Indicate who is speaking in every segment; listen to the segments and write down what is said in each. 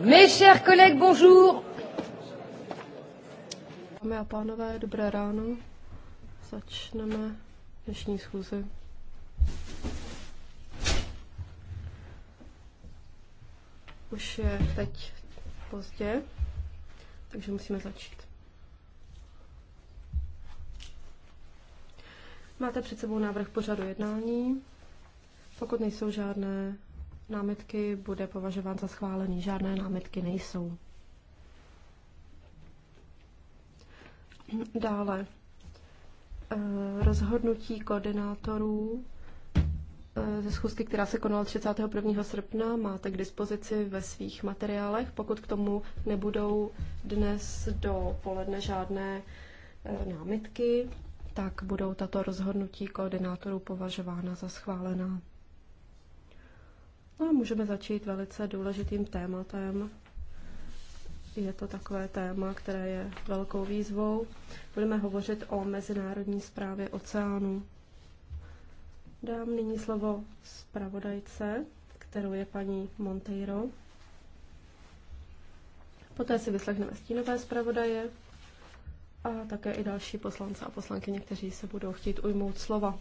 Speaker 1: Mes chers collègues, bonjour. Dámy
Speaker 2: a pánové, dobré ráno. Začneme dnešní schůzi. Už je teď pozdě, takže musíme začít. Máte před sebou návrh pořadu jednání. Pokud nejsou žádné námitky, bude považován za schválený. Žádné námitky nejsou. Dále eh, rozhodnutí koordinátorů eh, ze schůzky, která se konala 31. srpna, máte k dispozici ve svých materiálech. Pokud k tomu nebudou dnes do poledne žádné eh, námitky, tak budou tato rozhodnutí koordinátorů považována za schválená. No a můžeme začít velice důležitým tématem. Je to takové téma, které je velkou výzvou. Budeme hovořit o mezinárodní zprávě oceánu. Dám nyní slovo zpravodajce, kterou je paní Monteiro. Poté si vyslechneme stínové zpravodaje a také i další poslance a poslankyně, kteří se budou chtít ujmout slova.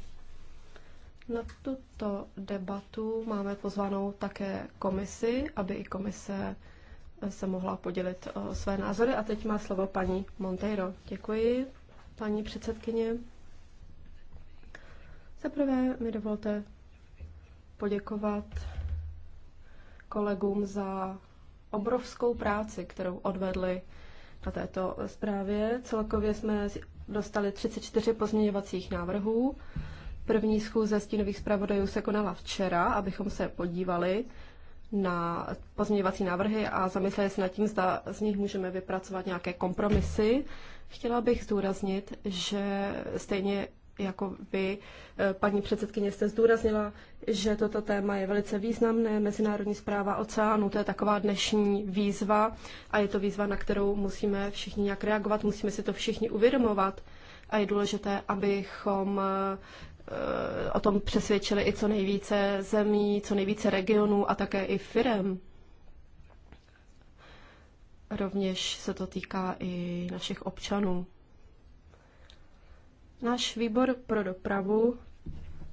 Speaker 2: Na tuto debatu máme pozvanou také komisi, aby i komise se mohla podělit o své názory. A teď má slovo paní Monteiro. Děkuji, paní předsedkyně. Zaprvé mi dovolte poděkovat kolegům za obrovskou práci, kterou odvedli na této zprávě. Celkově jsme dostali 34 pozměňovacích návrhů. První schůze stínových zpravodajů se konala včera, abychom se podívali na pozměňovací návrhy a zamysleli se nad tím, zda z nich můžeme vypracovat nějaké kompromisy. Chtěla bych zdůraznit, že stejně jako vy, eh, paní předsedkyně, jste zdůraznila, že toto téma je velice významné. Mezinárodní zpráva oceánu, to je taková dnešní výzva a je to výzva, na kterou musíme všichni nějak reagovat, musíme si to všichni uvědomovat a je důležité, abychom eh, Eh, o tom přesvědčili i co nejvíce zemí, co nejvíce regionů a také i firem. Rovněž se to týká i našich občanů. Náš výbor pro dopravu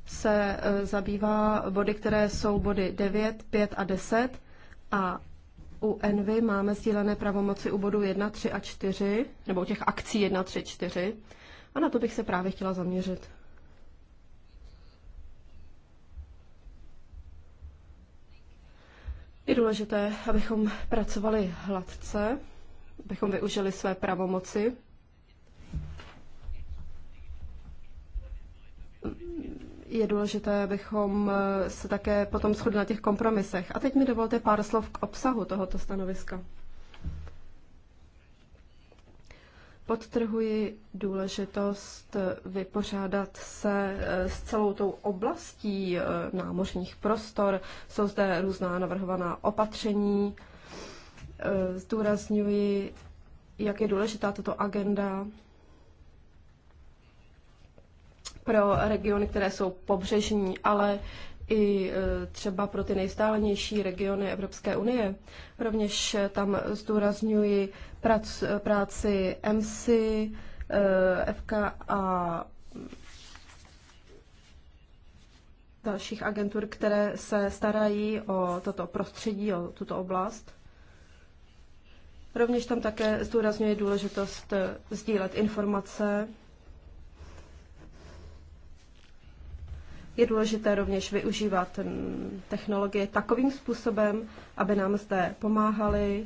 Speaker 2: se eh, zabývá body, které jsou body 9, 5 a 10 a u Envy máme sdílené pravomoci u bodu 1, 3 a 4, nebo u těch akcí 1, 3, 4 a na to bych se právě chtěla zaměřit. Je důležité, abychom pracovali hladce, abychom využili své pravomoci. Je důležité, abychom se také potom shodli na těch kompromisech. A teď mi dovolte pár slov k obsahu tohoto stanoviska. podtrhuji důležitost vypořádat se eh, s celou tou oblastí eh, námořních prostor. Jsou zde různá navrhovaná opatření. Eh, zdůrazňuji, jak je důležitá tato agenda pro regiony, které jsou pobřežní, ale i e, třeba pro ty nejstálenější regiony Evropské unie. Rovněž e, tam zdůrazňuji prac, e, práci MC, FK a dalších agentur, které se starají o toto prostředí, o tuto oblast. Rovněž tam také zdůrazňuje důležitost sdílet informace Je důležité rovněž využívat mm, technologie takovým způsobem, aby nám zde pomáhaly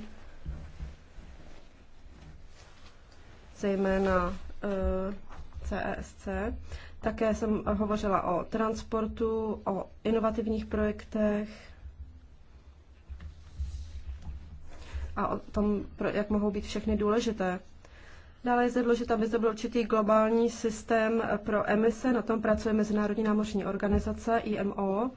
Speaker 2: zejména CESC. Eh, e Také jsem hovořila o transportu, o inovativních projektech a o tom, jak mohou být všechny důležité. Dále je zde důležité, aby zde byl určitý globální systém pro emise, na tom pracuje Mezinárodní námořní organizace IMO.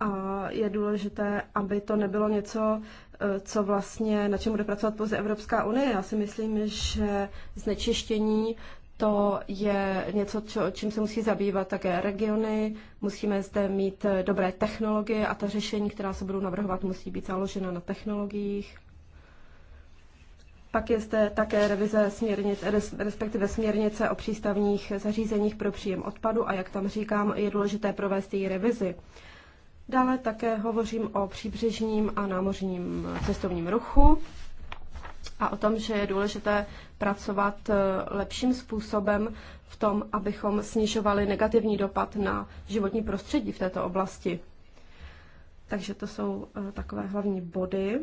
Speaker 2: A je důležité, aby to nebylo něco, eh, co vlastně, na čem bude pracovat pouze Evropská unie. Já si myslím, že znečištění to je něco, čo, čím se musí zabývat také regiony. Musíme zde mít eh, dobré technologie a ta řešení, která se budou navrhovat, musí být založena na technologiích. Pak je zde také revize směrnic, respektive směrnice o přístavních zařízeních pro příjem odpadu a jak tam říkám, je důležité provést její revizi. Dále také hovořím o příbřežním a námořním cestovním ruchu a o tom, že je důležité pracovat eh, lepším způsobem v tom, abychom snižovali negativní dopad na životní prostředí v této oblasti. Takže to jsou eh, takové hlavní body.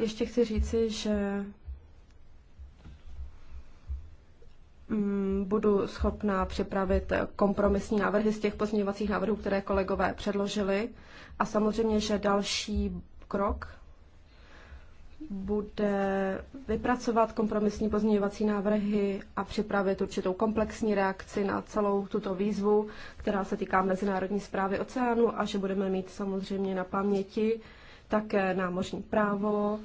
Speaker 2: Ještě chci říci, že mm, budu schopná připravit kompromisní návrhy z těch pozměňovacích návrhů, které kolegové předložili. A samozřejmě, že další krok bude vypracovat kompromisní pozměňovací návrhy a připravit určitou komplexní reakci na celou tuto výzvu, která se týká mezinárodní zprávy oceánu a že budeme mít samozřejmě na paměti také námořní právo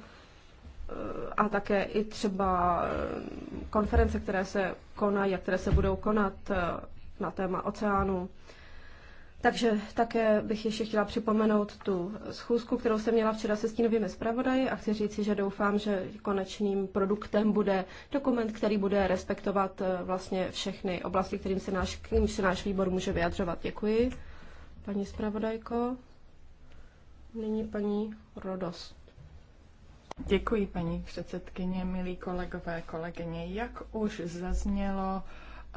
Speaker 2: eh, a také i třeba eh, konference, které se konají a které se budou konat eh, na téma oceánu. Takže také bych ještě chtěla připomenout tu schůzku, kterou jsem měla včera se stínovými zpravodaji a chci říci, že doufám, že konečným produktem bude dokument, který bude respektovat vlastně všechny oblasti, kterým se náš, kterým se náš výbor může vyjadřovat. Děkuji, paní zpravodajko.
Speaker 3: Nyní paní Rodos. Děkuji, paní předsedkyně, milí kolegové, kolegyně. Jak už zaznělo,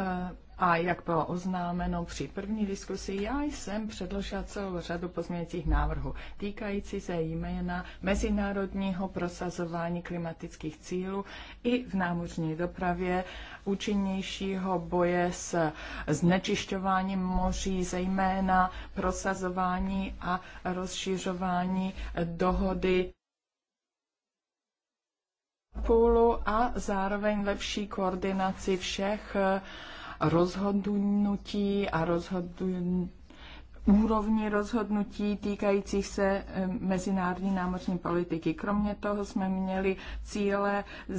Speaker 3: Eh, a jak bylo oznámeno při první diskusi, já jsem předložila celou řadu pozměňujících návrhů týkající se jména mezinárodního prosazování klimatických cílů i v námořní dopravě, účinnějšího boje s znečišťováním moří, zejména prosazování a rozšiřování dohody půlu a zároveň lepší koordinaci všech eh, rozhodnutí a rozhodnutí úrovni rozhodnutí týkajících se eh, mezinárodní námořní politiky. Kromě toho jsme měli cíle eh,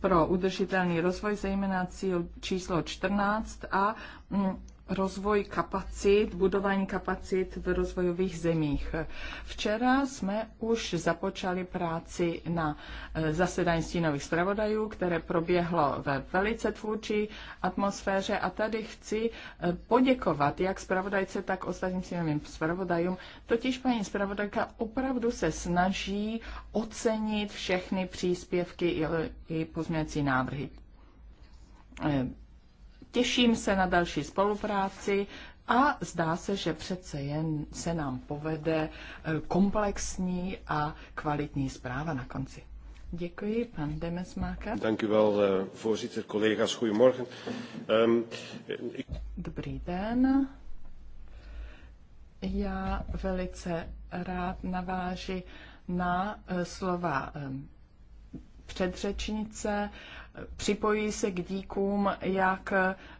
Speaker 3: pro udržitelný rozvoj, zejména cíl číslo 14 a mm, rozvoj kapacit, budování kapacit v rozvojových zemích. Včera jsme už započali práci na e, zasedání stínových zpravodajů, které proběhlo ve velice tvůrčí atmosféře a tady chci e, poděkovat jak zpravodajce, tak ostatním stínovým zpravodajům. Totiž paní zpravodajka opravdu se snaží ocenit všechny příspěvky i pozměňovací návrhy e, Těším se na další spolupráci a zdá se, že přece jen se nám povede eh, komplexní a kvalitní zpráva na konci. Děkuji, pan Demesmaker.
Speaker 1: Dank u wel, eh, voorzitter, collega's, Um, ehm, ik...
Speaker 3: Dobrý den. Já velice rád naváži na eh, slova ehm, předřečnice. Uh, Připojuji se k díkům jak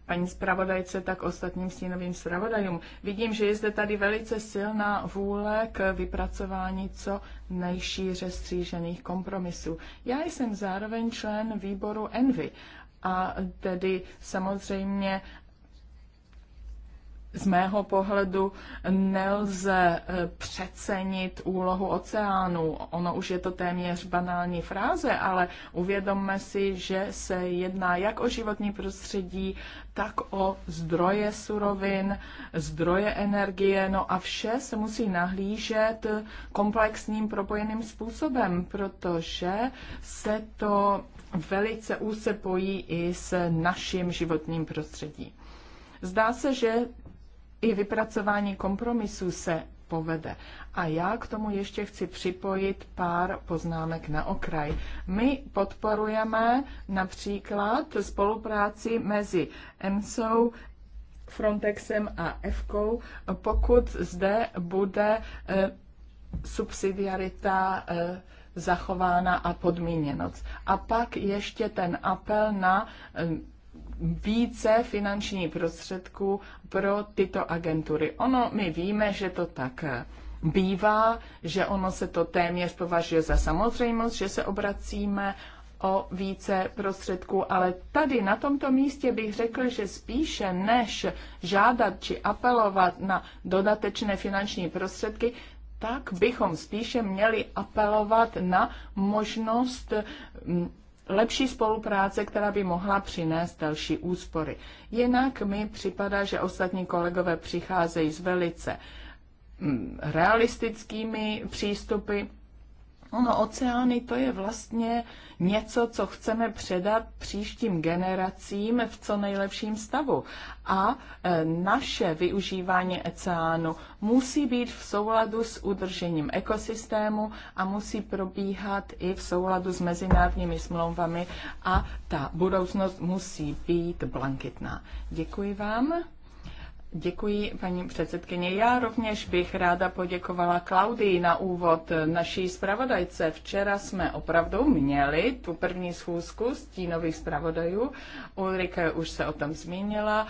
Speaker 3: paní zpravodajce, tak ostatním stínovým zpravodajům. Vidím, že je zde tady velice silná vůle k vypracování co nejšíře střížených kompromisů. Já jsem zároveň člen výboru Envy a tedy samozřejmě z mého pohledu nelze e, přecenit úlohu oceánu. Ono už je to téměř banální fráze, ale uvědomme si, že se jedná jak o životní prostředí, tak o zdroje surovin, zdroje energie, no a vše se musí nahlížet komplexním propojeným způsobem, protože se to velice úzce pojí i s naším životním prostředím. Zdá se, že i vypracování kompromisů se povede. A já k tomu ještě chci připojit pár poznámek na okraj. My podporujeme například spolupráci mezi EMSO, Frontexem a Fko, pokud zde bude eh, subsidiarita eh, zachována a podmíněnost. A pak ještě ten apel na eh, více finanční prostředků pro tyto agentury. Ono, my víme, že to tak bývá, že ono se to téměř považuje za samozřejmost, že se obracíme o více prostředků, ale tady na tomto místě bych řekl, že spíše než žádat či apelovat na dodatečné finanční prostředky, tak bychom spíše měli apelovat na možnost mm, lepší spolupráce, která by mohla přinést další úspory. Jinak mi připadá, že ostatní kolegové přicházejí s velice mm, realistickými přístupy Ono, oceány to je vlastně něco, co chceme předat příštím generacím v co nejlepším stavu. A e, naše využívání oceánu musí být v souladu s udržením ekosystému a musí probíhat i v souladu s mezinárodními smlouvami a ta budoucnost musí být blankitná. Děkuji vám. Děkuji, paní předsedkyně. Já rovněž bych ráda poděkovala Klaudii na úvod naší zpravodajce. Včera jsme opravdu měli tu první schůzku stínových zpravodajů. Ulrike už se o tom zmínila.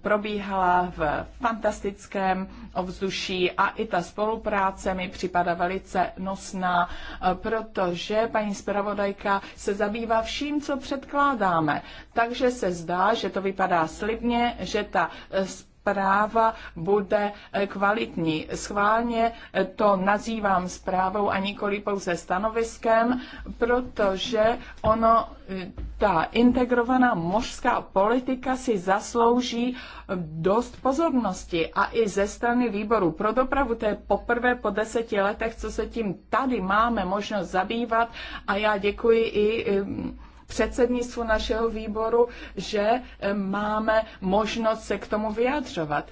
Speaker 3: Probíhala v fantastickém ovzduší a i ta spolupráce mi připadá velice nosná, protože paní zpravodajka se zabývá vším, co předkládáme. Takže se zdá, že to vypadá slibně, že ta spolupráce zpráva bude eh, kvalitní. Schválně eh, to nazývám zprávou a nikoli pouze stanoviskem, protože ono, eh, ta integrovaná mořská politika si zaslouží dost pozornosti a i ze strany výboru pro dopravu, to je poprvé po deseti letech, co se tím tady máme možnost zabývat a já děkuji i předsednictvu našeho výboru, že eh, máme možnost se k tomu vyjadřovat.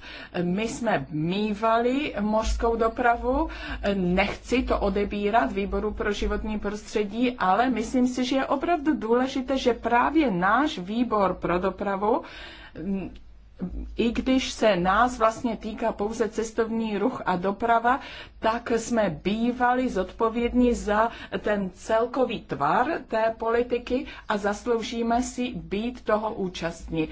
Speaker 3: My jsme mývali mořskou dopravu, eh, nechci to odebírat výboru pro životní prostředí, ale myslím si, že je opravdu důležité, že právě náš výbor pro dopravu mm, i když se nás vlastně týká pouze cestovní ruch a doprava, tak jsme bývali zodpovědní za ten celkový tvar té politiky a zasloužíme si být toho účastní.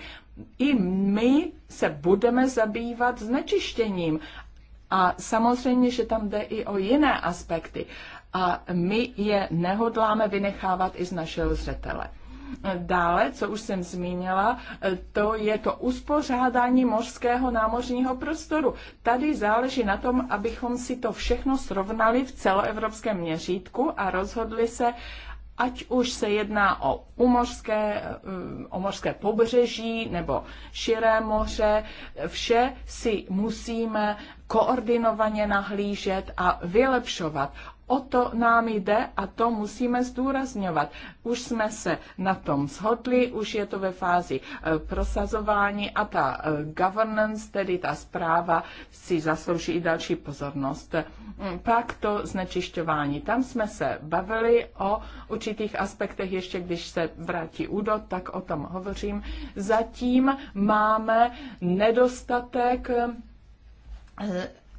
Speaker 3: I my se budeme zabývat znečištěním a samozřejmě, že tam jde i o jiné aspekty a my je nehodláme vynechávat i z našeho zřetele. Dále, co už jsem zmínila, eh, to je to uspořádání mořského námořního prostoru. Tady záleží na tom, abychom si to všechno srovnali v celoevropském měřítku a rozhodli se, ať už se jedná o umořské, eh, o mořské pobřeží nebo širé moře, vše si musíme koordinovaně nahlížet a vylepšovat. O to nám jde a to musíme zdůrazňovat. Už jsme se na tom shodli, už je to ve fázi e, prosazování a ta e, governance, tedy ta zpráva, si zaslouží i další pozornost. E, pak to znečišťování. Tam jsme se bavili o určitých aspektech, ještě když se vrátí údo, tak o tom hovořím. Zatím máme nedostatek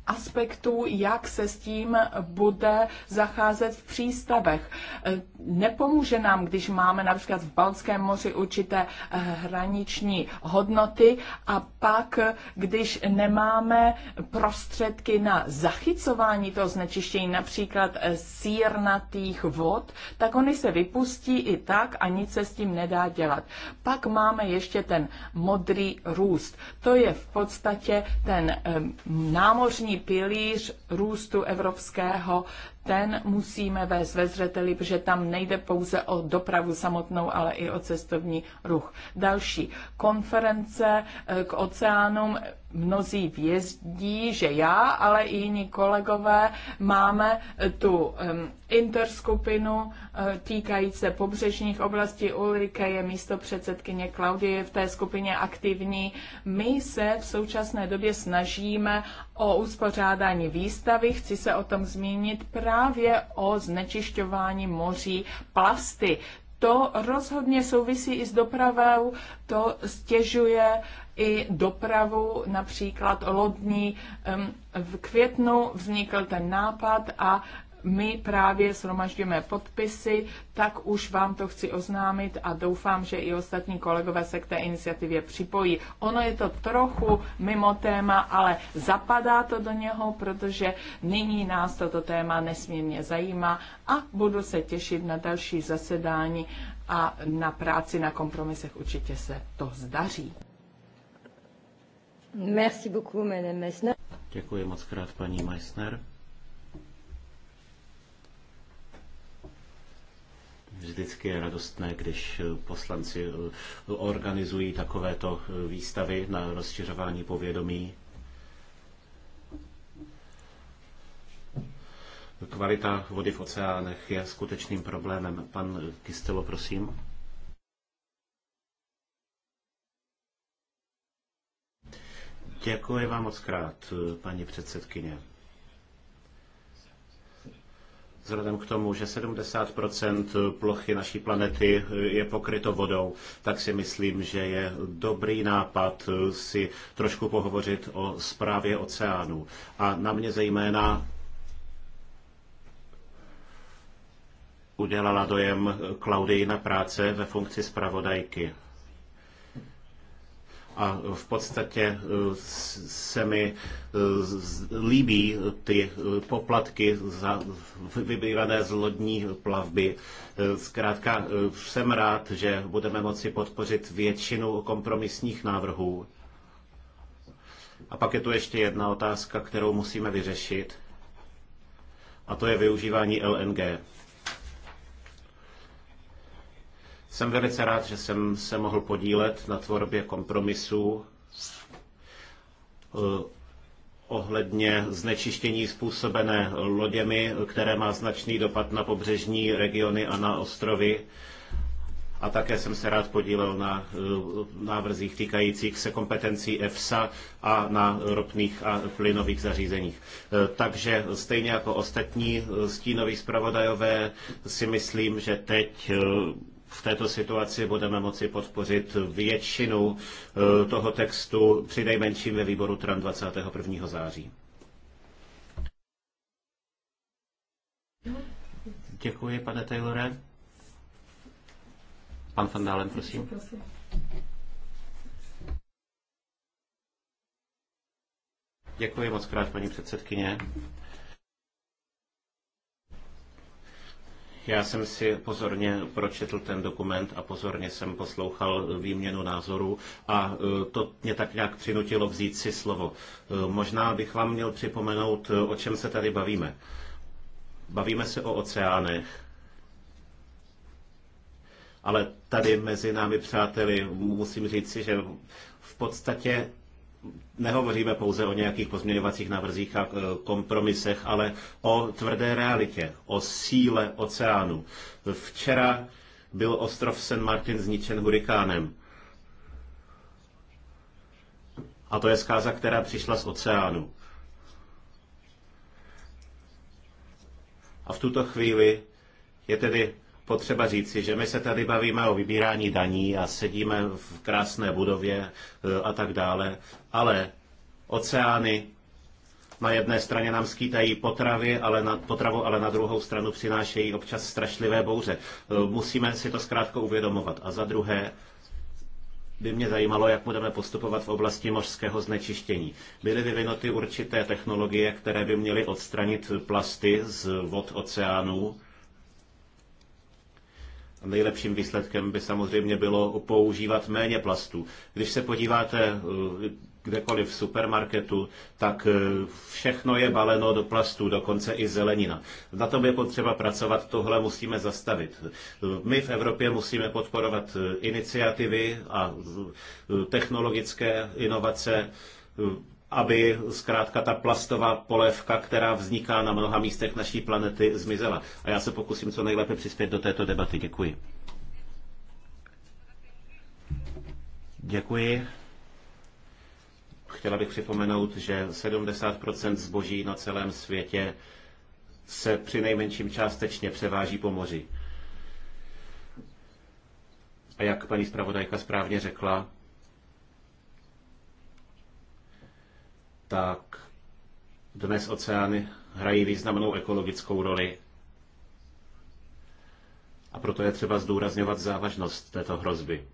Speaker 3: aspektů, jak se s tím bude zacházet v přístavech. Eh, nepomůže nám, když máme například v Balckém moři určité eh, hraniční hodnoty a pak, když nemáme prostředky na zachycování toho znečištění, například eh, sírnatých vod, tak oni se vypustí i tak a nic se s tím nedá dělat. Pak máme ještě ten modrý růst. To je v podstatě ten námořní pilíř růstu evropského ten musíme vést ve zřeteli, protože tam nejde pouze o dopravu samotnou, ale i o cestovní ruch. Další konference eh, k oceánům. Mnozí vězdí, že já, ale i jiní kolegové máme eh, tu interskupinu eh, týkající se pobřežních oblastí. Ulrike je místo předsedkyně Klaudie je v té skupině aktivní. My se v současné době snažíme o uspořádání výstavy. Chci se o tom zmínit právě právě o znečišťování moří plasty. To rozhodně souvisí i s dopravou, to stěžuje i dopravu, například lodní. V květnu vznikl ten nápad a my právě shromažďujeme podpisy, tak už vám to chci oznámit a doufám, že i ostatní kolegové se k té iniciativě připojí. Ono je to trochu mimo téma, ale zapadá to do něho, protože nyní nás toto téma nesmírně zajímá a budu se těšit na další zasedání a na práci na kompromisech určitě se to zdaří.
Speaker 2: Merci beaucoup, Madame Meissner.
Speaker 1: Děkuji moc krát, paní Meissner. Vždycky je radostné, když eh, poslanci eh, organizují takovéto eh, výstavy na rozšiřování povědomí. Kvalita vody v oceánech je skutečným problémem. Pan Kistelo, prosím. Děkuji vám moc krát, paní předsedkyně vzhledem k tomu, že 70 plochy naší planety je pokryto vodou, tak si myslím, že je dobrý nápad si trošku pohovořit o zprávě oceánů. A na mě zejména udělala dojem na práce ve funkci zpravodajky a v podstatě eh, se mi eh, líbí ty eh, poplatky za vybývané z lodní plavby. Zkrátka jsem rád, že budeme moci podpořit většinu kompromisních návrhů. A pak je tu ještě jedna otázka, kterou musíme vyřešit, a to je využívání LNG. Jsem velice rád, že jsem se mohl podílet na tvorbě kompromisu eh, ohledně znečištění způsobené loděmi, které má značný dopad na pobřežní regiony a na ostrovy. A také jsem se rád podílel na eh, návrzích týkajících se kompetencí EFSA a na ropných a plynových zařízeních. Eh, takže stejně jako ostatní stínoví zpravodajové si myslím, že teď v této situaci budeme moci podpořit většinu eh, toho textu při nejmenším ve výboru TRAN 21. září. Děkuji, pane Taylore. Pan Van Dalen, prosím. Děkuji moc krát, paní předsedkyně. Já jsem si pozorně pročetl ten dokument a pozorně jsem poslouchal eh, výměnu názorů a eh, to mě tak nějak přinutilo vzít si slovo. Eh, možná bych vám měl připomenout, o čem se tady bavíme. Bavíme se o oceánech, ale tady mezi námi, přáteli, musím říci, že v podstatě nehovoříme pouze o nějakých pozměňovacích návrzích a e, kompromisech, ale o tvrdé realitě, o síle oceánu. Včera byl ostrov St. Martin zničen hurikánem. A to je zkáza, která přišla z oceánu. A v tuto chvíli je tedy potřeba říci, že my se tady bavíme o vybírání daní a sedíme v krásné budově e, a tak dále, ale oceány na jedné straně nám skýtají potravy, ale na, potravu, ale na druhou stranu přinášejí občas strašlivé bouře. E, musíme si to zkrátka uvědomovat. A za druhé, by mě zajímalo, jak budeme postupovat v oblasti mořského znečištění. Byly vyvinuty určité technologie, které by měly odstranit plasty z vod oceánů Nejlepším výsledkem by samozřejmě bylo používat méně plastů. Když se podíváte eh, kdekoliv v supermarketu, tak eh, všechno je baleno do plastů, dokonce i zelenina. Na tom je potřeba pracovat, tohle musíme zastavit. Eh, my v Evropě musíme podporovat iniciativy a technologické inovace, aby zkrátka ta plastová polévka, která vzniká na mnoha místech naší planety, zmizela. A já se pokusím co nejlépe přispět do této debaty. Děkuji. Děkuji. Chtěla bych připomenout, že 70 zboží na celém světě se při nejmenším částečně převáží po moři. A jak paní zpravodajka správně řekla, tak dnes oceány hrají významnou ekologickou roli. A proto je třeba zdůrazňovat závažnost této hrozby.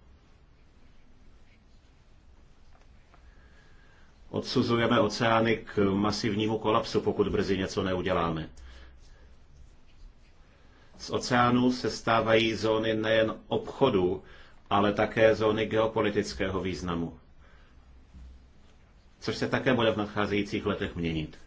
Speaker 1: Odsuzujeme oceány k masivnímu kolapsu, pokud brzy něco neuděláme. Z oceánů se stávají zóny nejen obchodu, ale také zóny geopolitického významu což se také bude v nadcházejících letech měnit.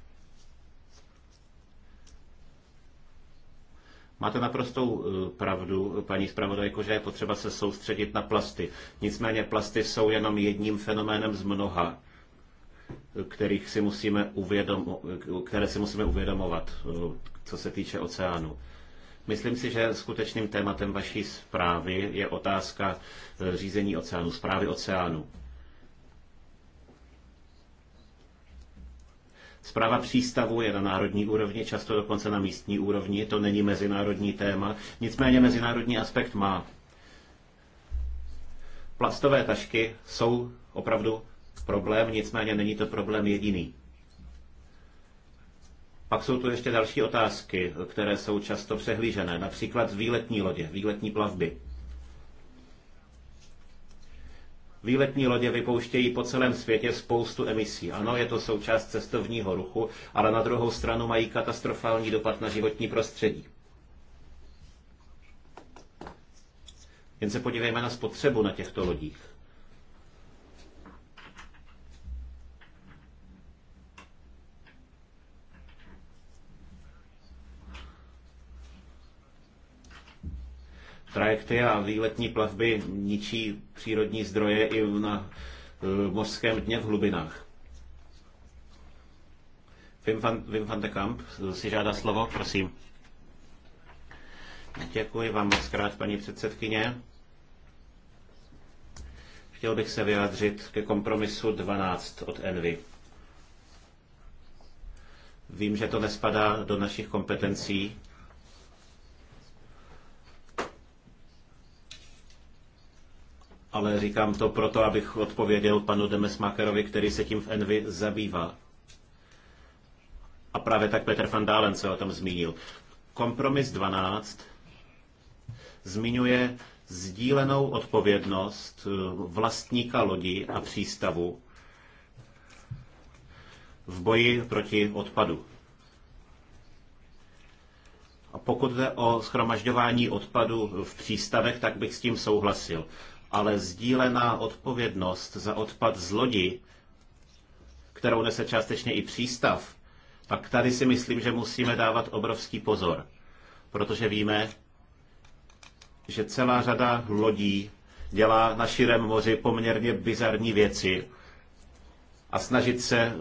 Speaker 1: Máte naprostou eh, pravdu, paní zpravodajko, že je potřeba se soustředit na plasty. Nicméně plasty jsou jenom jedním fenoménem z mnoha, kterých si musíme uvědomo, které si musíme uvědomovat, eh, co se týče oceánu. Myslím si, že skutečným tématem vaší zprávy je otázka eh, řízení oceánu, zprávy oceánu. Zpráva přístavu je na národní úrovni, často dokonce na místní úrovni, to není mezinárodní téma, nicméně mezinárodní aspekt má. Plastové tašky jsou opravdu problém, nicméně není to problém jediný. Pak jsou tu ještě další otázky, které jsou často přehlížené, například výletní lodě, výletní plavby. Výletní lodě vypouštějí po celém světě spoustu emisí. Ano, je to součást cestovního ruchu, ale na druhou stranu mají katastrofální dopad na životní prostředí. Jen se podívejme na spotřebu na těchto lodích. trajekty a výletní plavby ničí přírodní zdroje i na e, mořském dně v hlubinách. Wim van, Wim van de Kamp si žádá slovo, prosím. Děkuji vám moc krát, paní předsedkyně. Chtěl bych se vyjádřit ke kompromisu 12 od Envy. Vím, že to nespadá do našich kompetencí, ale říkám to proto, abych odpověděl panu Demesmakerovi, který se tím v Envy zabývá. A právě tak Petr van Dalen se o tom zmínil. Kompromis 12 zmiňuje sdílenou odpovědnost eh, vlastníka lodi a přístavu v boji proti odpadu. A pokud jde o schromažďování odpadu v přístavech, tak bych s tím souhlasil ale sdílená odpovědnost za odpad z lodi, kterou nese částečně i přístav, tak tady si myslím, že musíme dávat obrovský pozor, protože víme, že celá řada lodí dělá na širém moři poměrně bizarní věci a snažit se eh,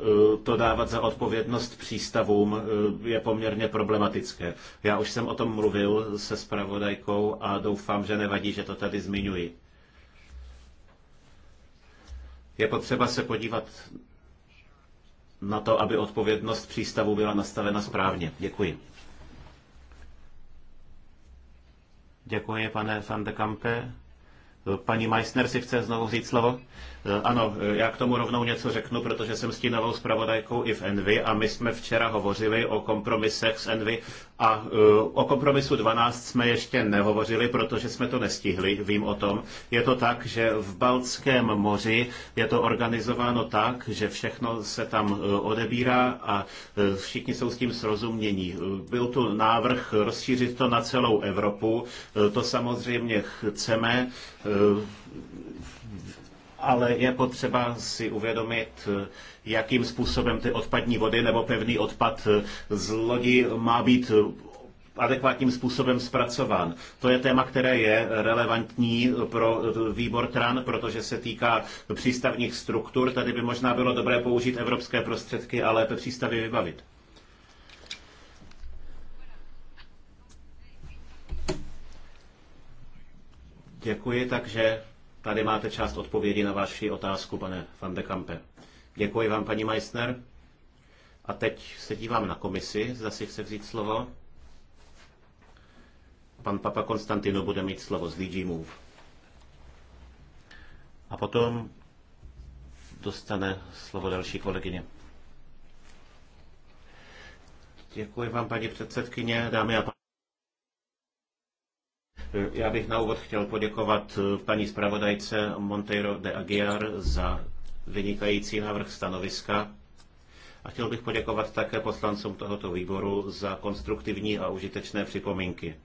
Speaker 1: to dávat za odpovědnost přístavům eh, je poměrně problematické. Já už jsem o tom mluvil se spravodajkou a doufám, že nevadí, že to tady zmiňuji. Je potřeba se podívat na to, aby odpovědnost přístavu byla nastavena správně. Děkuji. Děkuji, pane van de Kampe. Paní Meissner si chce znovu říct slovo. Eh, ano, eh, já k tomu rovnou něco řeknu, protože jsem stínovou zpravodajkou i v Envy a my jsme včera hovořili o kompromisech s Envy a eh, o kompromisu 12 jsme ještě nehovořili, protože jsme to nestihli, vím o tom. Je to tak, že v Baltském moři je to organizováno tak, že všechno se tam odebírá a všichni jsou s tím srozumění. Byl tu návrh rozšířit to na celou Evropu, to samozřejmě chceme ale je potřeba si uvědomit, jakým způsobem ty odpadní vody nebo pevný odpad z lodi má být adekvátním způsobem zpracován. To je téma, které je relevantní pro výbor TRAN, protože se týká přístavních struktur. Tady by možná bylo dobré použít evropské prostředky a lépe přístavy vybavit. Děkuji, takže Tady máte část odpovědi na vaši otázku, pane Van de Kampe. Děkuji vám, paní Meissner. A teď se dívám na komisi, zda si chce vzít slovo. Pan Papa Konstantino bude mít slovo z DG Move. A potom dostane slovo další kolegyně. Děkuji vám, paní předsedkyně, dámy a pánové. Eh, já bych na úvod chtěl poděkovat eh, paní zpravodajce Monteiro de Aguiar za vynikající návrh stanoviska. A chtěl bych poděkovat také poslancům tohoto výboru za konstruktivní a užitečné připomínky.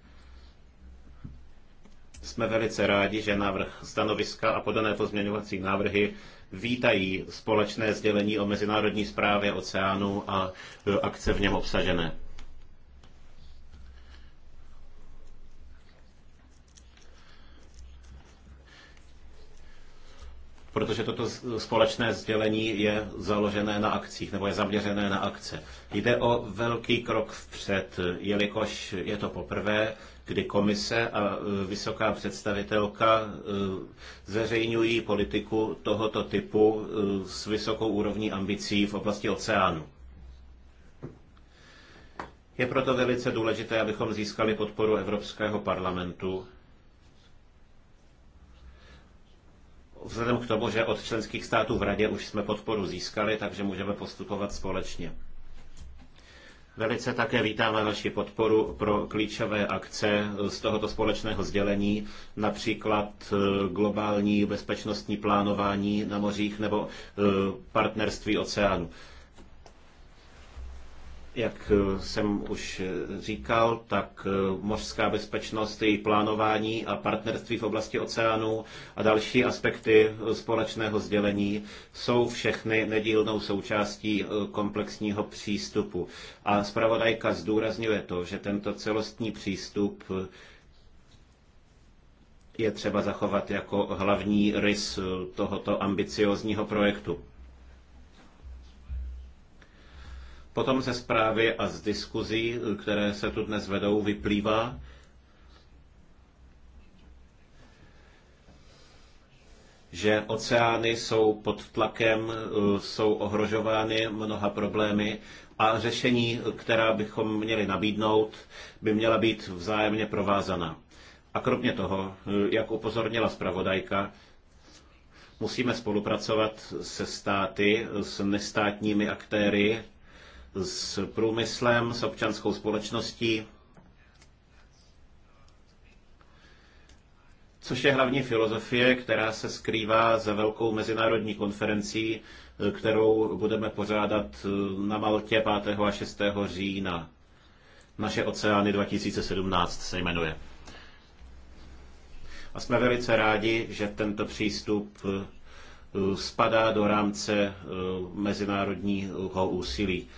Speaker 1: Jsme velice rádi, že návrh stanoviska a podané pozměňovací návrhy vítají společné sdělení o mezinárodní správě oceánu a eh, akce v něm obsažené. protože toto společné sdělení je založené na akcích nebo je zaměřené na akce. Jde o velký krok vpřed, jelikož je to poprvé, kdy komise a e, vysoká představitelka e, zveřejňují politiku tohoto typu e, s vysokou úrovní ambicí v oblasti oceánu. Je proto velice důležité, abychom získali podporu Evropského parlamentu Vzhledem k tomu, že od členských států v Radě už jsme podporu získali, takže můžeme postupovat společně. Velice také vítáme vaši podporu pro klíčové akce z tohoto společného sdělení, například e, globální bezpečnostní plánování na mořích nebo e, partnerství oceánu. Jak eh, jsem už eh, říkal, tak eh, mořská bezpečnost, její plánování a partnerství v oblasti oceánů a další aspekty společného sdělení jsou všechny nedílnou součástí komplexního přístupu. A zpravodajka zdůrazňuje to, že tento celostní přístup je třeba zachovat jako hlavní rys tohoto ambiciozního projektu. Potom ze zprávy a z diskuzí, které se tu dnes vedou, vyplývá, že oceány jsou pod tlakem, eh, jsou ohrožovány mnoha problémy a řešení, která bychom měli nabídnout, by měla být vzájemně provázaná. A kromě toho, eh, jak upozornila zpravodajka, musíme spolupracovat se státy, eh, s nestátními aktéry, s průmyslem, s občanskou společností, což je hlavní filozofie, která se skrývá za velkou mezinárodní konferencí, kterou budeme pořádat na Maltě 5. a 6. října. Naše oceány 2017 se jmenuje. A jsme velice rádi, že tento přístup eh, spadá do rámce eh, mezinárodního úsilí.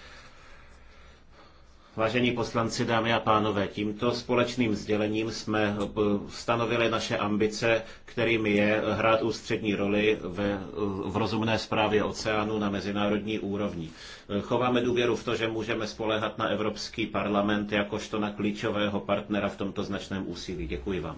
Speaker 1: Vážení poslanci, dámy a pánové, tímto společným sdělením jsme eh, stanovili naše ambice, kterými je hrát ústřední roli ve, eh, v rozumné správě oceánu na mezinárodní úrovni. Eh, chováme důvěru v to, že můžeme spoléhat na Evropský parlament jakožto na klíčového partnera v tomto značném úsilí. Děkuji vám.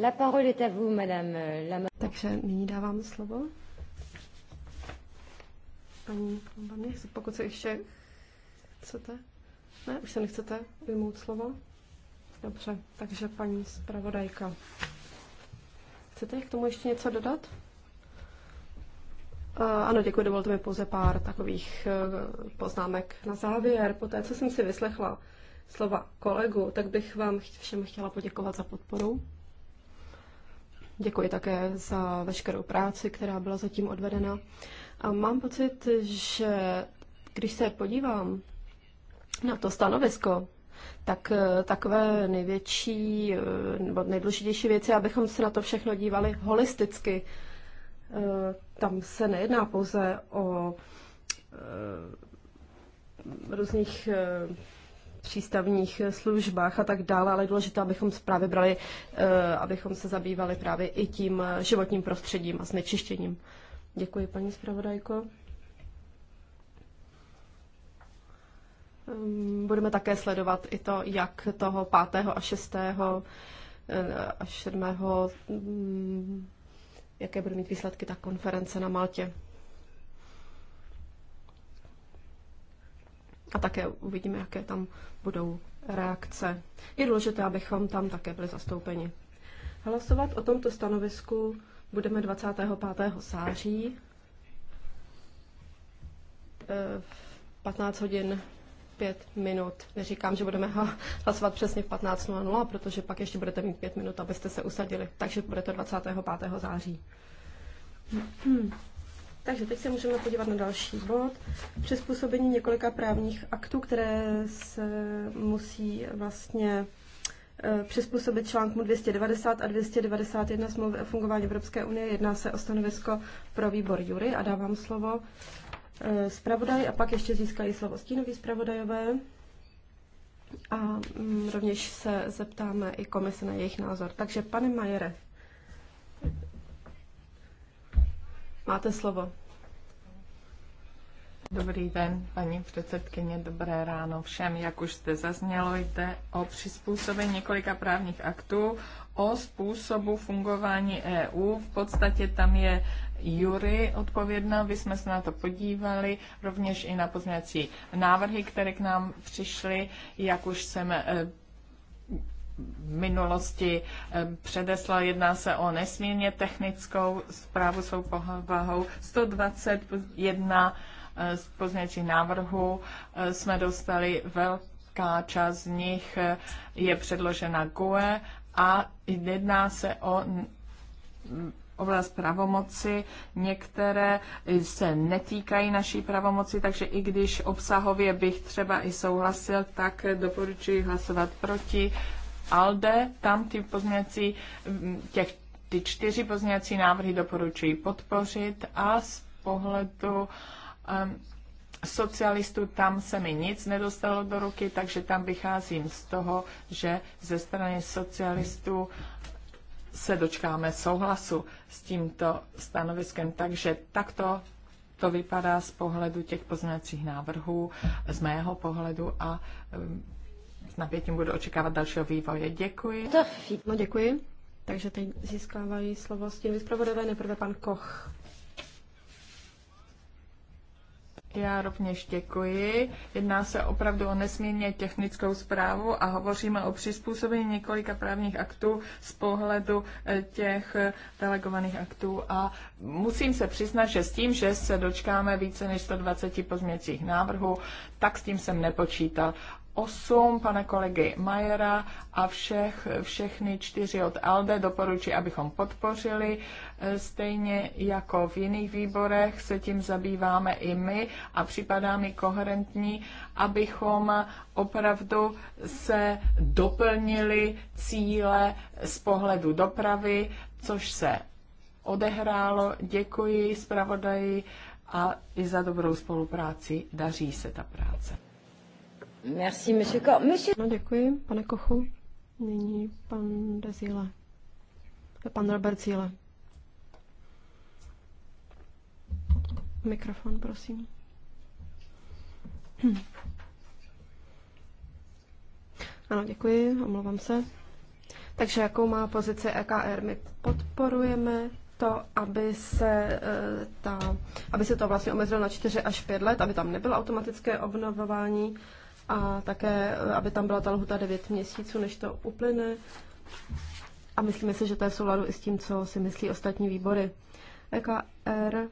Speaker 2: La parole est à vous, madame euh, la... Takže nyní dávám slovo. Paní paní pokud se ještě chcete. Ne, už se nechcete vymout slovo. Dobře, takže paní zpravodajka. Chcete k tomu ještě něco dodat? Eh, ano, děkuji, dovolte mi pouze pár takových eh, poznámek na závěr. Po té, co jsem si vyslechla slova kolegu, tak bych vám všem chtěla poděkovat za podporu. Děkuji také za veškerou práci, která byla zatím odvedena. A mám pocit, že když se podívám na to stanovisko, tak eh, takové největší eh, nebo nejdůležitější věci, abychom se na to všechno dívali holisticky. Eh, tam se nejedná pouze o různých přístavních službách a tak dále, ale důležité, abychom právě brali, eh, abychom se zabývali právě i tím eh, životním prostředím a znečištěním. Děkuji, paní zpravodajko. Ehm, budeme také sledovat i to, jak toho 5. a 6. Eh, a 7. Mm, jaké bude mít výsledky ta konference na Maltě. A také uvidíme, jaké tam budou reakce. Je důležité, abychom tam také byli zastoupeni. Hlasovat o tomto stanovisku budeme 25. září eh, v 15 hodin 5 minut. Neříkám, že budeme hlasovat přesně v 15.00, protože pak ještě budete mít 5 minut, abyste se usadili. Takže bude to 25. září. Takže teď se můžeme podívat na další bod. Přizpůsobení několika právních aktů, které se musí vlastně eh, přizpůsobit článku 290 a 291 smlouvy o fungování Evropské unie. Jedná se o stanovisko pro výbor Jury a dávám slovo eh, zpravodaj a pak ještě získají slovo stínoví zpravodajové. A mm, rovněž se zeptáme i komise na jejich názor. Takže pane Majere,
Speaker 3: Máte slovo. Dobrý den, paní předsedkyně, dobré ráno všem. Jak už jste zaznělo, jde o přizpůsobení několika právních aktů o způsobu fungování EU. V podstatě tam je Jury odpovědná, vy jsme se na to podívali, rovněž i na pozměňovací návrhy, které k nám přišly, jak už jsem eh, minulosti eh, předesla. Jedná se o nesmírně technickou zprávu svou povahou. 121 eh, z pozměňovacích návrhů eh, jsme dostali velká část z nich je předložena GUE a jedná se o oblast pravomoci. Některé se netýkají naší pravomoci, takže i když obsahově bych třeba i souhlasil, tak doporučuji hlasovat proti. ALDE, tam ty pozměňovací, těch, ty čtyři pozměňovací návrhy doporučuji podpořit a z pohledu um, socialistů tam se mi nic nedostalo do ruky, takže tam vycházím z toho, že ze strany socialistů se dočkáme souhlasu s tímto stanoviskem. Takže takto to vypadá z pohledu těch pozměňovacích návrhů, z mého pohledu a s napětím budu očekávat dalšího vývoje. Děkuji. No děkuji. Takže teď získávají slovo tím vyspravodové nejprve pan Koch. Já rovněž děkuji. Jedná se opravdu o nesmírně technickou zprávu a hovoříme o přizpůsobení několika právních aktů z pohledu eh, těch eh, delegovaných aktů. A musím se přiznat, že s tím, že se dočkáme více než 120 pozměcích návrhů, tak s tím jsem nepočítal. 8 pana kolegy Majera a všech, všechny čtyři od ALDE doporučuji, abychom podpořili. E, stejně jako v jiných výborech se tím zabýváme i my a připadá mi koherentní, abychom opravdu se doplnili cíle z pohledu dopravy, což se odehrálo. Děkuji zpravodaji a i za dobrou spolupráci. Daří se ta práce. No,
Speaker 2: děkuji, pane Kochu. Nyní pan Dezíle. Pan Robert Zíle. Mikrofon, prosím. Hm. Ano, děkuji, omlouvám se. Takže jakou má pozici EKR? My podporujeme to, aby se, eh, ta, aby se to vlastně omezilo na 4 až 5 let, aby tam nebylo automatické obnovování a také, eh, aby tam byla ta lhuta 9 měsíců, než to uplyne. A myslíme si, že to je v souladu i s tím, co si myslí ostatní výbory. EKR eh,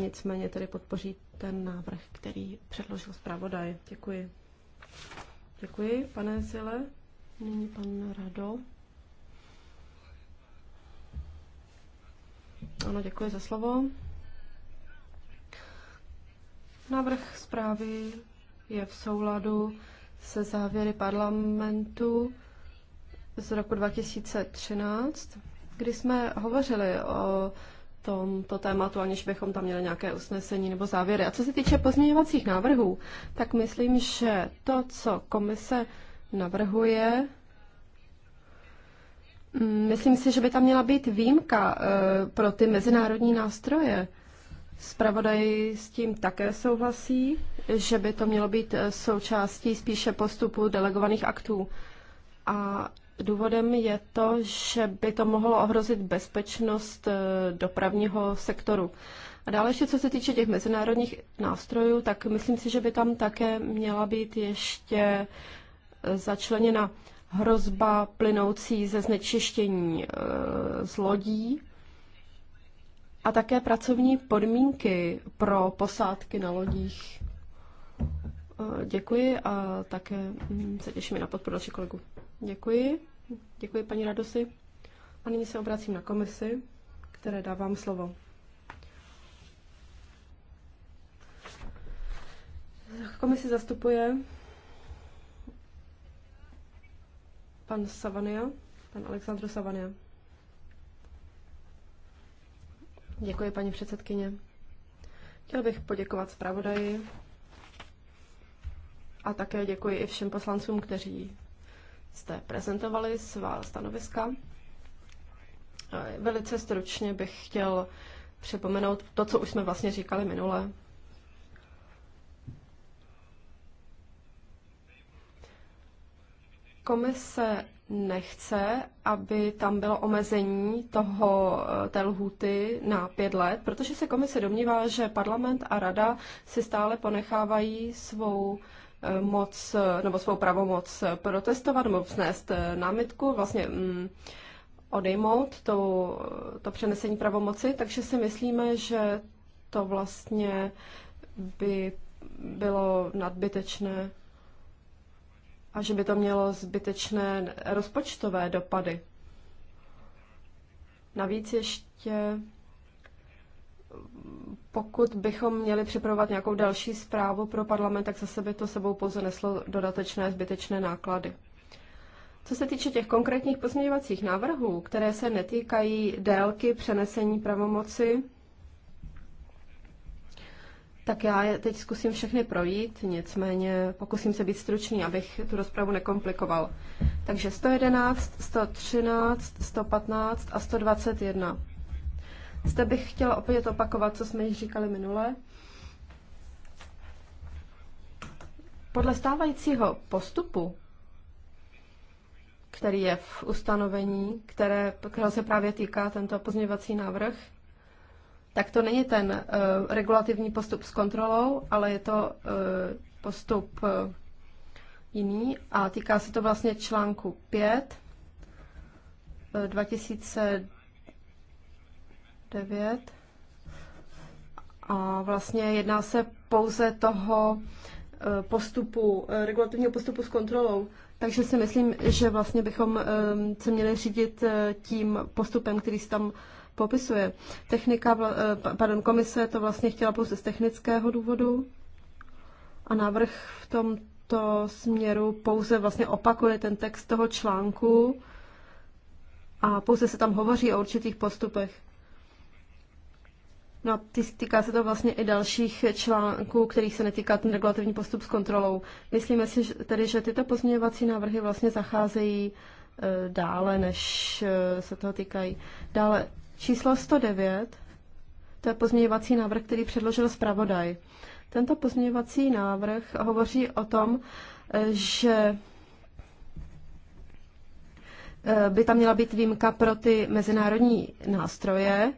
Speaker 2: nicméně tedy podpoří ten návrh, který předložil zpravodaj. Děkuji. Děkuji, pane Zile. Nyní pan Rado. Ano, děkuji za slovo. Návrh zprávy je v souladu se závěry parlamentu z roku 2013, kdy jsme hovořili o tomto tématu, aniž bychom tam měli nějaké usnesení nebo závěry. A co se týče pozměňovacích návrhů, tak myslím, že to, co komise navrhuje, mm, myslím si, že by tam měla být výjimka eh, pro ty mezinárodní nástroje. Spravodaj s tím také souhlasí, že by to mělo být eh, součástí spíše postupu delegovaných aktů. A důvodem je to, že by to mohlo ohrozit bezpečnost eh, dopravního sektoru. A dále ještě, co se týče těch mezinárodních nástrojů, tak myslím si, že by tam také měla být ještě eh, začleněna hrozba plynoucí ze znečištění z lodí a také pracovní podmínky pro posádky na lodích. E, děkuji a také mm, se těším na podporu dalších kolegů. Děkuji. Děkuji paní Radosy. A nyní se obracím na komisi, které dávám slovo. Komisi zastupuje pan Savania, pan Alexandro Savania. Děkuji, paní předsedkyně. Chtěl bych poděkovat zpravodaji a také děkuji i všem poslancům, kteří jste prezentovali svá stanoviska. Velice stručně bych chtěl připomenout to, co už jsme vlastně říkali minule. Komise nechce, aby tam bylo omezení toho, eh, té lhuty na pět let, protože se komise domnívá, že parlament a rada si stále ponechávají svou eh, moc, eh, nebo svou pravomoc protestovat nebo vznést námitku, vlastně mm, odejmout to, to přenesení pravomoci, takže si myslíme, že to vlastně by bylo nadbytečné a že by to mělo zbytečné rozpočtové dopady. Navíc ještě, pokud bychom měli připravovat nějakou další zprávu pro parlament, tak zase by to sebou pouze neslo dodatečné zbytečné náklady. Co se týče těch konkrétních pozměňovacích návrhů, které se netýkají délky přenesení pravomoci, tak já je teď zkusím všechny projít, nicméně pokusím se být stručný, abych tu rozpravu nekomplikoval. Takže 111, 113, 115 a 121. Zde bych chtěla opět opakovat, co jsme již říkali minule. Podle stávajícího postupu, který je v ustanovení, které, kterého se právě týká tento pozměňovací návrh, tak to není ten uh, regulativní postup s kontrolou, ale je to uh, postup uh, jiný a týká se to vlastně článku 5 uh, 2009 a vlastně jedná se pouze toho uh, postupu, uh, regulativního postupu s kontrolou. Takže si myslím, že vlastně bychom um, se měli řídit uh, tím postupem, který se tam uh, popisuje. Technika, eh, pardon, komise to vlastně chtěla pouze z technického důvodu a návrh v tomto směru pouze vlastně opakuje ten text toho článku a pouze se tam hovoří o určitých postupech. No a týká se to vlastně i dalších článků, kterých se netýká ten regulativní postup s kontrolou. Myslíme si že tedy, že tyto pozměňovací návrhy vlastně zacházejí eh, dále, než eh, se toho týkají. Dále Číslo 109, to je pozměňovací návrh, který předložil zpravodaj. Tento pozměňovací návrh hovoří o tom, že eh, by tam měla být výjimka pro ty mezinárodní nástroje,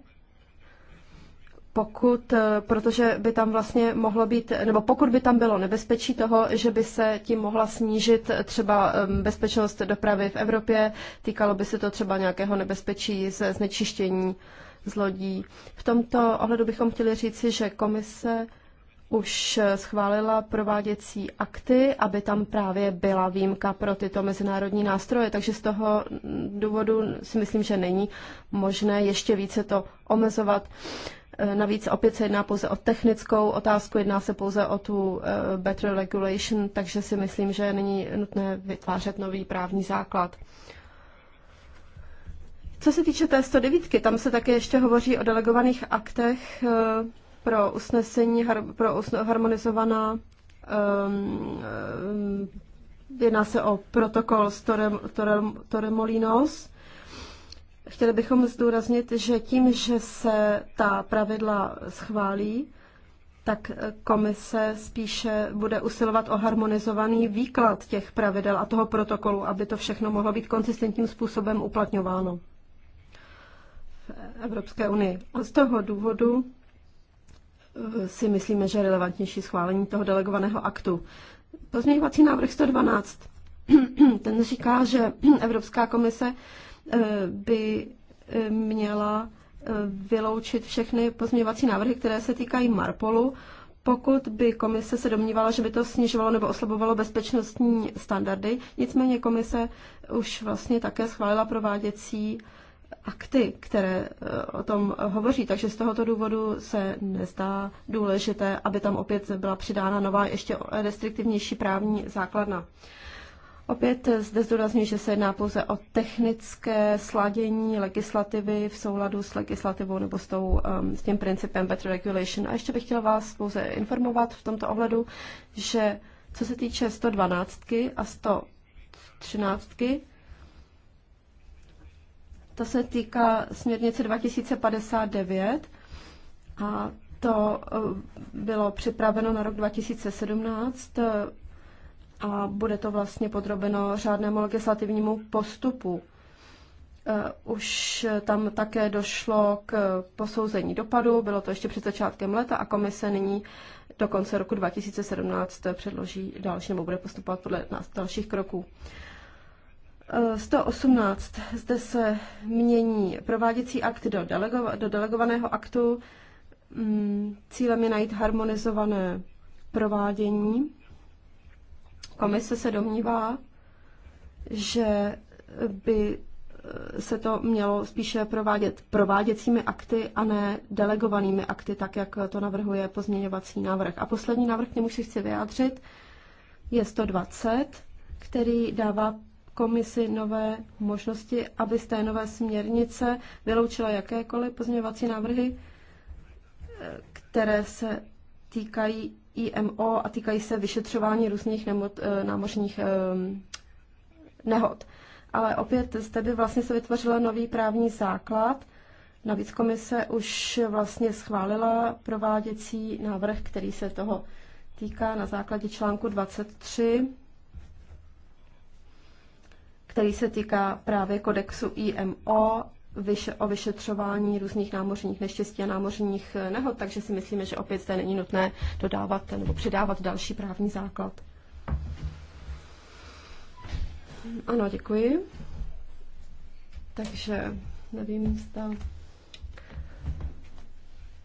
Speaker 2: pokud, eh, protože by tam vlastně mohlo být, nebo pokud by tam bylo nebezpečí toho, že by se tím mohla snížit třeba bezpečnost dopravy v Evropě, týkalo by se to třeba nějakého nebezpečí ze znečištění z lodí. V tomto ohledu bychom chtěli říci, že komise už eh, schválila prováděcí akty, aby tam právě byla výjimka pro tyto mezinárodní nástroje, takže z toho důvodu si myslím, že není možné ještě více to omezovat. Eh, navíc opět se jedná pouze o technickou otázku, jedná se pouze o tu eh, better regulation, takže si myslím, že není nutné vytvářet nový právní základ. Co se týče té 109, tam se také ještě hovoří o delegovaných aktech eh, pro usnesení, pro harmonizovaná ehm, ehm, jedná se o protokol Torremolinos. Chtěli bychom zdůraznit, že tím, že se ta pravidla schválí, tak komise spíše bude usilovat o harmonizovaný výklad těch pravidel a toho protokolu, aby to všechno mohlo být konsistentním způsobem uplatňováno v Evropské unii. A z toho důvodu si myslíme, že je relevantnější schválení toho delegovaného aktu. Pozměňovací návrh 112. Ten říká, že Evropská komise Eh, by eh, měla eh, vyloučit všechny pozměňovací návrhy, které se týkají Marpolu, pokud by komise se domnívala, že by to snižovalo nebo oslabovalo bezpečnostní standardy. Nicméně komise už vlastně také schválila prováděcí akty, které o tom hovoří, takže z tohoto důvodu se nezdá důležité, aby tam opět byla přidána nová, ještě restriktivnější právní základna. Opět zde zdůrazňuji, že se jedná pouze o technické sladění legislativy v souladu s legislativou nebo s, tou, um, s tím principem better regulation. A ještě bych chtěla vás pouze informovat v tomto ohledu, že co se týče 112 a 113, to se týká směrnice 2059 a to uh, bylo připraveno na rok 2017 a bude to vlastně podrobeno řádnému legislativnímu postupu. E, už tam také došlo k posouzení dopadu, bylo to ještě před začátkem leta a komise nyní do konce roku 2017 předloží další nebo bude postupovat podle nás dalších kroků. 118. E, Zde se mění prováděcí akt do, delegova, do delegovaného aktu. Mm, cílem je najít harmonizované provádění Komise se domnívá, že by eh, se to mělo spíše provádět prováděcími akty a ne delegovanými akty, tak jak to navrhuje pozměňovací návrh. A poslední návrh, k němu si chci vyjádřit, je 120, který dává komisi nové možnosti, aby z té nové směrnice vyloučila jakékoliv pozměňovací návrhy, eh, které se týkají IMO a týkají se vyšetřování různých nemot, eh, námořních eh, nehod. Ale opět zde by vlastně se vytvořila nový právní základ. Navíc komise už vlastně schválila prováděcí návrh, který se toho týká na základě článku 23, který se týká právě kodexu IMO o vyšetřování různých námořních neštěstí a námořních eh, nehod, takže si myslíme, že opět zde není nutné dodávat nebo přidávat další právní základ. Ano, děkuji. Takže nevím, zda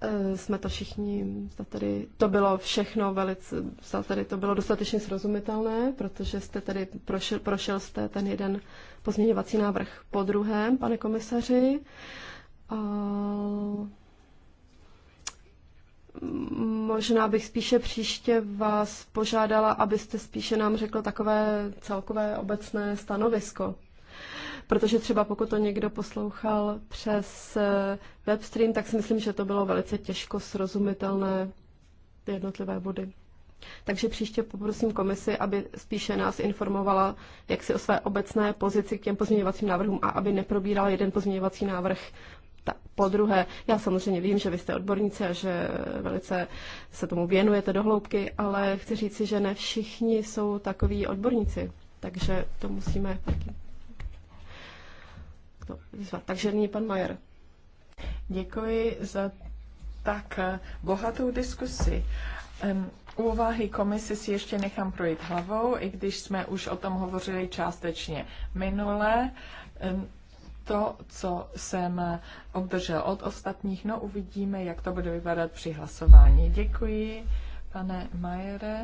Speaker 2: eh, jsme to všichni, zda tady to bylo všechno velice, zda tady to bylo dostatečně srozumitelné, protože jste tady prošel, prošel jste ten jeden pozměňovací návrh po druhém, pane komisaři. A možná bych spíše příště vás požádala, abyste spíše nám řekl takové celkové obecné stanovisko. Protože třeba pokud to někdo poslouchal přes eh, webstream, tak si myslím, že to bylo velice těžko srozumitelné jednotlivé body. Takže příště poprosím komisi, aby spíše nás informovala jak si o své obecné pozici k těm pozměňovacím návrhům a aby neprobírala jeden pozměňovací návrh ta, po druhé. Já samozřejmě vím, že vy jste odborníci a že velice se tomu věnujete do hloubky, ale chci říci, že ne všichni jsou takoví odborníci, takže to musíme taky
Speaker 3: to vyzvat. Takže nyní pan Majer. Děkuji za tak bohatou diskusi. Um, Úvahy komise si ještě nechám projít hlavou, i když jsme už o tom hovořili částečně minule. To, co jsem obdržel od ostatních, no uvidíme, jak to bude vypadat při hlasování. Děkuji, pane Majere.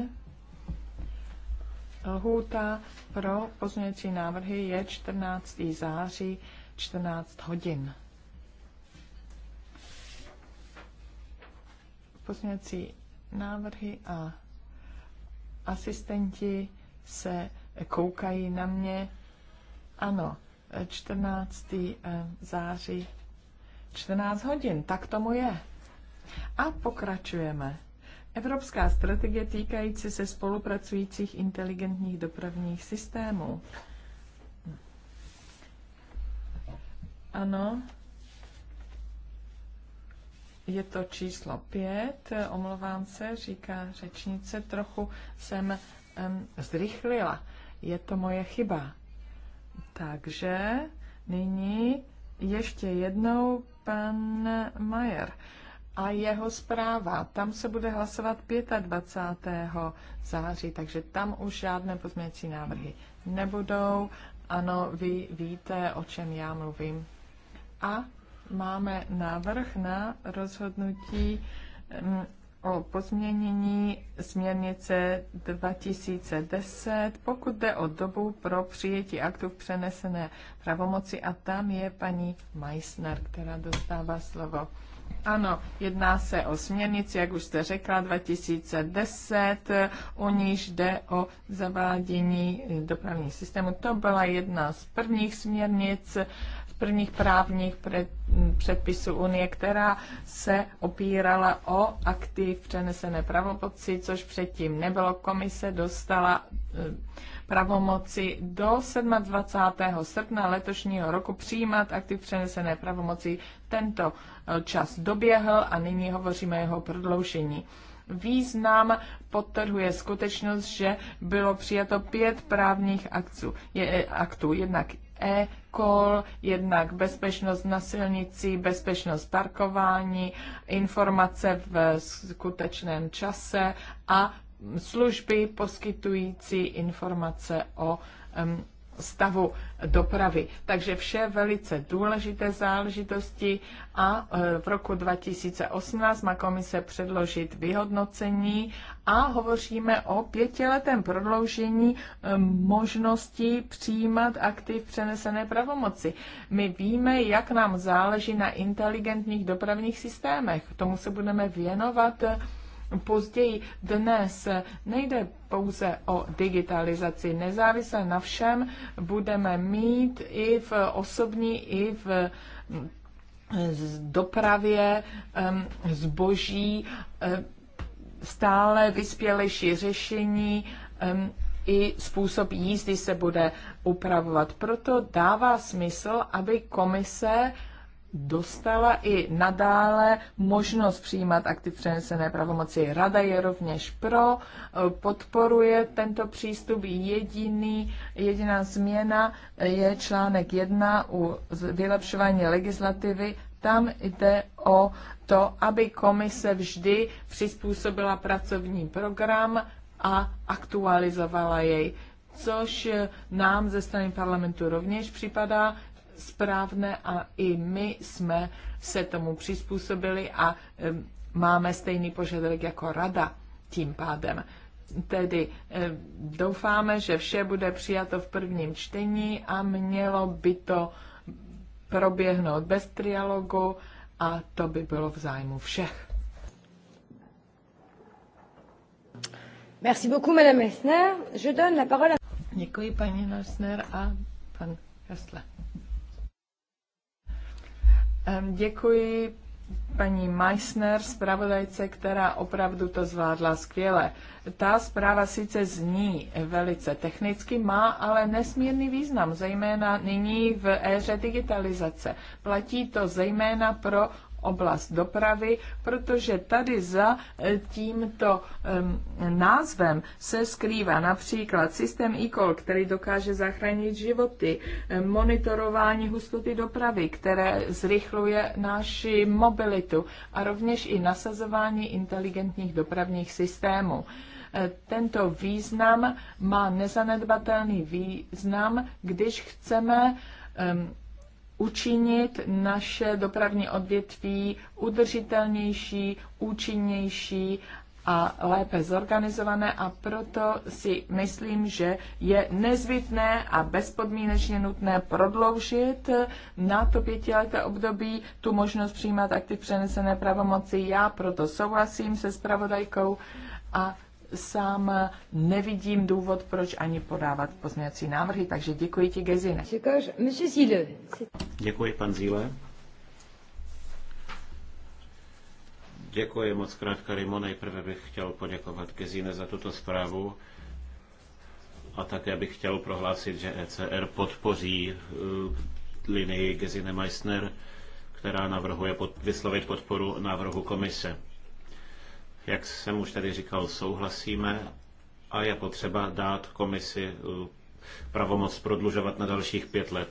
Speaker 3: Lhůta pro pozměňující návrhy je 14. září 14 hodin. Pozměňující návrhy a asistenti se koukají na mě. Ano, 14. Eh, září, 14 hodin, tak tomu je. A pokračujeme. Evropská strategie týkající se spolupracujících inteligentních dopravních systémů. Ano, je to číslo pět, omlouvám se, říká řečnice, trochu jsem um, zrychlila. Je to moje chyba. Takže nyní ještě jednou pan Majer a jeho zpráva. Tam se bude hlasovat 25. září, takže tam už žádné pozměnící návrhy nebudou. Ano, vy víte, o čem já mluvím. A máme návrh na rozhodnutí mm, o pozměnění směrnice 2010, pokud jde o dobu pro přijetí aktu v přenesené pravomoci a tam je paní Meissner, která dostává slovo. Ano, jedná se o směrnici, jak už jste řekla, 2010, u níž jde o zavádění dopravních systémů. To byla jedna z prvních směrnic, prvních právních předpisů Unie, která se opírala o v přenesené pravomoci, což předtím nebylo. Komise dostala eh, pravomoci do 27. srpna letošního roku přijímat v přenesené pravomoci. Tento eh, čas doběhl a nyní hovoříme o jeho prodloužení význam podtrhuje skutečnost, že bylo přijato pět právních aktů. Je, eh, aktů jednak E, úkol, jednak bezpečnost na silnici, bezpečnost parkování, informace v skutečném čase a služby poskytující informace o um, stavu dopravy. Takže vše velice důležité záležitosti a e, v roku 2018 má komise předložit vyhodnocení a hovoříme o pětiletém prodloužení e, možností přijímat aktiv přenesené pravomoci. My víme, jak nám záleží na inteligentních dopravních systémech. Tomu se budeme věnovat e, později dnes nejde pouze o digitalizaci. Nezávisle na všem budeme mít i v osobní, i v mm, dopravě mm, zboží mm, stále vyspělejší řešení i způsob jízdy se bude upravovat. Proto dává smysl, aby komise dostala i nadále možnost přijímat aktiv přenesené pravomoci. Rada je rovněž pro, podporuje tento přístup. Jediný, jediná změna je článek 1 u vylepšování legislativy. Tam jde o to, aby komise vždy přizpůsobila pracovní program a aktualizovala jej což nám ze strany parlamentu rovněž připadá správné a i my jsme se tomu přizpůsobili a máme stejný požadavek jako rada tím pádem. Tedy doufáme, že vše bude přijato v prvním čtení a mělo by to proběhnout bez trialogu a to by bylo v zájmu všech. Merci beaucoup, Madame Messner. Je donne la parole à... Děkuji, paní Messner a pan Kessler. Děkuji paní Meissner, zpravodajce, která opravdu to zvládla skvěle. Ta zpráva sice zní velice technicky, má ale nesmírný význam, zejména nyní v éře digitalizace. Platí to zejména pro oblast dopravy, protože tady za eh, tímto názvem se skrývá například systém e který dokáže zachránit životy, eh, monitorování hustoty dopravy, které zrychluje naši mobilitu a rovněž i nasazování inteligentních dopravních systémů eh, tento význam má nezanedbatelný význam, když chceme učinit naše dopravní odvětví udržitelnější, účinnější a lépe zorganizované a proto si myslím, že je nezbytné a bezpodmínečně nutné prodloužit na to pětileté období tu možnost přijímat aktiv přenesené pravomoci. Já proto souhlasím se spravodajkou a sám nevidím důvod, proč ani podávat pozměňovací návrhy, takže děkuji ti, Gezine.
Speaker 1: Děkuji, pan Zíle. Děkuji moc krát, Karimo. Nejprve bych chtěl poděkovat Gezine za tuto zprávu a také bych chtěl prohlásit, že ECR podpoří eh, linii Gezine Meissner, která navrhuje pod, vyslovit podporu návrhu komise. Jak jsem už tady říkal, souhlasíme a je potřeba dát komisi eh, pravomoc prodlužovat na dalších pět let.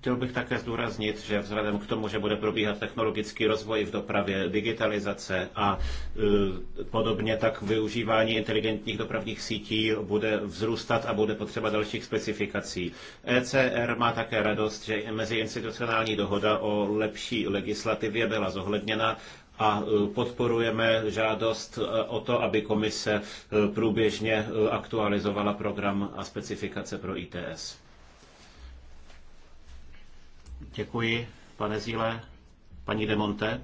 Speaker 1: Chtěl bych také zdůraznit, že vzhledem k tomu, že bude probíhat technologický rozvoj v dopravě, digitalizace a eh, podobně, tak využívání inteligentních dopravních sítí bude vzrůstat a bude potřeba dalších specifikací. ECR má také radost, že mezi institucionální dohoda o lepší legislativě byla zohledněna a e, podporujeme žádost e, o to, aby komise e, průběžně aktualizovala program a specifikace pro ITS. Děkuji, pane Zíle. Paní Demonte.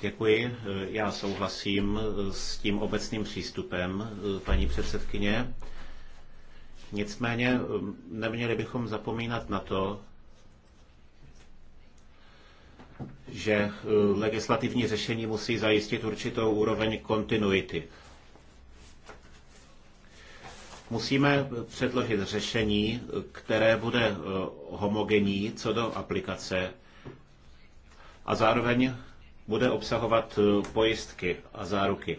Speaker 1: Děkuji. Já souhlasím s tím obecným přístupem, paní předsedkyně. Nicméně um, neměli bychom zapomínat na to, že uh, legislativní řešení musí zajistit určitou úroveň kontinuity. Musíme předložit řešení, které bude uh, homogenní co do aplikace a zároveň bude obsahovat uh, pojistky a záruky.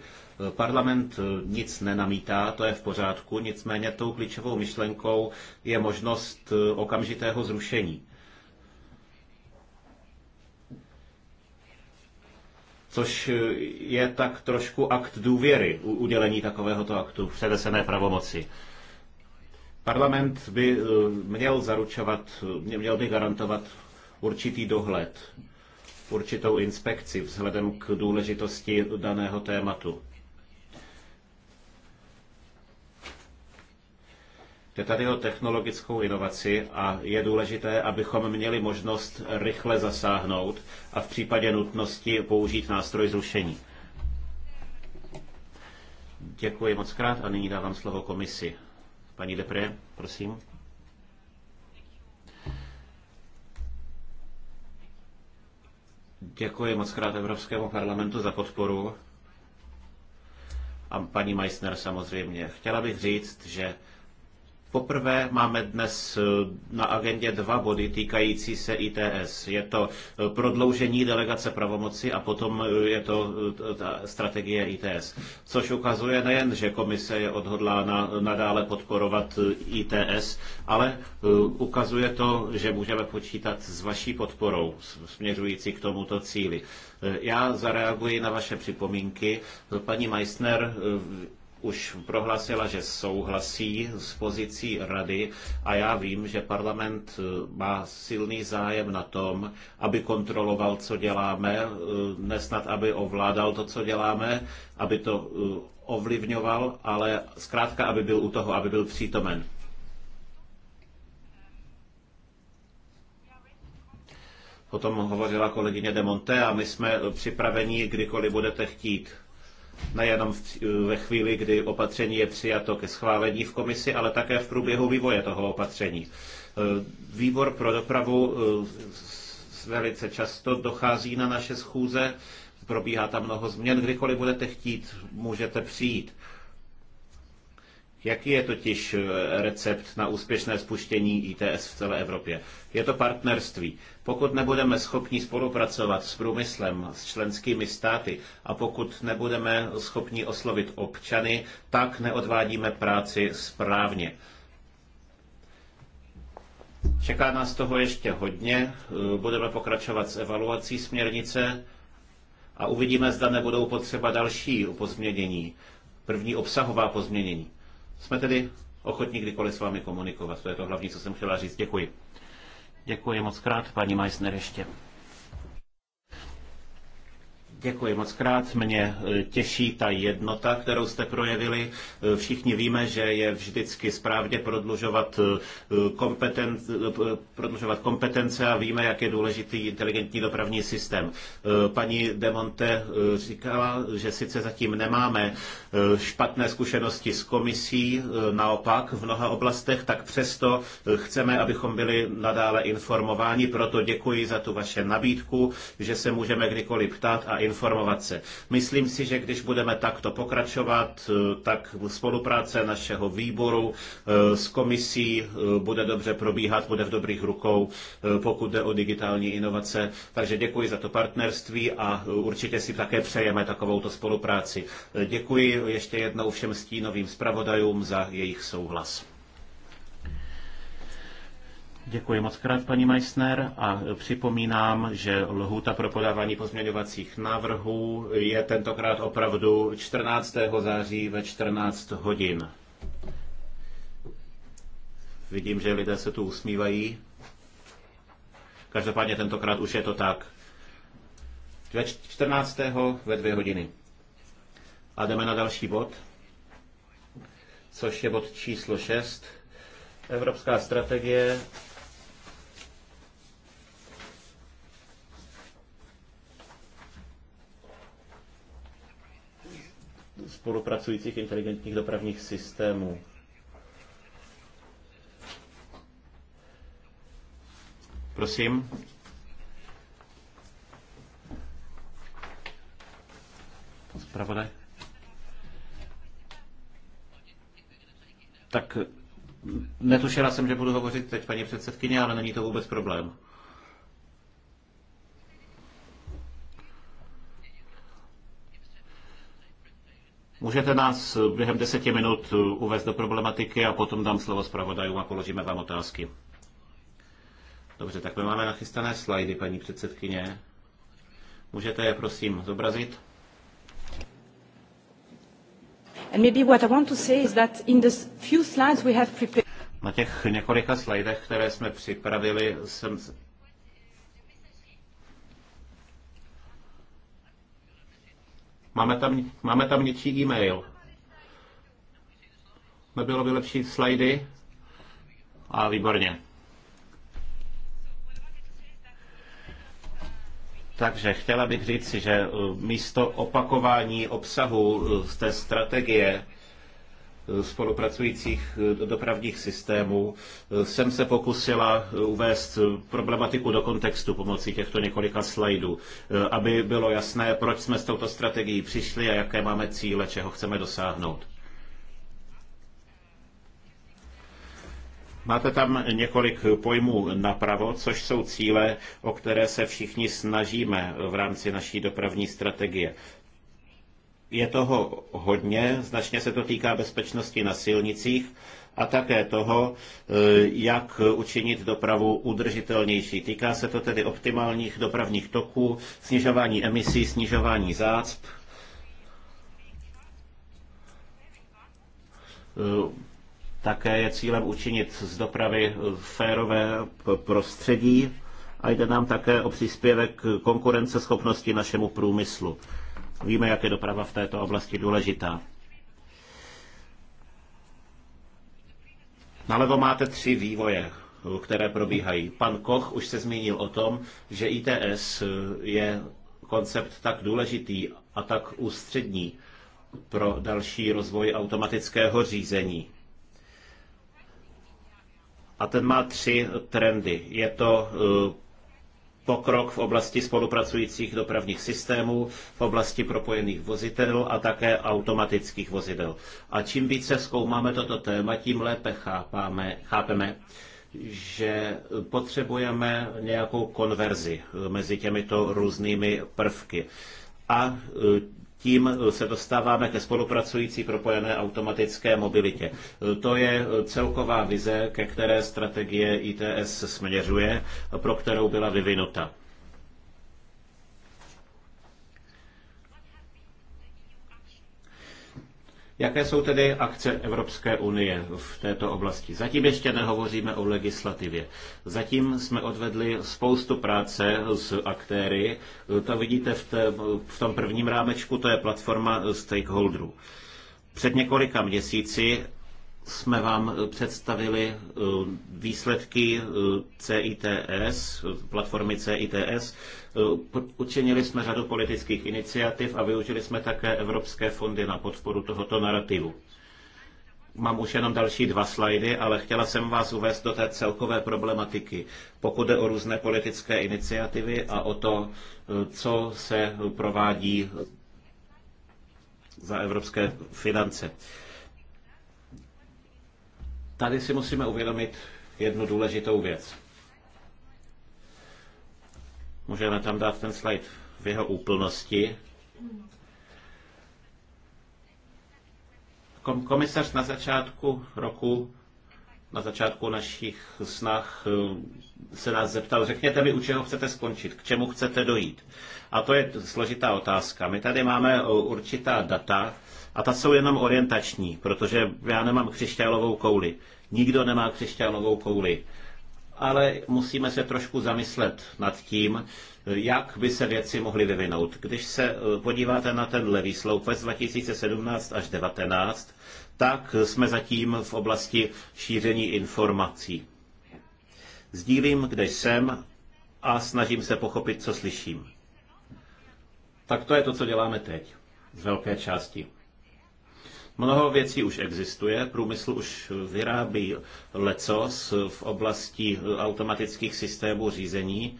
Speaker 1: Parlament eh, nic nenamítá, to je v pořádku, nicméně tou klíčovou myšlenkou je možnost eh, okamžitého zrušení. což eh, je tak trošku akt důvěry, udělení takovéhoto aktu předesené pravomoci. Parlament by měl zaručovat, měl by garantovat určitý dohled, určitou inspekci vzhledem k důležitosti daného tématu. Jde tady o technologickou inovaci a je důležité, abychom měli možnost rychle zasáhnout a v případě nutnosti použít nástroj zrušení. Děkuji moc krát a nyní dávám slovo komisi. Paní Depré, prosím. Děkuji moc krát Evropskému parlamentu za podporu. A paní Meissner samozřejmě. Chtěla bych říct, že Poprvé máme dnes eh, na agendě dva body týkající se ITS. Je to eh, prodloužení delegace pravomoci a potom eh, je to ta strategie ITS, což ukazuje nejen, že komise je odhodlána nadále podporovat ITS, ale ukazuje to, že můžeme počítat s vaší podporou směřující k tomuto cíli. Já zareaguji na vaše připomínky. Paní Meissner už prohlásila, že souhlasí s pozicí rady a já vím, že parlament eh, má silný zájem na tom, aby kontroloval, co děláme, eh, nesnad, aby ovládal to, co děláme, aby to eh, ovlivňoval, ale zkrátka, aby byl u toho, aby byl přítomen. O tom hovořila kolegyně de Monte a my jsme připraveni, kdykoliv budete chtít nejenom ve chvíli, kdy opatření je přijato ke schválení v komisi, ale také v průběhu vývoje toho opatření. E, výbor pro dopravu e, velice často dochází na naše schůze, probíhá tam mnoho změn, kdykoliv budete chtít, můžete přijít. Jaký je totiž eh, recept na úspěšné spuštění ITS v celé Evropě? Je to partnerství. Pokud nebudeme schopni spolupracovat s průmyslem, s členskými státy a pokud nebudeme schopni oslovit občany, tak neodvádíme práci správně. Čeká nás toho ještě hodně. Eh, budeme pokračovat s evaluací směrnice a uvidíme, zda nebudou potřeba další pozměnění. První obsahová pozměnění. Jsme tedy ochotní kdykoliv s vámi komunikovat. To je to hlavní, co jsem chtěla říct. Děkuji. Děkuji moc krát, paní Meissner ještě. Děkuji moc krát. Mě e, těší ta jednota, kterou jste projevili. E, všichni víme, že je vždycky správně prodlužovat, e, kompetence, prodlužovat kompetence a víme, jak je důležitý inteligentní dopravní systém. Paní Demonte říkala, že sice zatím nemáme špatné zkušenosti s komisí, naopak v mnoha oblastech, tak přesto chceme, abychom byli nadále informováni. Proto děkuji za tu vaše nabídku, že se můžeme kdykoliv ptát a informovat informovat se. Myslím si, že když budeme takto pokračovat, eh, tak spolupráce našeho výboru eh, s komisí eh, bude dobře probíhat, bude v dobrých rukou, pokud jde o digitální inovace. Takže děkuji za to partnerství a určitě si také přejeme takovouto spolupráci. Děkuji ještě jednou všem stínovým zpravodajům za jejich souhlas. Děkuji moc krát, paní Meissner, a připomínám, že lhůta pro podávání pozměňovacích návrhů je tentokrát opravdu 14. září ve 14 hodin. Vidím, že lidé se tu usmívají. Každopádně tentokrát už je to tak. ve 14. ve dvě hodiny. A jdeme na další bod, což je bod číslo 6. Evropská strategie spolupracujících inteligentních dopravních systémů. Prosím. Zpravodaj. Tak netušila jsem, že budu hovořit teď, paní předsedkyně, ale není to vůbec problém. Můžete nás během deseti minut uvést do problematiky a potom dám slovo zpravodajům a položíme vám otázky. Dobře, tak my máme nachystané slajdy, paní předsedkyně. Můžete je prosím zobrazit?
Speaker 2: maybe what I want to say is that in the few slides we have prepared
Speaker 1: na těch několika slajdech, které jsme připravili, jsem Máme tam, máme tam něčí e-mail. Nebylo by lepší slajdy? A výborně. Takže chtěla bych říci, že uh, místo opakování obsahu uh, z té strategie spolupracujících eh, dopravních systémů eh, jsem se pokusila eh, uvést problematiku do kontextu pomocí těchto několika slajdů, aby bylo jasné, proč jsme s touto strategií přišli a jaké máme cíle, čeho chceme dosáhnout. Máte tam několik pojmů napravo, což jsou cíle, o které se všichni snažíme v rámci naší dopravní strategie. Je toho hodně, značně se to týká bezpečnosti na silnicích a také toho, e, jak učinit dopravu udržitelnější. Týká se to tedy optimálních dopravních toků, snižování emisí, snižování zácp. E, také je cílem učinit z dopravy férové prostředí a jde nám také o příspěvek konkurenceschopnosti našemu průmyslu. Víme, jak je doprava v této oblasti důležitá. Nalevo máte tři vývoje, které probíhají. Pan Koch už se zmínil o tom, že ITS je koncept tak důležitý a tak ústřední pro další rozvoj automatického řízení. A ten má tři trendy. Je to eh, pokrok v oblasti spolupracujících dopravních systémů, v oblasti propojených vozidel a také automatických vozidel. A čím více zkoumáme toto téma, tím lépe chápáme, chápeme, že potřebujeme nějakou konverzi mezi těmito různými prvky. A tím eh, se dostáváme ke spolupracující propojené automatické mobilitě. Eh, to je eh, celková vize, ke které strategie ITS směřuje, pro kterou byla vyvinuta. Jaké jsou tedy akce Evropské unie v této oblasti? Zatím ještě nehovoříme o legislativě. Zatím jsme odvedli spoustu práce s aktéry. To vidíte v, té, v tom prvním rámečku, to je platforma stakeholderů. Před několika měsíci jsme vám eh, představili eh, výsledky eh, CITS, platformy CITS. Učinili jsme řadu politických iniciativ a využili jsme také evropské fondy na podporu tohoto narrativu. Mám už jenom další dva slajdy, ale chtěla jsem vás uvést do té celkové problematiky, pokud jde o různé politické iniciativy a o to, co se provádí za evropské finance. Tady si musíme uvědomit jednu důležitou věc. Můžeme tam dát ten slide v jeho úplnosti. Komisař na začátku roku, na začátku našich snah eh, se nás zeptal, řekněte mi, u čeho chcete skončit, k čemu chcete dojít. A to je složitá otázka. My tady máme eh, určitá data, a ta jsou jenom orientační, protože já nemám křišťálovou kouli. Nikdo nemá křišťálovou kouli. Ale musíme se trošku zamyslet nad tím, jak by se věci mohly vyvinout. Když se eh, podíváte na ten levý sloupec 2017 až 2019, tak jsme zatím v oblasti šíření informací. Sdílím, kde jsem a snažím se pochopit, co slyším. Tak to je to, co děláme teď, z velké části. Mnoho věcí už existuje, průmysl už vyrábí lecos v oblasti automatických systémů řízení.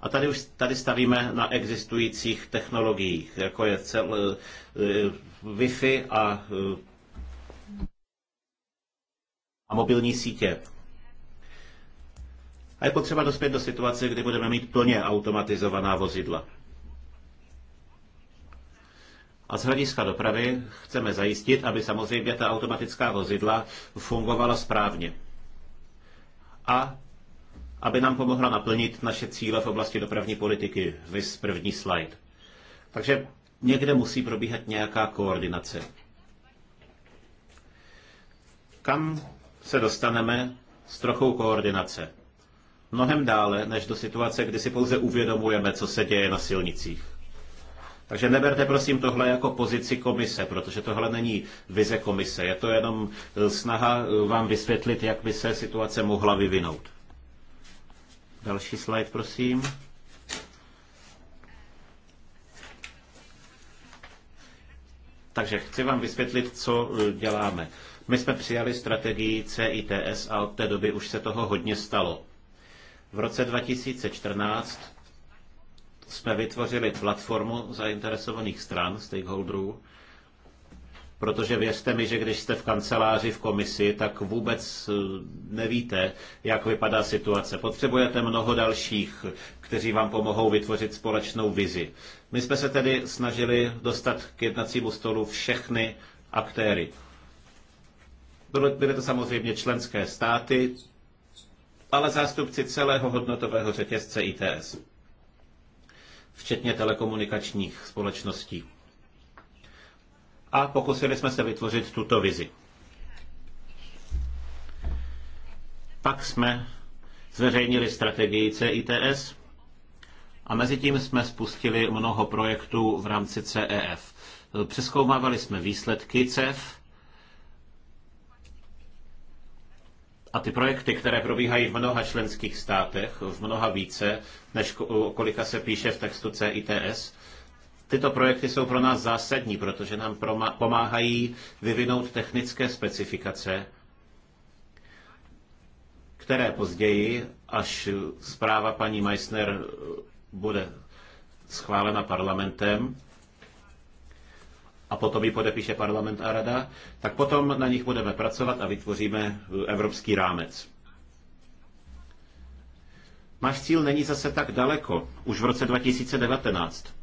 Speaker 1: A tady už tady stavíme na existujících technologiích, jako je cel, eh, Wi-Fi a, eh, a mobilní sítě. A je potřeba dospět do situace, kdy budeme mít plně automatizovaná vozidla. A z hlediska dopravy chceme zajistit, aby samozřejmě ta automatická vozidla fungovala správně. A aby nám pomohla naplnit naše cíle v oblasti dopravní politiky, vys první slide. Takže někde musí probíhat nějaká koordinace. Kam se dostaneme s trochou koordinace? Mnohem dále, než do situace, kdy si pouze uvědomujeme, co se děje na silnicích. Takže neberte prosím tohle jako pozici komise, protože tohle není vize komise. Je to jenom eh, snaha eh, vám vysvětlit, jak by se situace mohla vyvinout. Další slide, prosím. Takže chci vám vysvětlit, co eh, děláme. My jsme přijali strategii CITS a od té doby už se toho hodně stalo. V roce 2014 jsme vytvořili platformu zainteresovaných stran, stakeholderů, protože věřte mi, že když jste v kanceláři, v komisi, tak vůbec eh, nevíte, jak vypadá situace. Potřebujete mnoho dalších, kteří vám pomohou vytvořit společnou vizi. My jsme se tedy snažili dostat k jednacímu stolu všechny aktéry. Byly to samozřejmě členské státy, ale zástupci celého hodnotového řetězce ITS včetně telekomunikačních společností. A pokusili jsme se vytvořit tuto vizi. Pak jsme zveřejnili strategii CITS a mezi tím jsme spustili mnoho projektů v rámci CEF. Přeskoumávali jsme výsledky CEF A ty projekty, které probíhají v mnoha členských státech, v mnoha více, než kolika se píše v textu CITS, tyto projekty jsou pro nás zásadní, protože nám pomáhají vyvinout technické specifikace, které později, až zpráva paní Meissner bude schválena parlamentem, a potom ji podepíše parlament a rada, tak potom na nich budeme pracovat a vytvoříme evropský rámec. Náš cíl není zase tak daleko, už v roce 2019.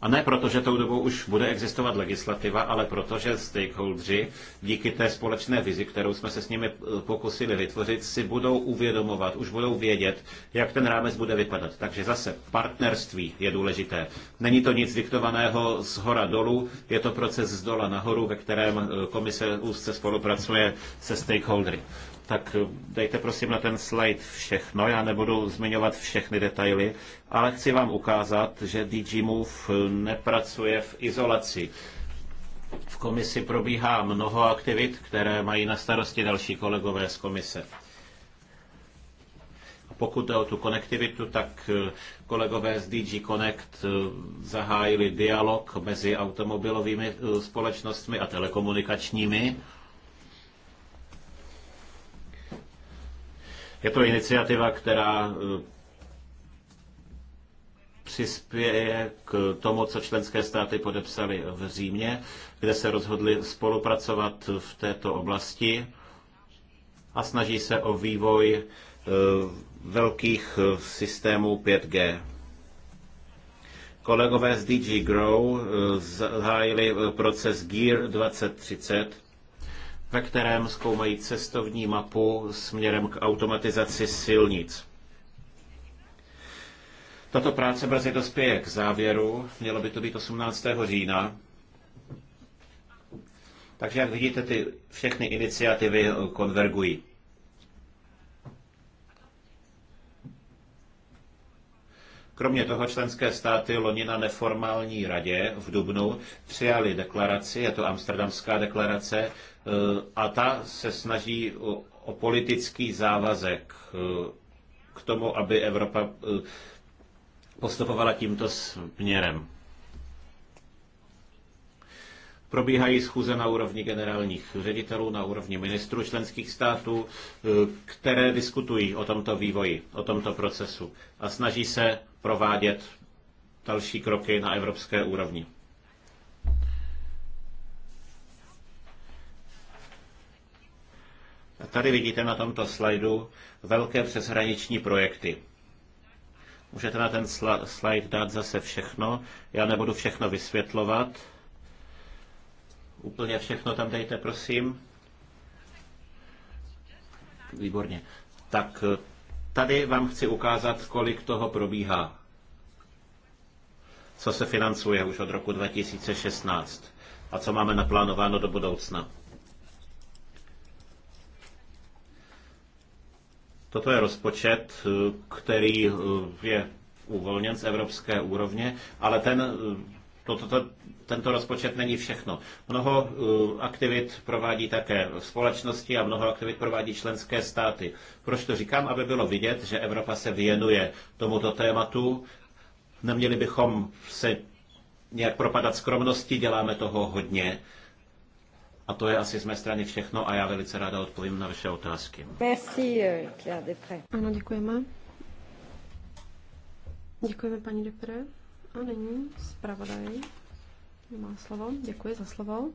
Speaker 1: A ne proto, že tou dobou už bude existovat legislativa, ale proto, že stakeholdři díky té společné vizi, kterou jsme se s nimi eh, pokusili vytvořit, si budou uvědomovat, už budou vědět, jak ten rámec bude vypadat. Takže zase partnerství je důležité. Není to nic diktovaného z hora dolů, je to proces z dola nahoru, ve kterém eh, komise úzce spolupracuje se stakeholdry tak dejte prosím na ten slide všechno. Já nebudu zmiňovat všechny detaily, ale chci vám ukázat, že DG Move nepracuje v izolaci. V komisi probíhá mnoho aktivit, které mají na starosti další kolegové z komise. pokud jde o tu konektivitu, tak eh, kolegové z DG Connect eh, zahájili dialog mezi automobilovými eh, společnostmi a telekomunikačními. Je to iniciativa, která eh, přispěje k tomu, co členské státy podepsaly v Římě, kde se rozhodli spolupracovat v této oblasti a snaží se o vývoj eh, velkých eh, systémů 5G. Kolegové z DG Grow zahájili proces GEAR 2030, ve kterém zkoumají cestovní mapu směrem k automatizaci silnic. Tato práce brzy dospěje k závěru, mělo by to být 18. října. Takže jak vidíte, ty všechny iniciativy konvergují. Kromě toho členské státy loni na neformální radě v Dubnu přijali deklaraci, je to Amsterdamská deklarace, eh, a ta se snaží o politický závazek eh, k tomu, aby Evropa eh, postupovala tímto směrem. Probíhají schůze na úrovni generálních ředitelů, na úrovni ministrů členských států, které diskutují o tomto vývoji, o tomto procesu a snaží se provádět další kroky na evropské úrovni. Tady vidíte na tomto slajdu velké přeshraniční projekty. Můžete na ten slide dát zase všechno. Já nebudu všechno vysvětlovat. Úplně všechno tam dejte, prosím. Výborně. Tak Tady vám chci ukázat, kolik toho probíhá, co se financuje už od roku 2016 a co máme naplánováno do budoucna. Toto je rozpočet, který eh, je uvolněn z evropské úrovně, ale ten, eh, to, to, to, tento rozpočet není všechno. Mnoho uh, aktivit provádí také společnosti a mnoho aktivit provádí členské státy. Proč to říkám? Aby bylo vidět, že Evropa se věnuje tomuto tématu. Neměli bychom se nějak propadat skromnosti, děláme toho hodně. A to je asi z mé strany všechno a já velice ráda odpovím na vaše otázky.
Speaker 2: Merci, euh, Claire Depré. Ano, děkujeme. Děkujeme, paní Depré. A nyní zpravodaj má slovo. Děkuji za slovo.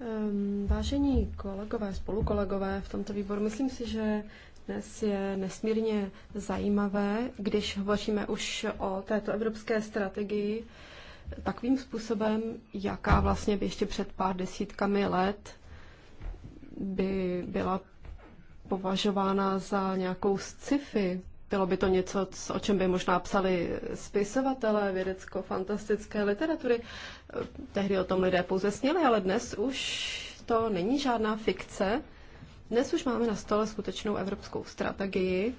Speaker 2: Ehm, vážení kolegové, spolukolegové v tomto výboru, myslím si, že dnes je nesmírně zajímavé, když hovoříme už o této evropské strategii takovým způsobem, jaká vlastně by ještě před pár desítkami let by byla považována za nějakou sci-fi bylo by to něco, o čem by možná psali spisovatelé vědecko-fantastické literatury. Tehdy o tom lidé pouze sněli, ale dnes už to není žádná fikce. Dnes už máme na stole skutečnou evropskou strategii,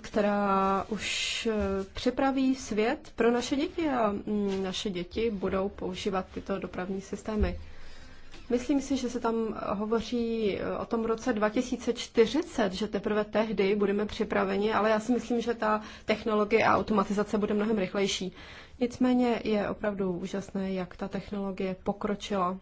Speaker 2: která už eh, připraví svět pro naše děti a mm, naše děti budou používat tyto dopravní systémy. Myslím si, že se tam hovoří eh, o tom roce 2040, že teprve tehdy budeme připraveni, ale já si myslím, že ta technologie a automatizace bude mnohem rychlejší. Nicméně je opravdu úžasné, jak ta technologie pokročila.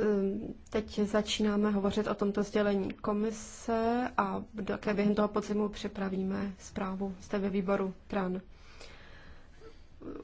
Speaker 2: Ehm, teď začínáme hovořit o tomto sdělení komise a také během toho podzimu připravíme zprávu zde ve výboru TRAN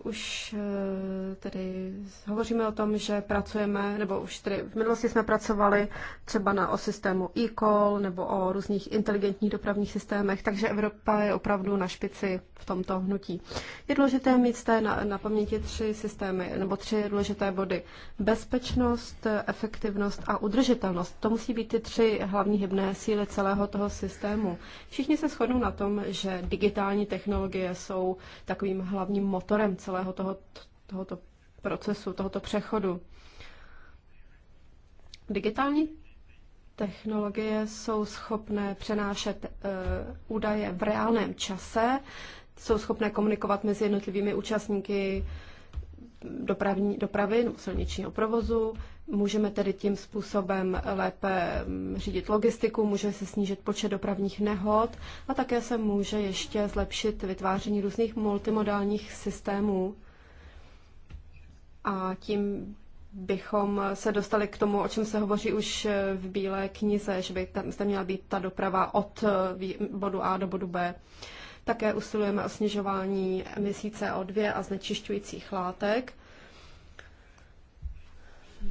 Speaker 2: už eh, tedy hovoříme o tom, že pracujeme, nebo už tedy v minulosti jsme pracovali třeba na o systému e-call nebo o různých inteligentních dopravních systémech, takže Evropa je opravdu na špici v tomto hnutí. Je důležité mít z té na, na paměti tři systémy, nebo tři důležité body. Bezpečnost, efektivnost a udržitelnost. To musí být ty tři hlavní hybné síly celého toho systému. Všichni se shodnou na tom, že digitální technologie jsou takovým hlavním motorem jádrem celého toho, tohoto procesu, tohoto přechodu. Digitální technologie jsou schopné přenášet e, údaje v reálném čase, jsou schopné komunikovat mezi jednotlivými účastníky, dopravní, dopravy nebo silničního provozu. Můžeme tedy tím způsobem lépe mm, řídit logistiku, může se snížit počet dopravních nehod a také se může ještě zlepšit vytváření různých multimodálních systémů. A tím bychom se dostali k tomu, o čem se hovoří už v Bílé knize, že by tam měla být ta doprava od eh, bodu A do bodu B. Také usilujeme o snižování emisí CO2 a znečišťujících látek.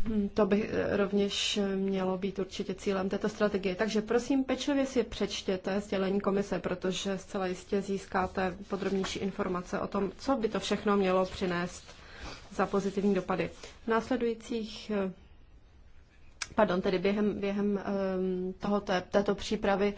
Speaker 2: Hmm, to by eh, rovněž mělo být určitě cílem této strategie. Takže prosím, pečlivě si přečtěte sdělení komise, protože zcela jistě získáte podrobnější informace o tom, co by to všechno mělo přinést za pozitivní dopady. V následujících, eh, pardon, tedy během, během ehm, tohoto, této přípravy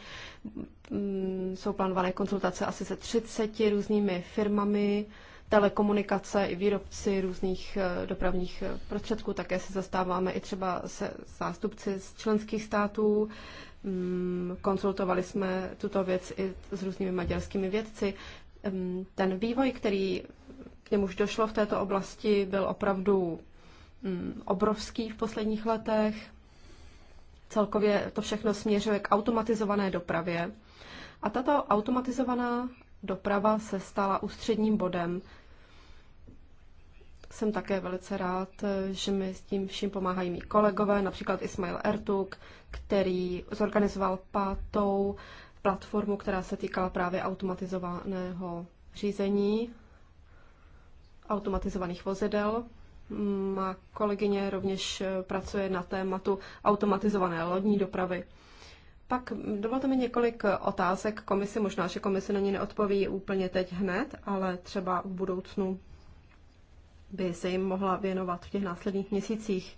Speaker 2: Mm, jsou plánované konzultace asi se 30 různými firmami, telekomunikace i výrobci různých eh, dopravních eh, prostředků. Také se zastáváme i třeba se zástupci z členských států. Mm, konzultovali jsme tuto věc i s různými maďarskými vědci. Mm, ten vývoj, který k němuž došlo v této oblasti, byl opravdu obrovský v posledních letech. Celkově to všechno směřuje k automatizované dopravě a tato automatizovaná doprava se stala ústředním bodem. Jsem také velice rád, že mi s tím vším pomáhají mý kolegové, například Ismail Ertuk, který zorganizoval pátou platformu, která se týkala právě automatizovaného řízení automatizovaných vozidel. Má kolegyně rovněž pracuje na tématu automatizované lodní dopravy. Pak dovolte mi několik otázek komisi, možná, že komise na ně neodpoví úplně teď hned, ale třeba v budoucnu by se jim mohla věnovat v těch následných měsících.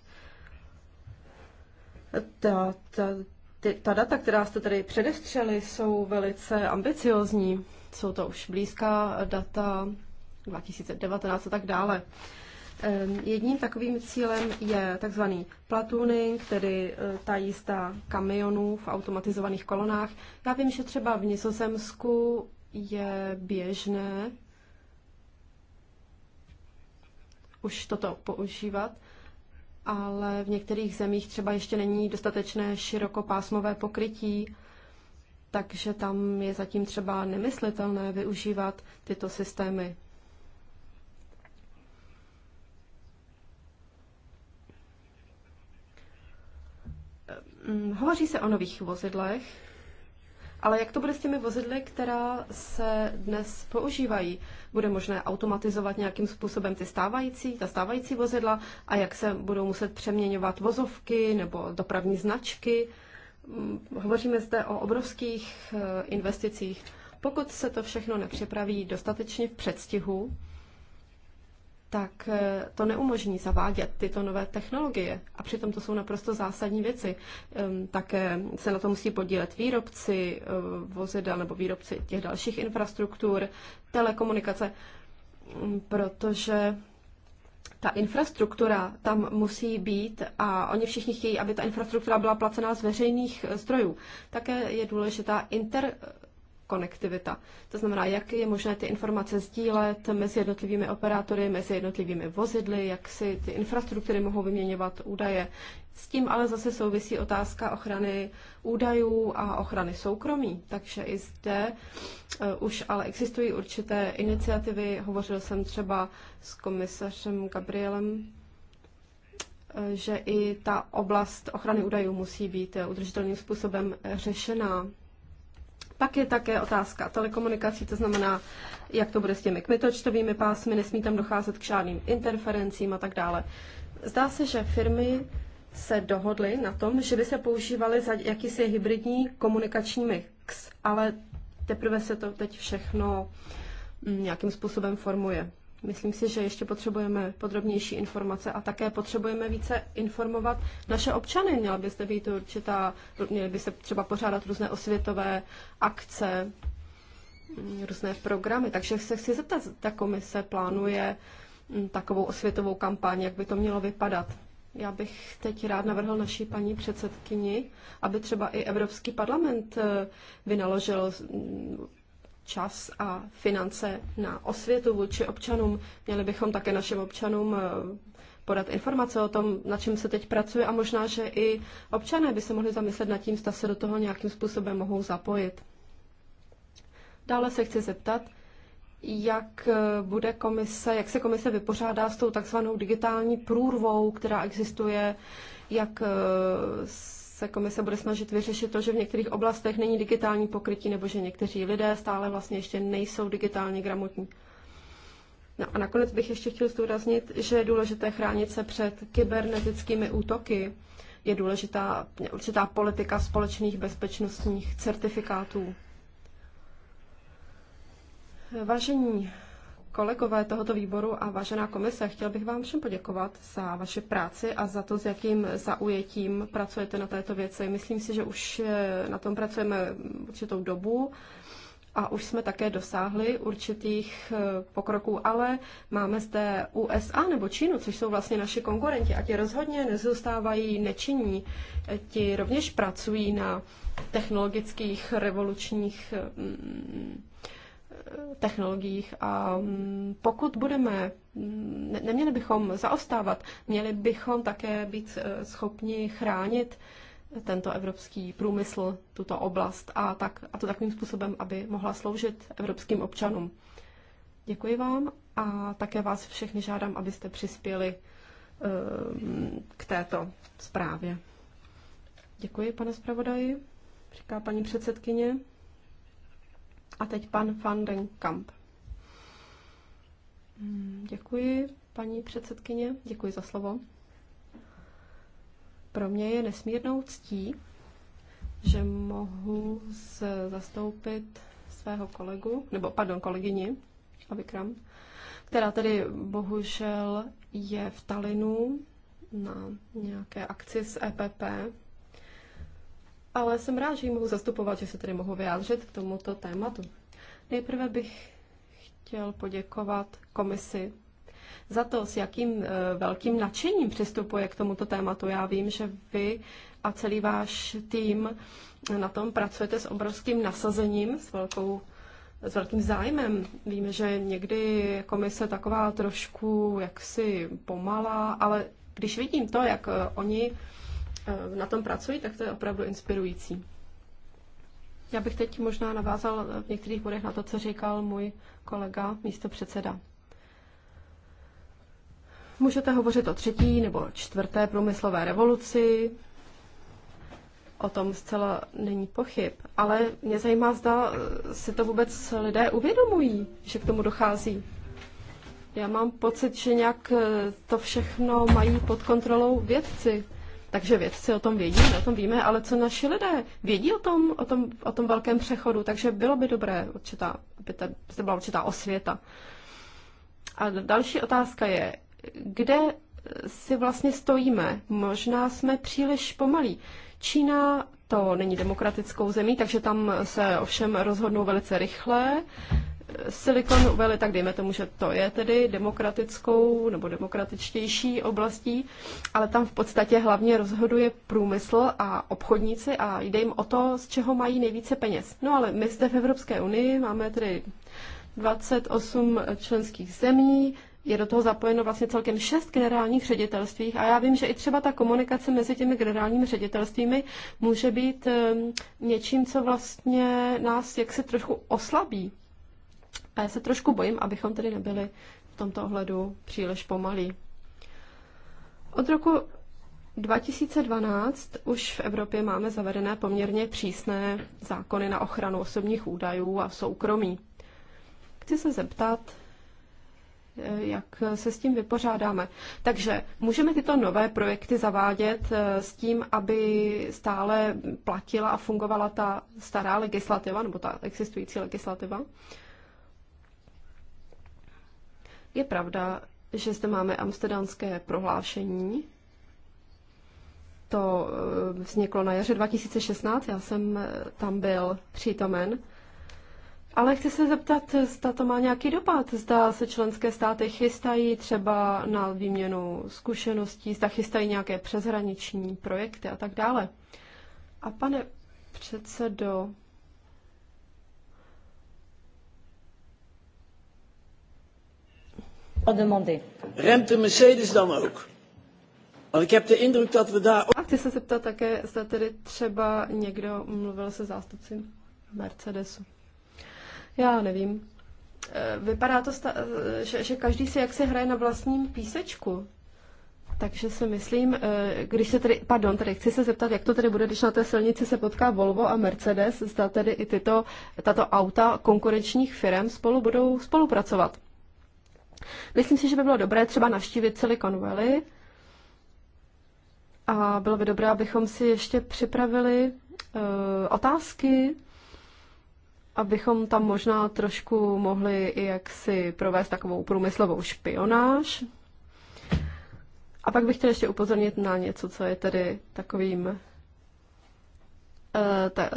Speaker 2: Ta, ta, ty, ta data, která jste tady předestřeli, jsou velice ambiciozní. Jsou to už blízká data 2019 a tak dále. Ehm, jedním takovým cílem je takzvaný platooning, tedy eh, ta jízda kamionů v automatizovaných kolonách. Já vím, že třeba v Nizozemsku je běžné už toto používat, ale v některých zemích třeba ještě není dostatečné širokopásmové pokrytí, takže tam je zatím třeba nemyslitelné využívat tyto systémy Mm, hovoří se o nových vozidlech, ale jak to bude s těmi vozidly, která se dnes používají? Bude možné automatizovat nějakým způsobem ty stávající, ta stávající vozidla a jak se budou muset přeměňovat vozovky nebo dopravní značky? Mm, hovoříme zde o obrovských eh, investicích. Pokud se to všechno nepřipraví dostatečně v předstihu, tak eh, to neumožní zavádět tyto nové technologie. A přitom to jsou naprosto zásadní věci. Ehm, také se na to musí podílet výrobci eh, vozidel nebo výrobci těch dalších infrastruktur, telekomunikace, mm, protože ta infrastruktura tam musí být a oni všichni chtějí, aby ta infrastruktura byla placená z veřejných eh, zdrojů. Také je důležitá inter, konektivita. To znamená, jak je možné ty informace sdílet mezi jednotlivými operátory, mezi jednotlivými vozidly, jak si ty infrastruktury mohou vyměňovat údaje. S tím ale zase souvisí otázka ochrany údajů a ochrany soukromí. Takže i zde eh, už ale existují určité iniciativy. Hovořil jsem třeba s komisařem Gabrielem eh, že i ta oblast ochrany údajů musí být eh, udržitelným způsobem řešená. Pak je také otázka telekomunikací, to znamená, jak to bude s těmi kmitočtovými pásmy, nesmí tam docházet k žádným interferencím a tak dále. Zdá se, že firmy se dohodly na tom, že by se používaly za jakýsi hybridní komunikační mix, ale teprve se to teď všechno mm, nějakým způsobem formuje. Myslím si, že ještě potřebujeme podrobnější informace a také potřebujeme více informovat naše občany. Měla by zde být určitá, měly by se třeba pořádat různé osvětové akce, mm, různé programy. Takže se chci zeptat, ta komise plánuje mm, takovou osvětovou kampaň, jak by to mělo vypadat. Já bych teď rád navrhl naší paní předsedkyni, aby třeba i Evropský parlament eh, vynaložil mm, čas a finance na osvětu vůči občanům. Měli bychom také našim občanům eh, podat informace o tom, na čem se teď pracuje a možná, že i občané by se mohli zamyslet nad tím, zda se do toho nějakým způsobem mohou zapojit. Dále se chci zeptat, jak eh, bude komise, jak se komise vypořádá s tou takzvanou digitální průrvou, která existuje, jak eh, se komise bude snažit vyřešit to, že v některých oblastech není digitální pokrytí nebo že někteří lidé stále vlastně ještě nejsou digitálně gramotní. No a nakonec bych ještě chtěl zdůraznit, že je důležité chránit se před kybernetickými útoky. Je důležitá určitá politika společných bezpečnostních certifikátů. Vážení kolegové tohoto výboru a vážená komise, chtěl bych vám všem poděkovat za vaše práci a za to, s jakým zaujetím pracujete na této věci. Myslím si, že už eh, na tom pracujeme určitou dobu a už jsme také dosáhli určitých eh, pokroků, ale máme zde USA nebo Čínu, což jsou vlastně naši konkurenti a ti rozhodně nezůstávají nečinní. Eh, ti rovněž pracují na technologických revolučních mm, technologiích a mm, pokud budeme, mm, ne, neměli bychom zaostávat, měli bychom také být eh, schopni chránit tento evropský průmysl, tuto oblast a, tak, a to takovým způsobem, aby mohla sloužit evropským občanům. Děkuji vám a také vás všechny žádám, abyste přispěli eh, k této zprávě. Děkuji, pane zpravodaji, říká paní předsedkyně. A teď pan van den Kamp. Hmm, děkuji, paní předsedkyně, děkuji za slovo. Pro mě je nesmírnou ctí, že mohu zastoupit svého kolegu, nebo pardon, kolegyni, Avikram, která tedy bohužel je v Talinu na nějaké akci s EPP, ale jsem rád, že ji mohu zastupovat, že se tady mohu vyjádřit k tomuto tématu. Nejprve bych chtěl poděkovat komisi za to, s jakým eh, velkým nadšením přistupuje k tomuto tématu. Já vím, že vy a celý váš tým na tom pracujete s obrovským nasazením, s, velkou, s velkým zájmem. Víme, že někdy komise taková trošku jaksi pomalá, ale když vidím to, jak eh, oni Eh, na tom pracují, tak to je opravdu inspirující. Já bych teď možná navázal v některých bodech na to, co říkal můj kolega místo předseda. Můžete hovořit o třetí nebo čtvrté průmyslové revoluci, o tom zcela není pochyb, ale mě zajímá, zda eh, si to vůbec lidé uvědomují, že k tomu dochází. Já mám pocit, že nějak eh, to všechno mají pod kontrolou vědci, takže vědci o tom vědí, my o tom víme, ale co naši lidé vědí o tom, o tom, o tom velkém přechodu, takže bylo by dobré, určitá, aby ta, to byla určitá osvěta. A další otázka je, kde si vlastně stojíme? Možná jsme příliš pomalí. Čína to není demokratickou zemí, takže tam se ovšem rozhodnou velice rychle. Silicon Valley, tak dejme tomu, že to je tedy demokratickou nebo demokratičtější oblastí, ale tam v podstatě hlavně rozhoduje průmysl a obchodníci a jde jim o to, z čeho mají nejvíce peněz. No ale my zde v Evropské unii máme tedy 28 členských zemí, je do toho zapojeno vlastně celkem šest generálních ředitelství a já vím, že i třeba ta komunikace mezi těmi generálními ředitelstvími může být ehm, něčím, co vlastně nás jaksi trošku oslabí. A já se trošku bojím, abychom tedy nebyli v tomto ohledu příliš pomalí. Od roku 2012 už v Evropě máme zavedené poměrně přísné zákony na ochranu osobních údajů a soukromí. Chci se zeptat, eh, jak se s tím vypořádáme. Takže můžeme tyto nové projekty zavádět eh, s tím, aby stále platila a fungovala ta stará legislativa nebo ta existující legislativa? Je pravda, že zde máme amsterdamské prohlášení. To eh, vzniklo na jaře 2016, já jsem eh, tam byl přítomen. Ale chci se zeptat, zda to má nějaký dopad. Zda se členské státy chystají třeba na výměnu zkušeností, zda chystají nějaké přeshraniční projekty a tak dále. A pane předsedo,
Speaker 3: Remt de Mercedes dan ook? Ale ik
Speaker 2: heb de indruk dat we daar... A chci se zeptat také, zda tedy třeba někdo mluvil se zástupci Mercedesu. Já nevím. Eh, vypadá to, eh, že, že každý si jak hraje na vlastním písečku. Takže si myslím, eh, když se tedy, pardon, tedy chci se zeptat, jak to tedy bude, když na té silnici se potká Volvo a Mercedes, zda tedy i tyto, tato auta konkurenčních firm spolu budou spolupracovat. Myslím si, že by bylo dobré třeba navštívit Silicon Valley a bylo by dobré, abychom si ještě připravili uh, otázky, abychom tam možná trošku mohli i jaksi provést takovou průmyslovou špionáž. A pak bych chtěl ještě upozornit na něco, co je tedy takovým uh, ta,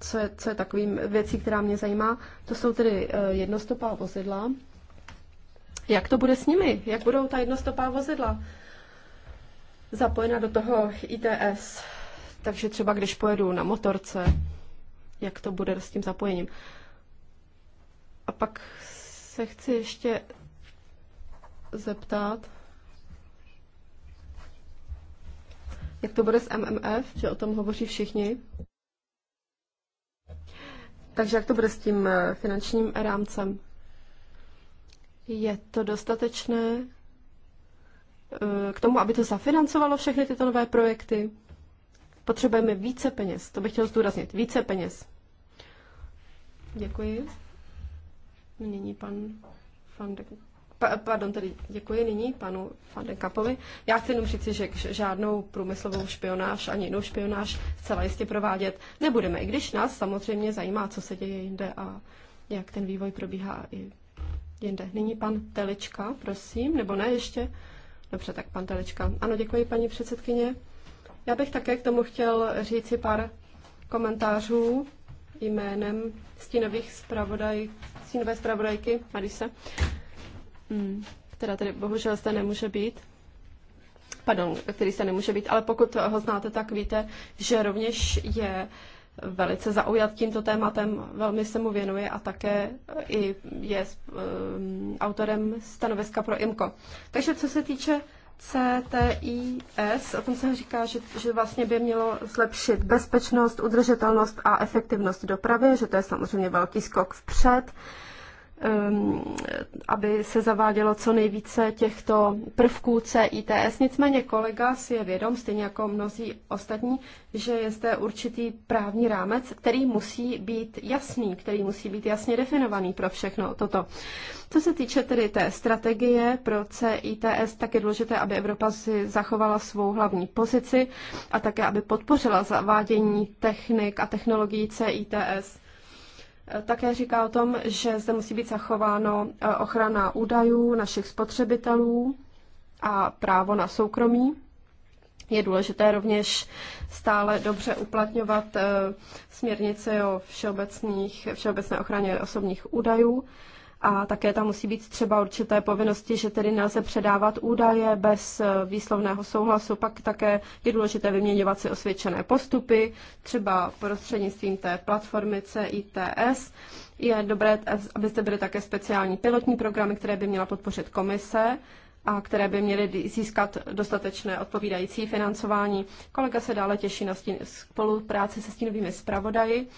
Speaker 2: co je, co je takovým věcí, která mě zajímá, to jsou tedy eh, jednostopá vozidla. Jak to bude s nimi? Jak budou ta jednostopá vozidla zapojena do toho ITS? Takže třeba když pojedu na motorce, jak to bude s tím zapojením? A pak se chci ještě zeptat, jak to bude s MMF, že o tom hovoří všichni. Takže jak to bude s tím eh, finančním rámcem? Je to dostatečné eh, k tomu, aby to zafinancovalo všechny tyto nové projekty? Potřebujeme více peněz, to bych chtěl zdůraznit, více peněz. Děkuji. Nyní pan Van de, pa, pardon, tedy děkuji nyní panu Van de Kapovi. Já chci jenom říct, že žádnou průmyslovou špionáž ani jinou špionáž zcela jistě provádět nebudeme, i když nás samozřejmě zajímá, co se děje jinde a jak ten vývoj probíhá i jinde. Nyní pan Telička, prosím, nebo ne ještě? Dobře, tak pan Telička. Ano, děkuji, paní předsedkyně. Já bych také k tomu chtěl říci pár komentářů jménem stínových zpravodaj, stínové zpravodajky Marise, hmm, která tedy bohužel zde nemůže být. Pardon, který se nemůže být, ale pokud ho znáte, tak víte, že rovněž je uh, velice zaujat tímto tématem, velmi se mu věnuje a také i je ehm, autorem stanoviska pro IMCO. Takže co se týče CTIS, o tom se říká, že, že vlastně by mělo zlepšit bezpečnost, udržitelnost a efektivnost dopravy, že to je samozřejmě velký skok vpřed. Uh, Ehm, aby se zavádělo co nejvíce těchto prvků CITS. Nicméně kolega si je vědom, stejně jako mnozí ostatní, že je zde určitý právní rámec, který musí být jasný, který musí být jasně definovaný pro všechno toto. Co se týče tedy té strategie pro CITS, tak je důležité, aby Evropa si zachovala svou hlavní pozici a také, aby podpořila zavádění technik a technologií CITS. Také říká o tom, že zde musí být zachováno eh, ochrana údajů našich spotřebitelů a právo na soukromí. Je důležité rovněž stále dobře uplatňovat eh, směrnice o všeobecných, všeobecné ochraně osobních údajů a také tam musí být třeba určité povinnosti, že tedy nelze předávat údaje bez eh, výslovného souhlasu. Pak také je důležité vyměňovat si osvědčené postupy, třeba prostřednictvím té platformy CITS. Je dobré, eh, abyste byli také speciální pilotní programy, které by měla podpořit komise a které by měly získat dostatečné odpovídající financování. Kolega se dále těší na stín, spolupráci se stínovými zpravodaji. Uh,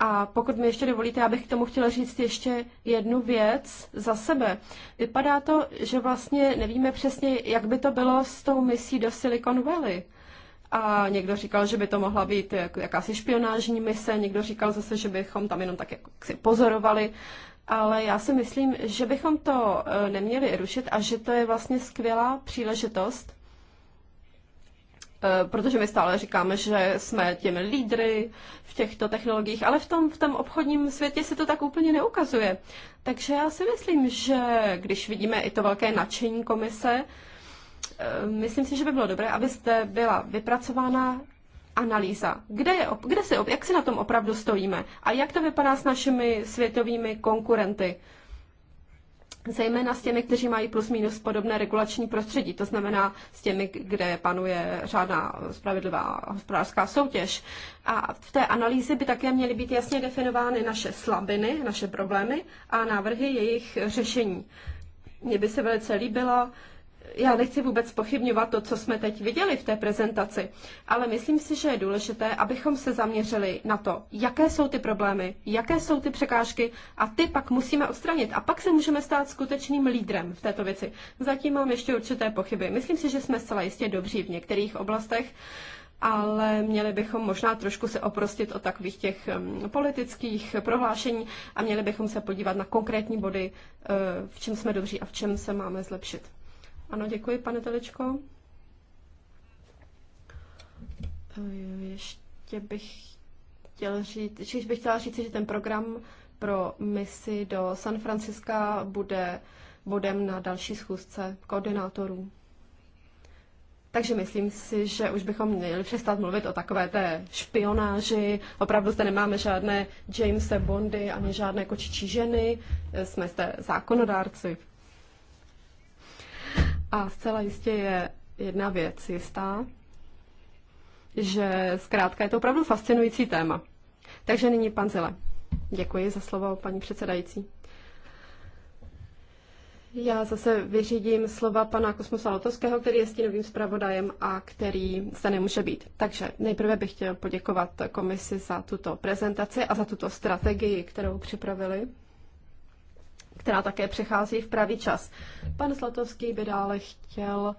Speaker 2: a pokud mi ještě dovolíte, já bych k tomu chtěla říct ještě jednu věc za sebe. Vypadá to, že vlastně nevíme přesně, jak by to bylo s tou misí do Silicon Valley. A někdo říkal, že by to mohla být jakási špionážní mise, někdo říkal zase, že bychom tam jenom tak jak si pozorovali. Ale já si myslím, že bychom to eh, neměli rušit a že to je vlastně skvělá příležitost Eh, protože my stále říkáme, že jsme těmi lídry v těchto technologiích, ale v tom, v tom obchodním světě se to tak úplně neukazuje. Takže já si myslím, že když vidíme i to velké nadšení komise, eh, myslím si, že by bylo dobré, abyste byla vypracována analýza, kde, je, kde se, jak si na tom opravdu stojíme a jak to vypadá s našimi světovými konkurenty zejména s těmi, kteří mají plus minus podobné regulační prostředí, to znamená s těmi, kde panuje řádná spravedlivá hospodářská soutěž. A v té analýze by také měly být jasně definovány naše slabiny, naše problémy a návrhy jejich řešení. Mně by se velice líbilo, já nechci vůbec pochybňovat to, co jsme teď viděli v té prezentaci, ale myslím si, že je důležité, abychom se zaměřili na to, jaké jsou ty problémy, jaké jsou ty překážky a ty pak musíme odstranit a pak se můžeme stát skutečným lídrem v této věci. Zatím mám ještě určité pochyby. Myslím si, že jsme zcela jistě dobří v některých oblastech, ale měli bychom možná trošku se oprostit o takových těch politických prohlášení a měli bychom se podívat na konkrétní body, eh, v čem jsme dobří a v čem se máme zlepšit. Ano, děkuji, pane Teličko. Eh, ještě bych chtěl říct, ještě bych chtěla říct, že ten program pro misi do San Franciska bude bodem na další schůzce koordinátorů. Takže myslím si, že už bychom měli přestat mluvit o takové té špionáži. Opravdu zde nemáme žádné Jamese Bondy ani žádné kočičí ženy. Eh, jsme zde zákonodárci. A zcela jistě je jedna věc jistá, že zkrátka je to opravdu fascinující téma. Takže nyní pan Zile. Děkuji za slovo, paní předsedající. Já zase vyřídím slova pana Kosmosa Lotovského, který je stínovým zpravodajem a který zde nemůže být. Takže nejprve bych chtěl poděkovat komisi za tuto prezentaci a za tuto strategii, kterou připravili která také přechází v pravý čas. Pan Zlatovský by dále chtěl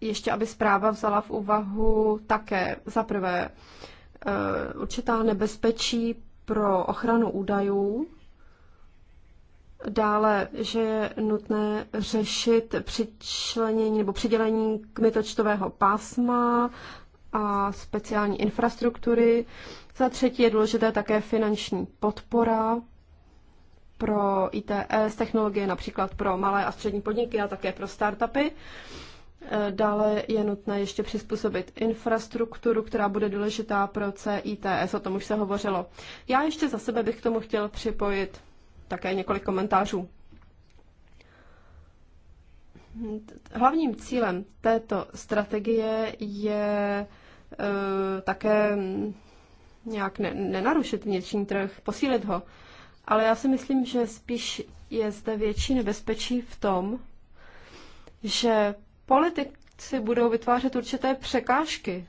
Speaker 2: ještě, aby zpráva vzala v úvahu také za prvé eh, určitá nebezpečí pro ochranu údajů, dále, že je nutné řešit přičlenění nebo přidělení kmitočtového pásma a speciální infrastruktury. Za třetí je důležité také finanční podpora pro ITS eh, technologie, například pro malé a střední podniky a také pro startupy. Eh, dále je nutné ještě přizpůsobit infrastrukturu, která bude důležitá pro CITS, o tom už se hovořilo. Já ještě za sebe bych k tomu chtěl připojit také několik komentářů. Hlavním cílem této strategie je eh, také nějak ne, nenarušit vnitřní trh, posílit ho ale já si myslím, že spíš je zde větší nebezpečí v tom, že politici budou vytvářet určité překážky.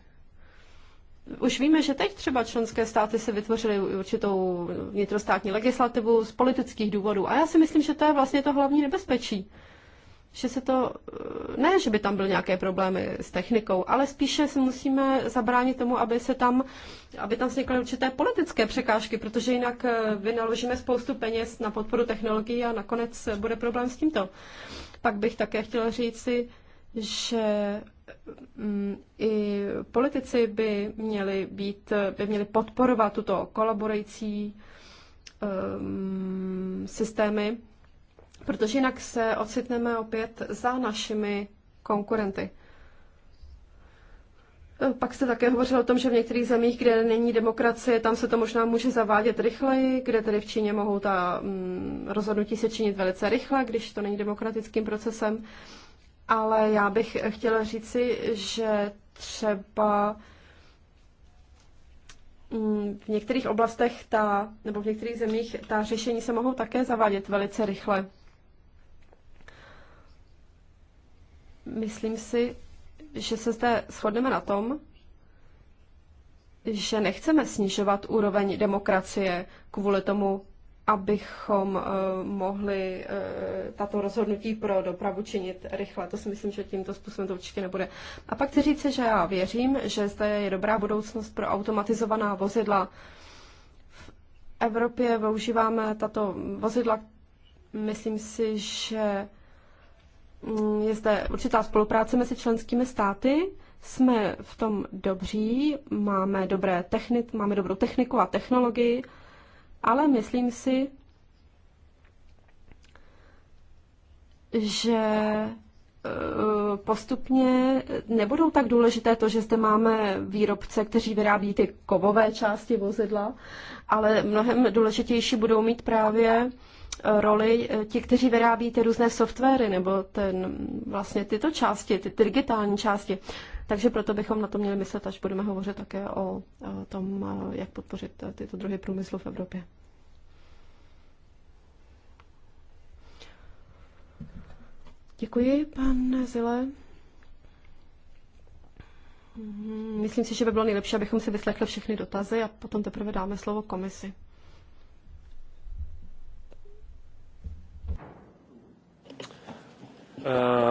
Speaker 2: Už víme, že teď třeba členské státy se vytvořily určitou vnitrostátní legislativu z politických důvodů. A já si myslím, že to je vlastně to hlavní nebezpečí že se to, eh, ne, že by tam byly nějaké problémy s technikou, ale spíše se musíme zabránit tomu, aby se tam, aby tam vznikaly určité politické překážky, protože jinak eh, vynaložíme spoustu peněz na podporu technologií a nakonec eh, bude problém s tímto. Pak bych také chtěla říci, že mm, i politici by měli, být, by měli podporovat tuto kolaborující um, systémy, protože jinak se ocitneme opět za našimi konkurenty. Pak jste také hovořil o tom, že v některých zemích, kde není demokracie, tam se to možná může zavádět rychleji, kde tedy v Číně mohou ta mm, rozhodnutí se činit velice rychle, když to není demokratickým procesem. Ale já bych chtěla říci, že třeba mm, v některých oblastech ta, nebo v některých zemích ta řešení se mohou také zavádět velice rychle. Myslím si, že se zde shodneme na tom, že nechceme snižovat úroveň demokracie kvůli tomu, abychom uh, mohli uh, tato rozhodnutí pro dopravu činit rychle. To si myslím, že tímto způsobem to určitě nebude. A pak chci říci, že já věřím, že zde je dobrá budoucnost pro automatizovaná vozidla. V Evropě využíváme tato vozidla, myslím si, že Mm, je zde určitá spolupráce mezi členskými státy. Jsme v tom dobří, máme, dobré technik, máme dobrou techniku a technologii, ale myslím si, že eh, postupně nebudou tak důležité to, že zde máme výrobce, kteří vyrábí ty kovové části vozidla, ale mnohem důležitější budou mít právě roli eh, ti, kteří vyrábí ty různé softwary nebo ten, vlastně tyto části, ty, ty digitální části. Takže proto bychom na to měli myslet, až budeme hovořit také o tom, eh, jak podpořit eh, tyto druhy průmyslu v Evropě. Děkuji, pan Zile. Hmm, myslím si, že by bylo nejlepší, abychom si vyslechli všechny dotazy a potom teprve dáme slovo komisi.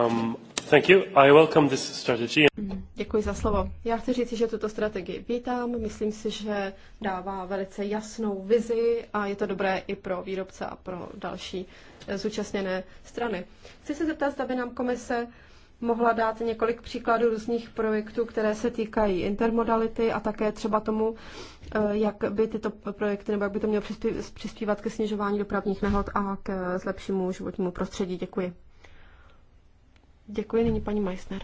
Speaker 2: Um, thank you. I welcome this
Speaker 1: strategy. Mm,
Speaker 2: děkuji za slovo. Já chci říct, že tuto strategii vítám. Myslím si, že dává velice jasnou vizi a je to dobré i pro výrobce a pro další eh, zúčastněné strany. Chci se zeptat, zda by nám komise mohla dát několik příkladů různých projektů, které se týkají intermodality a také třeba tomu, eh, jak by tyto projekty nebo jak by to mělo přispívat ke snižování dopravních nehod a k eh, zlepšímu životnímu prostředí. Děkuji. Děkuji, nyní paní Meissner.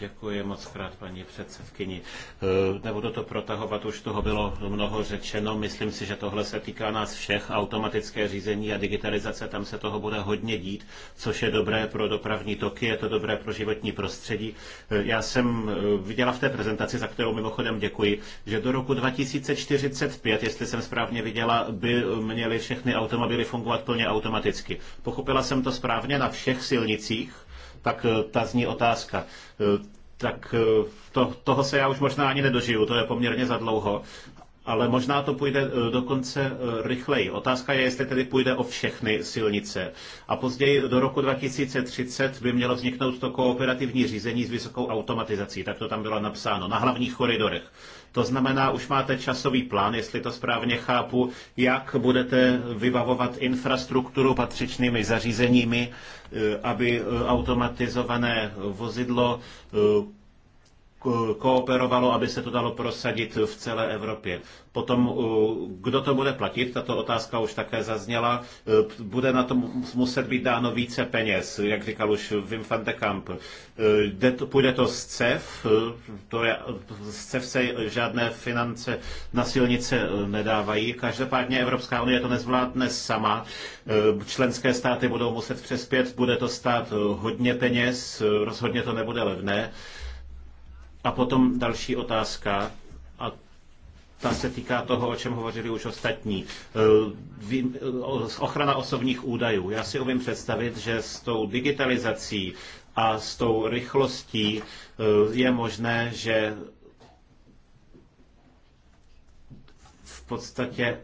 Speaker 1: Děkuji moc krát, paní předsedkyni. Eh, nebudu to protahovat, už toho bylo mnoho řečeno. Myslím si, že tohle se týká nás všech. Automatické řízení a digitalizace, tam se toho bude hodně dít, což je dobré pro dopravní toky, je to dobré pro životní prostředí. Eh, já jsem eh, viděla v té prezentaci, za kterou mimochodem děkuji, že do roku 2045, jestli jsem správně viděla, by měly všechny automobily fungovat plně automaticky. Pochopila jsem to správně na všech silnicích, tak eh, ta zní otázka. Eh, tak eh, to, toho se já už možná ani nedožiju, to je poměrně za dlouho, ale možná to půjde dokonce rychleji. Otázka je, jestli tedy půjde o všechny silnice. A později do roku 2030 by mělo vzniknout to kooperativní řízení s vysokou automatizací, tak to tam bylo napsáno, na hlavních koridorech. To znamená, už máte časový plán, jestli to správně chápu, jak budete vybavovat infrastrukturu patřičnými zařízeními, eh, aby eh, automatizované vozidlo eh, kooperovalo, aby se to dalo prosadit v celé Evropě. Potom, kdo to bude platit, tato otázka už také zazněla, e, bude na to muset být dáno více peněz, jak říkal už Wim van de Kamp. E, půjde to z CEF, e, to je, z CEF se žádné finance na silnice nedávají. Každopádně Evropská unie to nezvládne sama. Členské státy budou muset přespět, bude to stát hodně peněz, rozhodně to nebude levné. A potom další otázka, a ta se týká toho, o čem hovořili už ostatní. E, e, ochrana osobních údajů. Já si umím představit, že s tou digitalizací a s tou rychlostí e, je možné, že v podstatě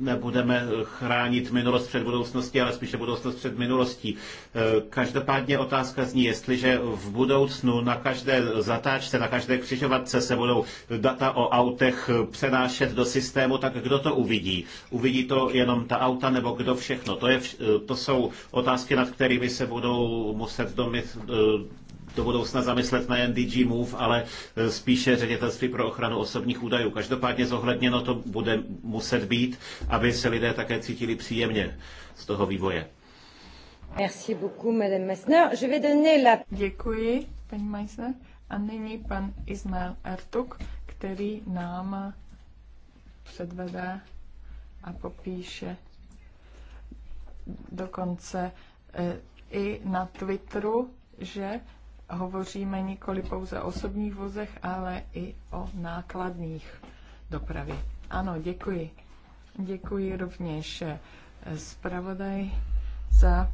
Speaker 1: nebudeme chránit minulost před budoucností, ale spíše budoucnost před minulostí. E, každopádně otázka zní, jestliže v budoucnu na každé zatáčce, na každé křižovatce se budou data o autech přenášet do systému, tak kdo to uvidí? Uvidí to jenom ta auta nebo kdo všechno? To, je, e, to jsou otázky, nad kterými se budou muset domyslet do budoucna zamyslet nejen DG Move, ale eh, spíše ředitelství pro ochranu osobních údajů. Každopádně zohledněno to bude muset být, aby se lidé také cítili příjemně z toho vývoje.
Speaker 2: Merci beaucoup, Madame Messner. Je vais
Speaker 3: donner la... Děkuji, paní Meissner. A nyní pan Ismail Ertuk, který nám předvede a popíše dokonce eh, i na Twitteru, že hovoříme nikoli pouze o osobních vozech, ale i o nákladních dopravy. Ano, děkuji. Děkuji rovněž eh, zpravodaj za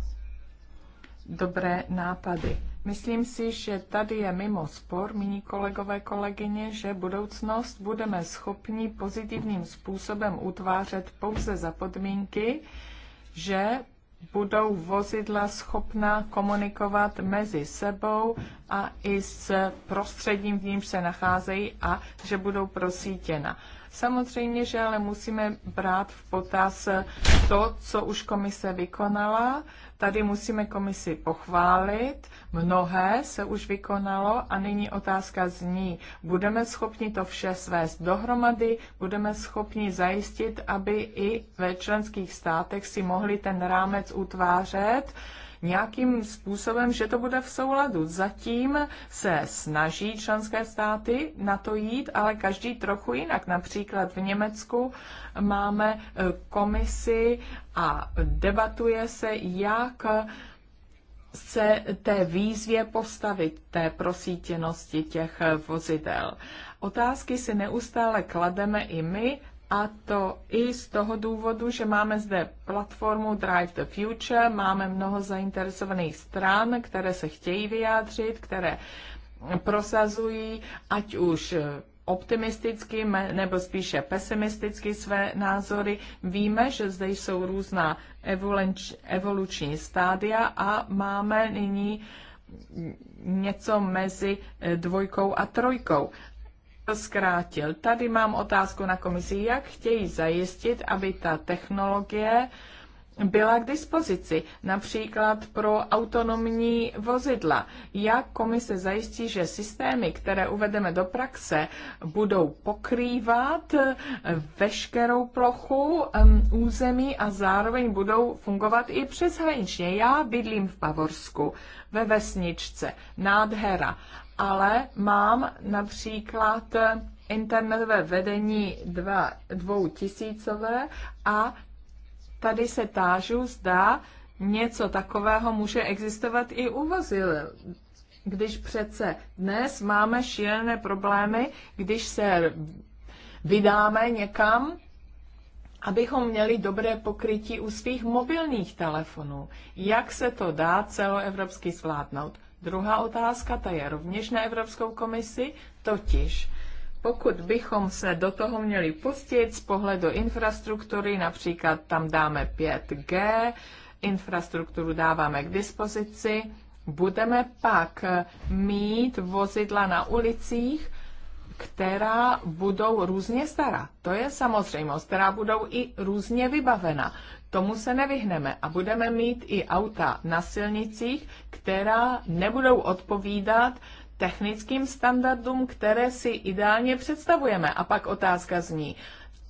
Speaker 3: dobré nápady. Myslím si, že tady je mimo spor, milí kolegové, kolegyně, že budoucnost budeme schopni pozitivním způsobem utvářet pouze za podmínky, že budou vozidla schopna komunikovat mezi sebou a i s prostředím, v nímž se nacházejí a že budou prosítěna. Samozřejmě, že ale musíme brát v potaz to, co už komise vykonala. Tady musíme komisi pochválit. Mnohé se už vykonalo a nyní otázka zní, budeme schopni to vše svést dohromady, budeme schopni zajistit, aby i ve členských státech si mohli ten rámec utvářet, nějakým způsobem, že to bude v souladu. Zatím se snaží členské státy na to jít, ale každý trochu jinak. Například v Německu máme e, komisi a debatuje se, jak se té výzvě postavit, té prosítěnosti těch vozidel. Otázky si neustále klademe i my a to i z toho důvodu, že máme zde platformu Drive the Future, máme mnoho zainteresovaných stran, které se chtějí vyjádřit, které prosazují, ať už optimisticky nebo spíše pesimisticky své názory. Víme, že zde jsou různá evoluční stádia a máme nyní něco mezi dvojkou a trojkou zkrátil. Tady mám otázku na komisi, jak chtějí zajistit, aby ta technologie byla k dispozici, například pro autonomní vozidla. Jak komise zajistí, že systémy, které uvedeme do praxe, budou pokrývat eh, veškerou plochu um, území a zároveň budou fungovat i přeshraničně. Já bydlím v Pavorsku, ve vesničce, nádhera ale mám například internetové vedení dva, tisícové a tady se tážu, zda něco takového může existovat i u vozil. Když přece dnes máme šílené problémy, když se vydáme někam, abychom měli dobré pokrytí u svých mobilních telefonů. Jak se to dá celoevropsky zvládnout? Druhá otázka, ta je rovněž na Evropskou komisi, totiž pokud bychom se do toho měli pustit z pohledu infrastruktury, například tam dáme 5G, infrastrukturu dáváme k dispozici, budeme pak mít vozidla na ulicích, která budou různě stará. To je samozřejmost, která budou i různě vybavena. Tomu se nevyhneme a budeme mít i auta na silnicích, která nebudou odpovídat technickým standardům, které si ideálně představujeme. A pak otázka zní,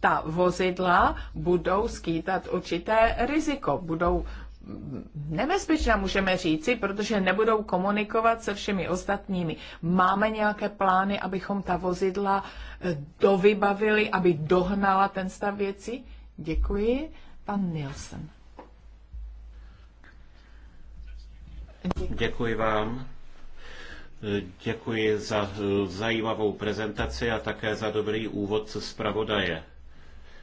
Speaker 3: ta vozidla budou skýtat určité riziko, budou nebezpečná, můžeme říci, protože nebudou komunikovat se všemi ostatními. Máme nějaké plány, abychom ta vozidla eh, dovybavili, aby dohnala ten stav věci? Děkuji pan Nielsen.
Speaker 1: Děkuji, vám. Děkuji za eh, zajímavou prezentaci a také za dobrý úvod pravodaje.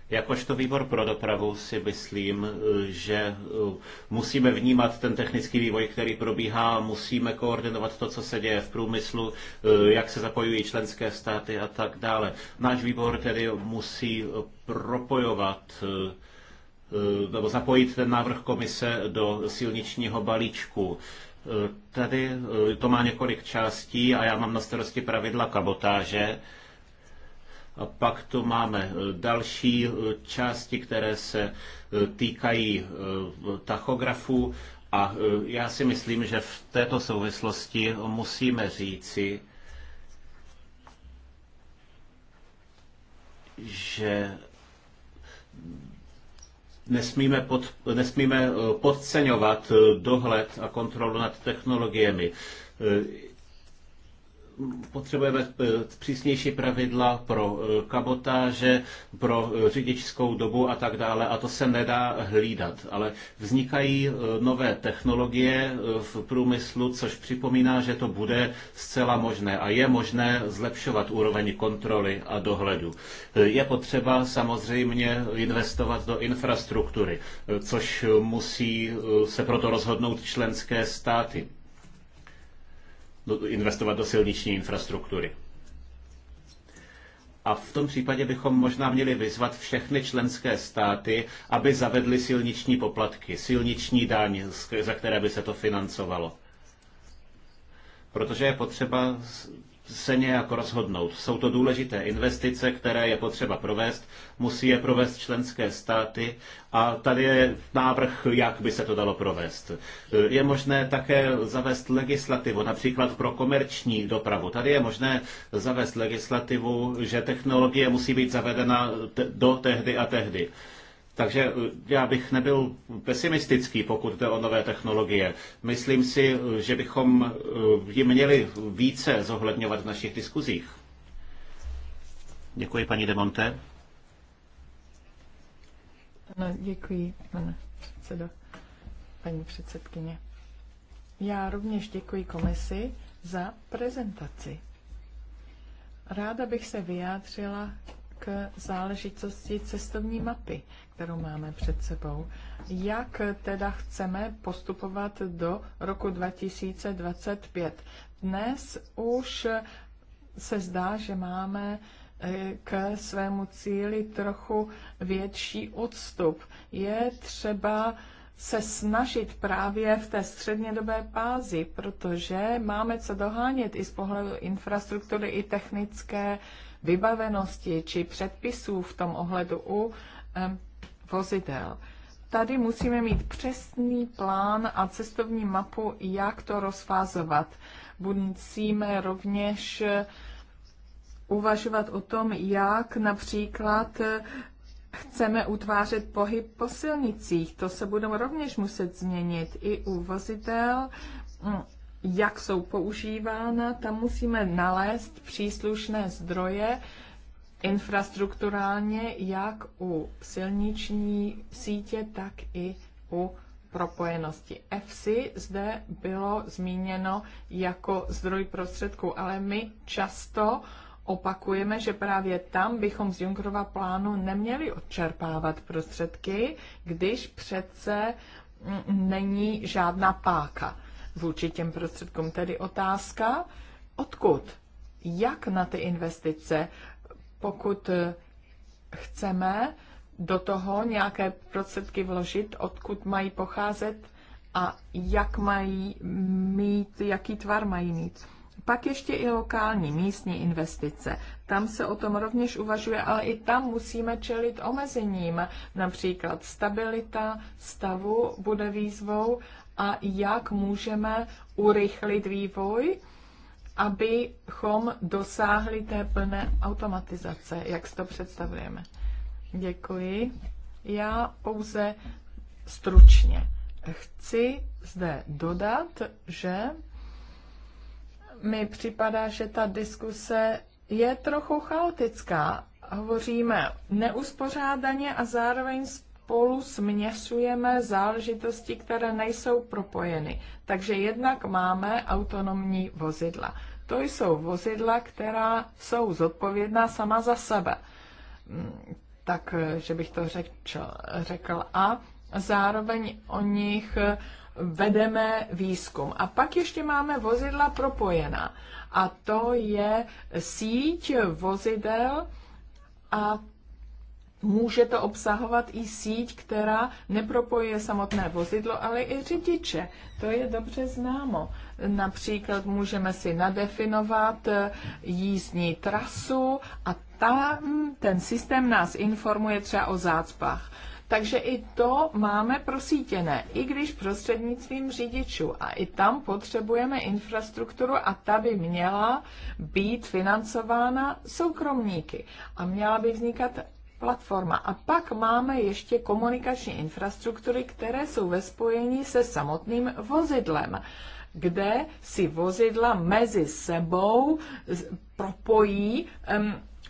Speaker 1: Jakožto výbor pro dopravu si myslím, eh, že eh, musíme vnímat ten technický vývoj, který probíhá, musíme koordinovat to, co se děje v průmyslu, jak se zapojují členské státy a tak dále. Náš výbor tedy musí propojovat Eh, nebo zapojit ten návrh komise do silničního balíčku. Eh, tady eh, to má několik částí a já mám na starosti pravidla kabotáže. A pak tu máme další části, které se týkají tachografů. A já si myslím, že v této souvislosti musíme říci, že nesmíme, pod, nesmíme eh, podceňovat eh, dohled a kontrolu nad technologiemi eh, potřebujeme eh, přísnější pravidla pro eh, kabotáže, pro eh, řidičskou dobu a tak dále a to se nedá hlídat. Ale vznikají nové technologie v průmyslu, což připomíná, že to bude zcela možné a je možné zlepšovat úroveň kontroly a dohledu. Je potřeba samozřejmě investovat do infrastruktury, což musí se proto rozhodnout členské státy investovat do silniční infrastruktury. A v tom případě bychom možná měli vyzvat všechny členské státy, aby zavedly silniční poplatky, silniční daň, za které by se to financovalo. Protože je potřeba se nějak rozhodnout. Jsou to důležité investice, které je potřeba provést, musí je provést členské státy a tady je návrh, jak by se to dalo provést. Je možné také zavést legislativu, například pro komerční dopravu. Tady je možné zavést legislativu, že technologie musí být zavedena do tehdy a tehdy. Takže eh, já bych nebyl pesimistický, pokud jde o nové technologie. Myslím si, eh, že bychom eh, ji měli více zohledňovat v našich diskuzích. Děkuji, paní Demonte.
Speaker 3: Ano, děkuji, pane předsedo, paní předsedkyně. Já rovněž děkuji komisi za prezentaci. Ráda bych se vyjádřila k záležitosti cestovní mapy, kterou máme před sebou. Jak teda chceme postupovat do roku 2025? Dnes už se zdá, že máme eh, k svému cíli trochu větší odstup. Je třeba se snažit právě v té střednědobé pázi, protože máme co dohánět i z pohledu infrastruktury, i technické vybavenosti či předpisů v tom ohledu u vozidel. Tady musíme mít přesný plán a cestovní mapu, jak to rozfázovat. Musíme rovněž eh, uvažovat o tom, jak například eh, chceme utvářet pohyb po silnicích. To se budou rovněž muset změnit i u vozidel. Hm, jak jsou používána, tam musíme nalézt příslušné zdroje, infrastrukturálně jak u silniční sítě, tak i u propojenosti. EFSI zde bylo zmíněno jako zdroj prostředků, ale my často opakujeme, že právě tam bychom z Junkerova plánu neměli odčerpávat prostředky, když přece mm, není žádná páka vůči těm prostředkům. Tedy otázka, odkud, jak na ty investice pokud eh, chceme do toho nějaké prostředky vložit, odkud mají pocházet a jak mají mít, jaký tvar mají mít. Pak ještě i lokální, místní investice. Tam se o tom rovněž uvažuje, ale i tam musíme čelit omezením. Například stabilita stavu bude výzvou a jak můžeme urychlit vývoj, abychom dosáhli té plné automatizace, jak si to představujeme. Děkuji. Já pouze stručně chci zde dodat, že mi připadá, že ta diskuse je trochu chaotická. Hovoříme neuspořádaně a zároveň s spolu směsujeme záležitosti, které nejsou propojeny. Takže jednak máme autonomní vozidla. To jsou vozidla, která jsou zodpovědná sama za sebe. Mm, tak, že bych to řekl, řekl. A zároveň o nich vedeme výzkum. A pak ještě máme vozidla propojená. A to je síť vozidel a Může to obsahovat i síť, která nepropojuje samotné vozidlo, ale i řidiče. To je dobře známo. Například můžeme si nadefinovat eh, jízdní trasu a tam ten systém nás informuje třeba o zácpách. Takže i to máme prosítěné, i když prostřednictvím řidičů. A i tam potřebujeme infrastrukturu a ta by měla být financována soukromníky. A měla by vznikat platforma. A pak máme ještě komunikační infrastruktury, které jsou ve spojení se samotným vozidlem kde si vozidla mezi sebou propojí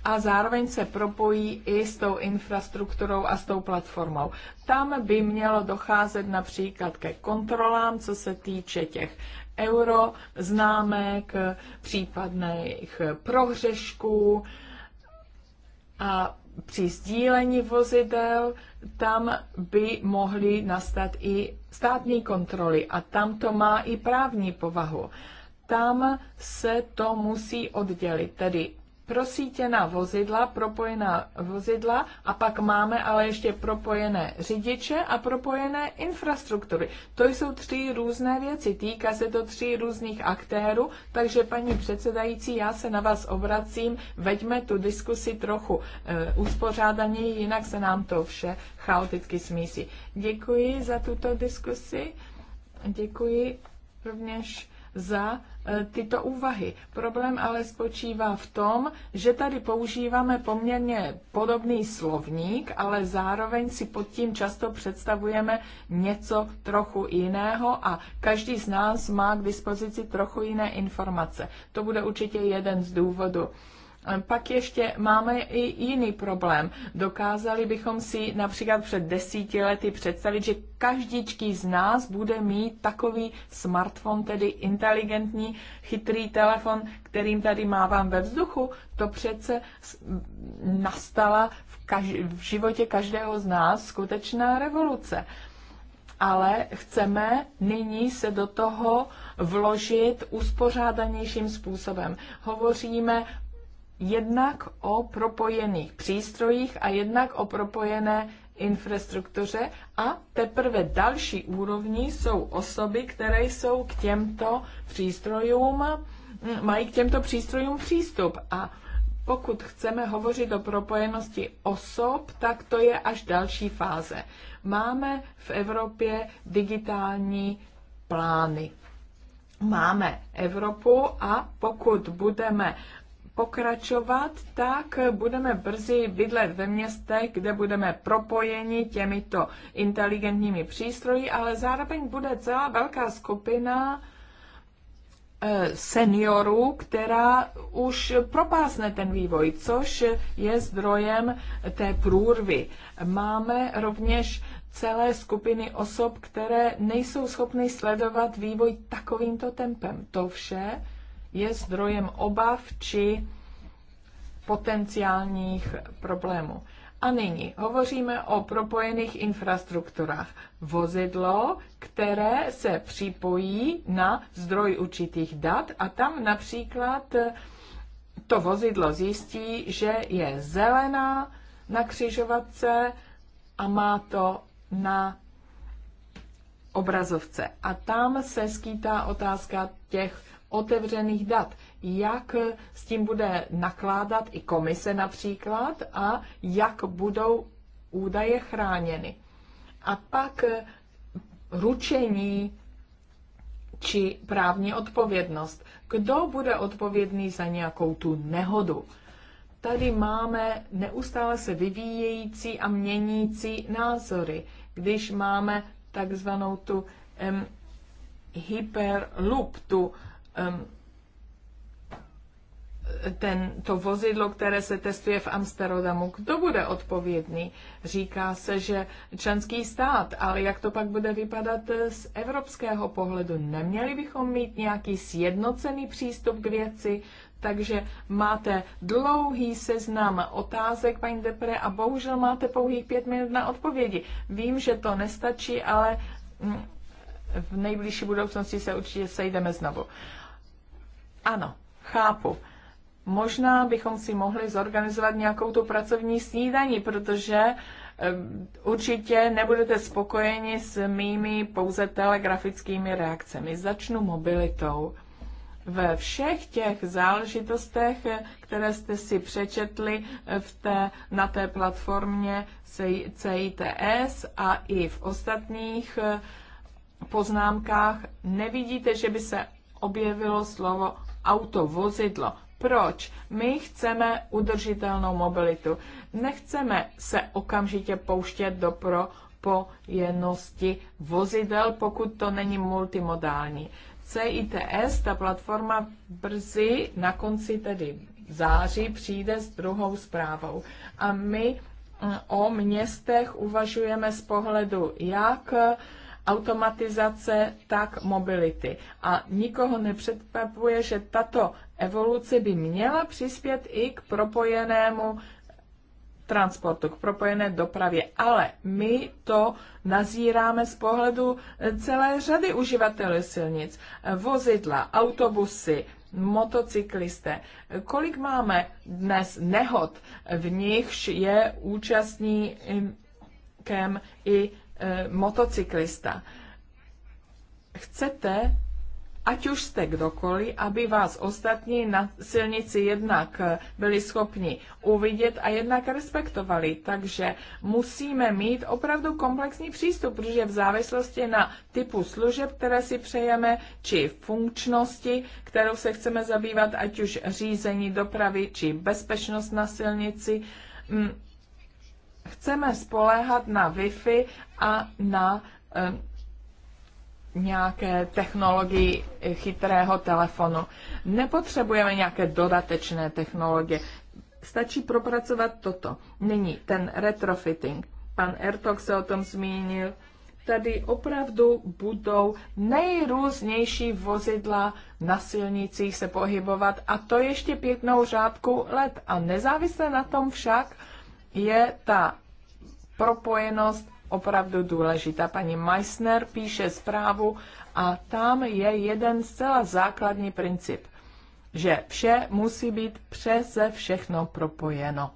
Speaker 3: a zároveň se propojí i s tou infrastrukturou a s tou platformou. Tam by mělo docházet například ke kontrolám, co se týče těch euro známek, případných prohřešků a při sdílení vozidel, tam by mohly nastat i státní kontroly a tam to má i právní povahu. Tam se to musí oddělit, tedy prosítěná vozidla, propojená vozidla a pak máme ale ještě propojené řidiče a propojené infrastruktury. To jsou tři různé věci, týká se to tří různých aktérů, takže paní předsedající, já se na vás obracím, veďme tu diskusi trochu e, uspořádaněji, jinak se nám to vše chaoticky smísí. Děkuji za tuto diskusi, děkuji rovněž za E, tyto úvahy. Problém ale spočívá v tom, že tady používáme poměrně podobný slovník, ale zároveň si pod tím často představujeme něco trochu jiného a každý z nás má k dispozici trochu jiné informace. To bude určitě jeden z důvodů pak ještě máme i jiný problém. Dokázali bychom si například před desíti lety představit, že každičký z nás bude mít takový smartphone, tedy inteligentní, chytrý telefon, kterým tady mávám ve vzduchu. To přece nastala v, kaž- v životě každého z nás skutečná revoluce ale chceme nyní se do toho vložit uspořádanějším způsobem. Hovoříme jednak o propojených přístrojích a jednak o propojené infrastruktuře a teprve další úrovní jsou osoby, které jsou k těmto přístrojům, mm, mají k těmto přístrojům přístup a pokud chceme hovořit o propojenosti osob, tak to je až další fáze. Máme v Evropě digitální plány. Máme Evropu a pokud budeme pokračovat, tak budeme brzy bydlet ve městech, kde budeme propojeni těmito inteligentními přístroji, ale zároveň bude celá velká skupina eh, seniorů, která už propásne ten vývoj, což je zdrojem té průrvy. Máme rovněž celé skupiny osob, které nejsou schopny sledovat vývoj takovýmto tempem. To vše je zdrojem obav či potenciálních problémů. A nyní hovoříme o propojených infrastrukturách. Vozidlo, které se připojí na zdroj určitých dat a tam například to vozidlo zjistí, že je zelená na křižovatce a má to na obrazovce. A tam se skýtá otázka těch otevřených dat. Jak s tím bude nakládat i komise například a jak budou údaje chráněny. A pak eh, ručení či právní odpovědnost. Kdo bude odpovědný za nějakou tu nehodu? Tady máme neustále se vyvíjející a měnící názory. Když máme takzvanou tu um, hyperloop, tu Ehm, ten, to vozidlo, které se testuje v Amsterdamu, kdo bude odpovědný? Říká se, že členský stát, ale jak to pak bude vypadat eh, z evropského pohledu? Neměli bychom mít nějaký sjednocený přístup k věci? Takže máte dlouhý seznam otázek, paní Depre, a bohužel máte pouhých pět minut na odpovědi. Vím, že to nestačí, ale mm, v nejbližší budoucnosti se určitě sejdeme znovu. Ano, chápu. Možná bychom si mohli zorganizovat nějakou tu pracovní snídaní, protože eh, určitě nebudete spokojeni s mými pouze telegrafickými reakcemi. Začnu mobilitou. Ve všech těch záležitostech, eh, které jste si přečetli eh, v té, na té platformě CITS a i v ostatních poznámkách, nevidíte, že by se objevilo slovo auto, vozidlo. Proč? My chceme udržitelnou mobilitu. Nechceme se okamžitě pouštět do propojenosti vozidel, pokud to není multimodální. CITS, ta platforma brzy na konci tedy září přijde s druhou zprávou. A my mm, o městech uvažujeme z pohledu jak automatizace, tak mobility. A nikoho nepředpapuje, že tato evoluce by měla přispět i k propojenému transportu, k propojené dopravě. Ale my to nazíráme z pohledu celé řady uživatelů silnic. Vozidla, autobusy, motocyklisté. Kolik máme dnes nehod, v nichž je účastníkem i Eh, motocyklista. Chcete, ať už jste kdokoliv, aby vás ostatní na silnici jednak eh, byli schopni uvidět a jednak respektovali. Takže musíme mít opravdu komplexní přístup, protože v závislosti na typu služeb, které si přejeme, či funkčnosti, kterou se chceme zabývat, ať už řízení dopravy, či bezpečnost na silnici, mm, chceme spoléhat na Wi-Fi a na e, nějaké technologii chytrého telefonu. Nepotřebujeme nějaké dodatečné technologie. Stačí propracovat toto. Nyní ten retrofitting. Pan Ertok se o tom zmínil. Tady opravdu budou nejrůznější vozidla na silnicích se pohybovat a to ještě pěknou řádku let. A nezávisle na tom však je ta propojenost opravdu důležitá. Paní Meissner píše zprávu a tam je jeden zcela základní princip, že vše musí být přeze všechno propojeno.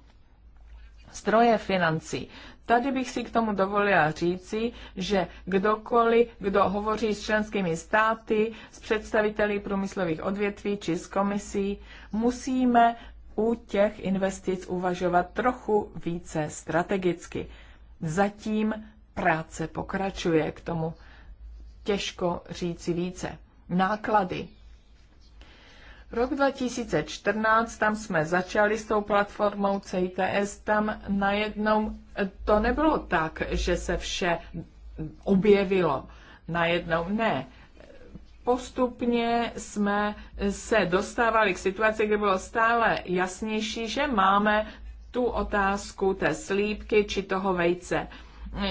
Speaker 3: Stroje financí. Tady bych si k tomu dovolila říci, že kdokoliv, kdo hovoří s členskými státy, s představiteli průmyslových odvětví či s komisí, musíme u těch investic uvažovat trochu více strategicky. Zatím práce pokračuje k tomu. Těžko říci více. Náklady. Rok 2014, tam jsme začali s tou platformou CITS, tam najednou to nebylo tak, že se vše objevilo najednou. Ne, postupně jsme se dostávali k situaci, kdy bylo stále jasnější, že máme tu otázku té slípky či toho vejce.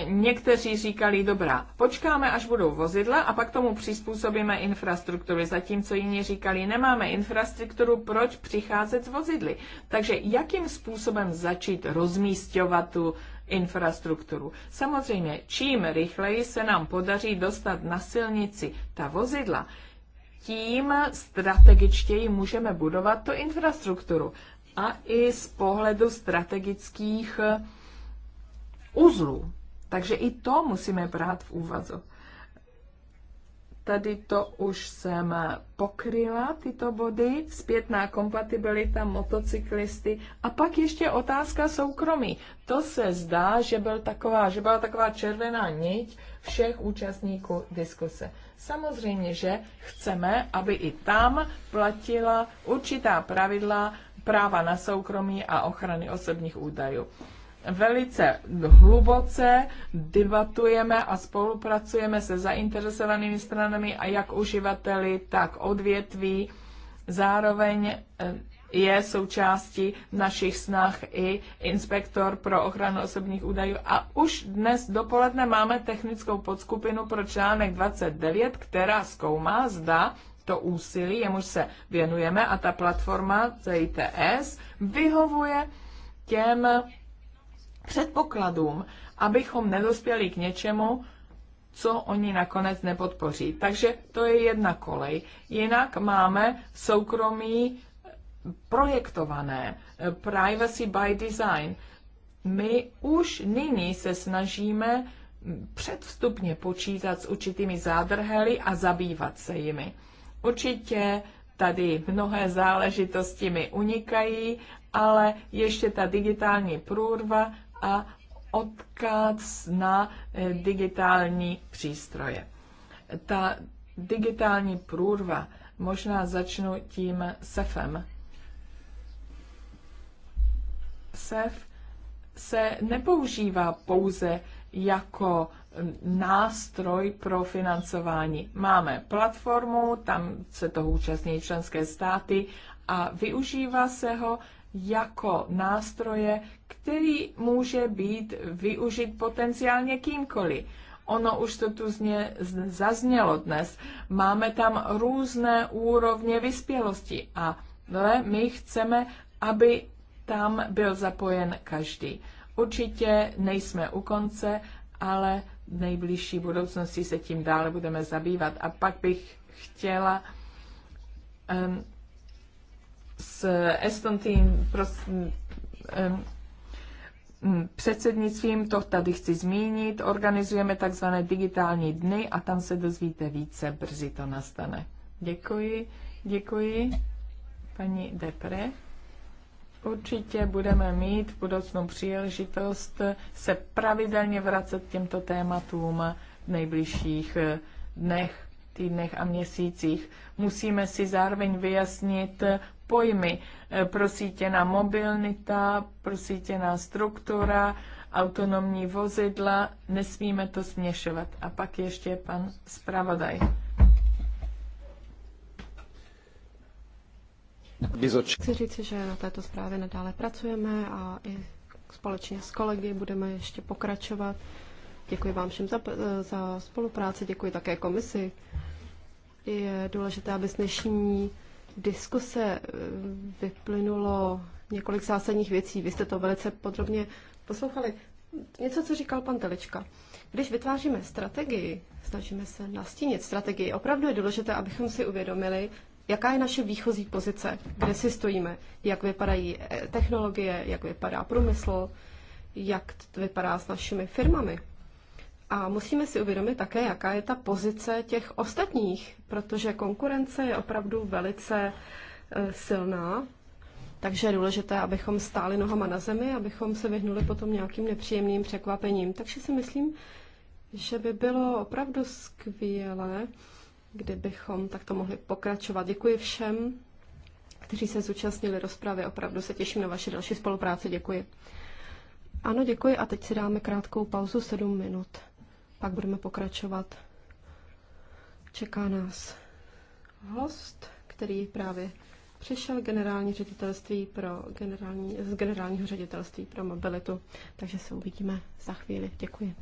Speaker 3: Někteří říkali, dobrá, počkáme, až budou vozidla a pak tomu přizpůsobíme infrastruktury, zatímco jiní říkali, nemáme infrastrukturu, proč přicházet s vozidly. Takže jakým způsobem začít rozmístěvat tu infrastrukturu. Samozřejmě, čím rychleji se nám podaří dostat na silnici ta vozidla, tím strategičtěji můžeme budovat tu infrastrukturu. A i z pohledu strategických uzlů. Takže i to musíme brát v úvazu. Tady to už jsem pokryla, tyto body, zpětná kompatibilita motocyklisty a pak ještě otázka soukromí. To se zdá, že, byl taková, že byla taková červená niť všech účastníků diskuse. Samozřejmě, že chceme, aby i tam platila určitá pravidla práva na soukromí a ochrany osobních údajů velice hluboce debatujeme a spolupracujeme se zainteresovanými stranami a jak uživateli, tak odvětví. Zároveň eh, je součástí našich snah i inspektor pro ochranu osobních údajů. A už dnes dopoledne máme technickou podskupinu pro článek 29, která zkoumá, zda to úsilí, jemuž se věnujeme a ta platforma CITS vyhovuje těm předpokladům, abychom nedospěli k něčemu, co oni nakonec nepodpoří. Takže to je jedna kolej. Jinak máme soukromí eh, projektované, eh, privacy by design. My už nyní se snažíme mm, předvstupně počítat s určitými zádrhely a zabývat se jimi. Určitě tady mnohé záležitosti mi unikají, ale ještě ta digitální průrva a odkaz na e, digitální přístroje. Ta digitální průrva, možná začnu tím SEFem. SEF se nepoužívá pouze jako nástroj pro financování. Máme platformu, tam se toho účastní členské státy a využívá se ho jako nástroje, který může být využit potenciálně kýmkoliv. Ono už to tu zně, zaznělo dnes. Máme tam různé úrovně vyspělosti, ale my chceme, aby tam byl zapojen každý. Určitě nejsme u konce, ale v nejbližší budoucnosti se tím dále budeme zabývat. A pak bych chtěla um, s estonským předsednictvím, to tady chci zmínit, organizujeme takzvané digitální dny a tam se dozvíte více, brzy to nastane. Děkuji, děkuji, paní Depre. Určitě budeme mít v budoucnu příležitost se pravidelně vracet k těmto tématům v nejbližších eh, dnech, týdnech a měsících. Musíme si zároveň vyjasnit pojmy. Eh, prosítěná mobilita, prosítěná struktura, autonomní vozidla, nesmíme to směšovat. A pak ještě pan zpravodaj. Chci říct, že na této zprávě nadále pracujeme a i
Speaker 2: společně s kolegy budeme ještě pokračovat. Děkuji vám všem za, za spolupráci, děkuji také komisi. Je důležité, aby dnešní diskuse eh, vyplynulo několik zásadních věcí. Vy jste to velice podrobně poslouchali. Něco, co říkal pan Telička. Když vytváříme strategii, snažíme se nastínit strategii, opravdu je důležité, abychom si uvědomili, jaká je naše výchozí pozice, kde si stojíme, jak vypadají eh, technologie, jak vypadá průmysl, jak vypadá s našimi firmami. A musíme si uvědomit také, jaká je ta pozice těch ostatních, protože konkurence je opravdu velice e, silná, takže je důležité, abychom stáli nohama na zemi, abychom se vyhnuli potom nějakým nepříjemným překvapením. Takže si myslím, že by bylo opravdu skvělé, kdybychom takto mohli pokračovat. Děkuji všem, kteří se zúčastnili rozpravy. Opravdu se těším na vaše další spolupráci. Děkuji. Ano, děkuji a teď si dáme krátkou pauzu 7 minut pak budeme pokračovat. Čeká nás host, který právě přišel generální ředitelství pro generální, z generálního ředitelství pro mobilitu, takže se uvidíme za chvíli. Děkuji.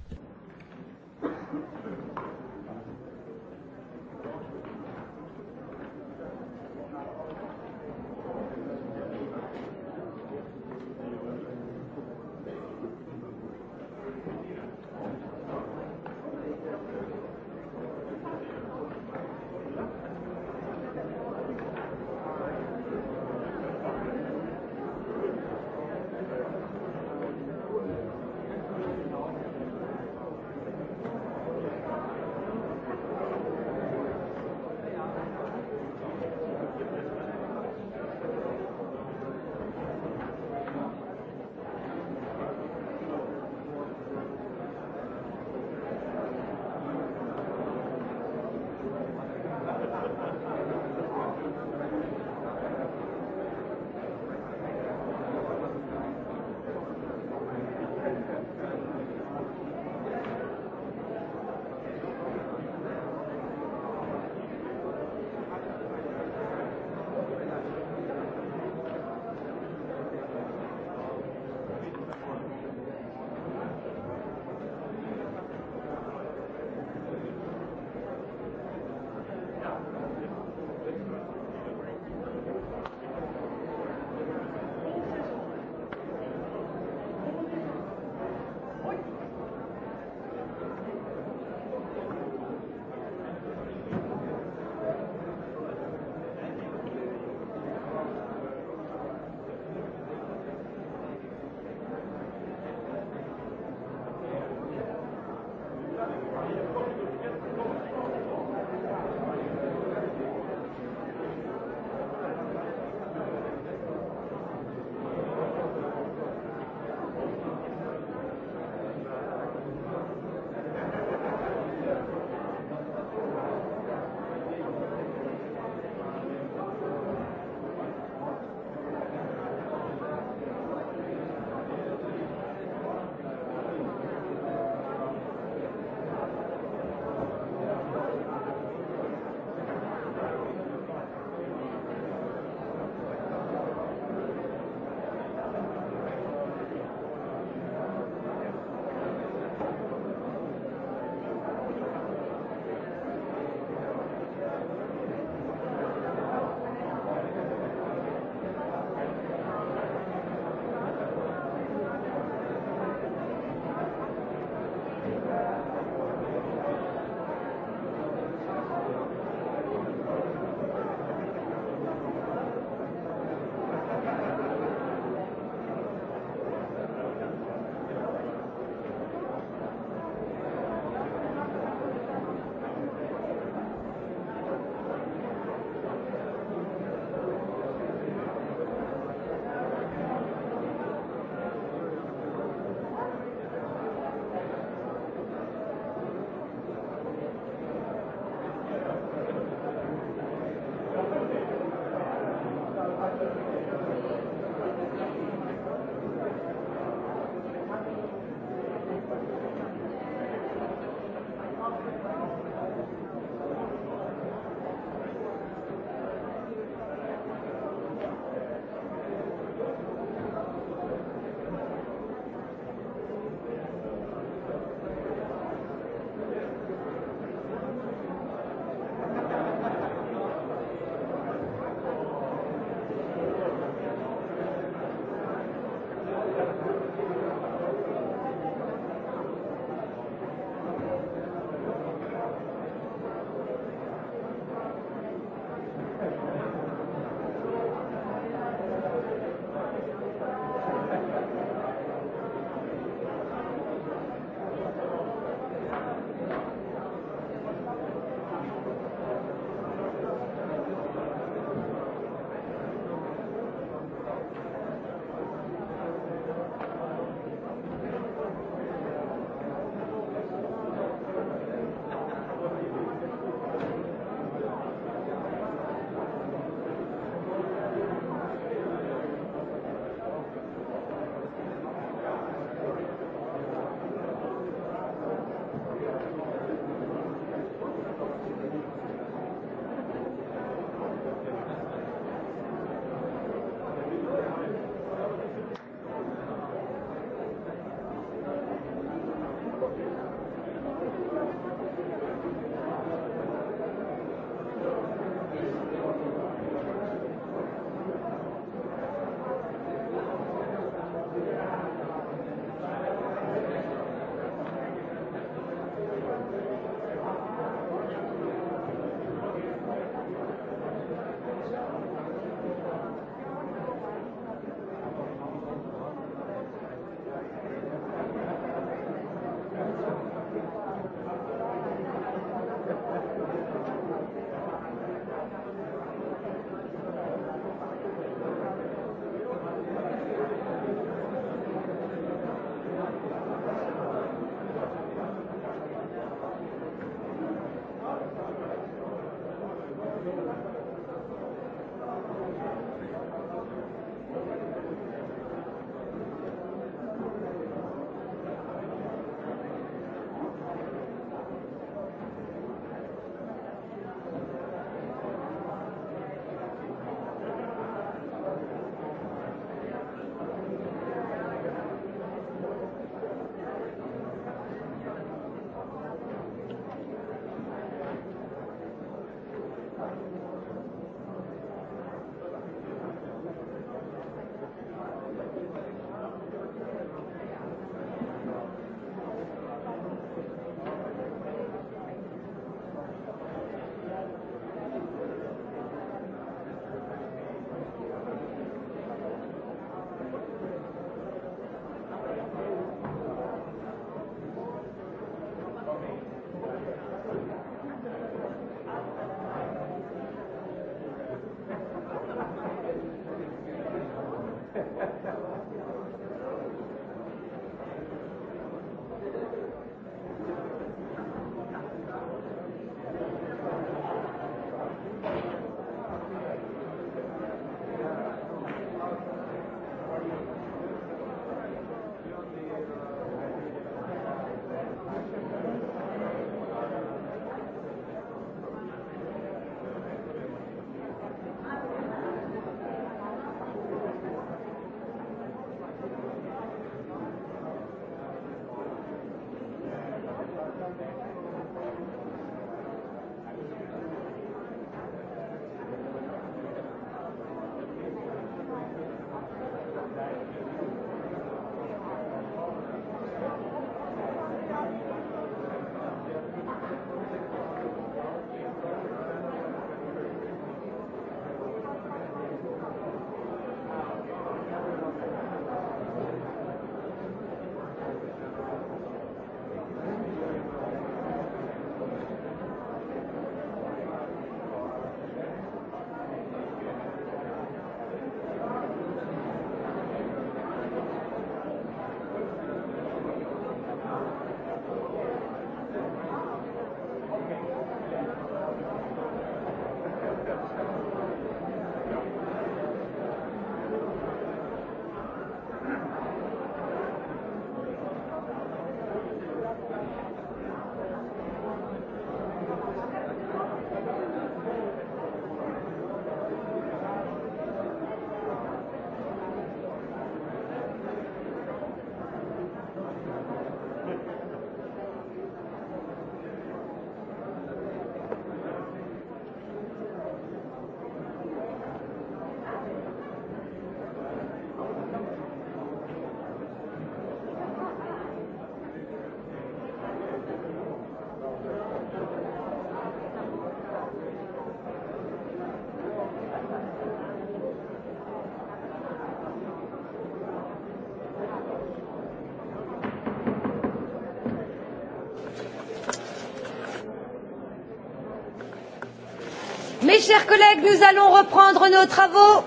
Speaker 2: Mes chers collègues, nous allons reprendre nos travaux.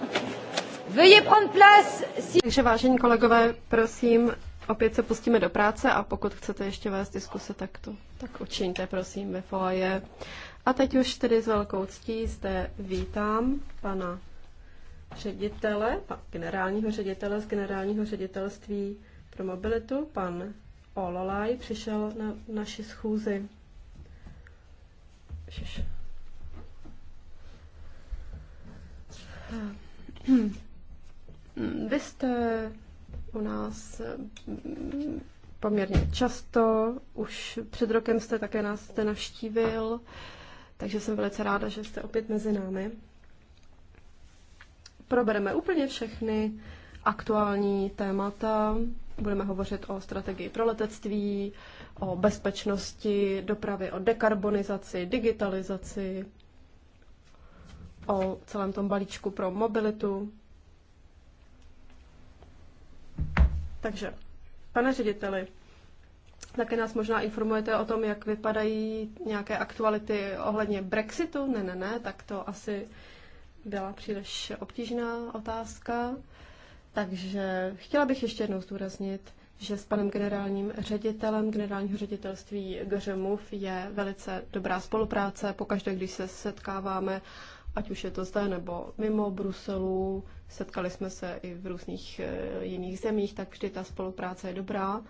Speaker 2: Veuillez prendre place. Si... Takže vážení kolegové, prosím, opět se pustíme do práce a pokud chcete ještě vést diskuse, tak to tak učiňte, prosím, ve foaje. A teď už tedy s velkou ctí zde vítám pana ředitele, pan generálního ředitele z generálního ředitelství pro mobilitu, pan Ololaj, přišel na naši schůzi. Ježiš. Turisté u nás mm, poměrně často. Už před rokem jste také nás jste navštívil, takže jsem velice ráda, že jste opět mezi námi. Probereme úplně všechny aktuální témata. Budeme hovořit o strategii pro letectví, o bezpečnosti dopravy, o dekarbonizaci, digitalizaci, o celém tom balíčku pro mobilitu. Takže, pane řediteli, také nás možná informujete o tom, jak vypadají nějaké aktuality ohledně Brexitu? Ne, ne, ne, tak to asi byla příliš obtížná otázka. Takže chtěla bych ještě jednou zdůraznit, že s panem generálním ředitelem generálního ředitelství Gřemův je velice dobrá spolupráce. Pokaždé, když se setkáváme ať už je to zde nebo mimo Bruselu. Setkali jsme se i v různých eh, jiných zemích, tak vždy ta spolupráce je dobrá.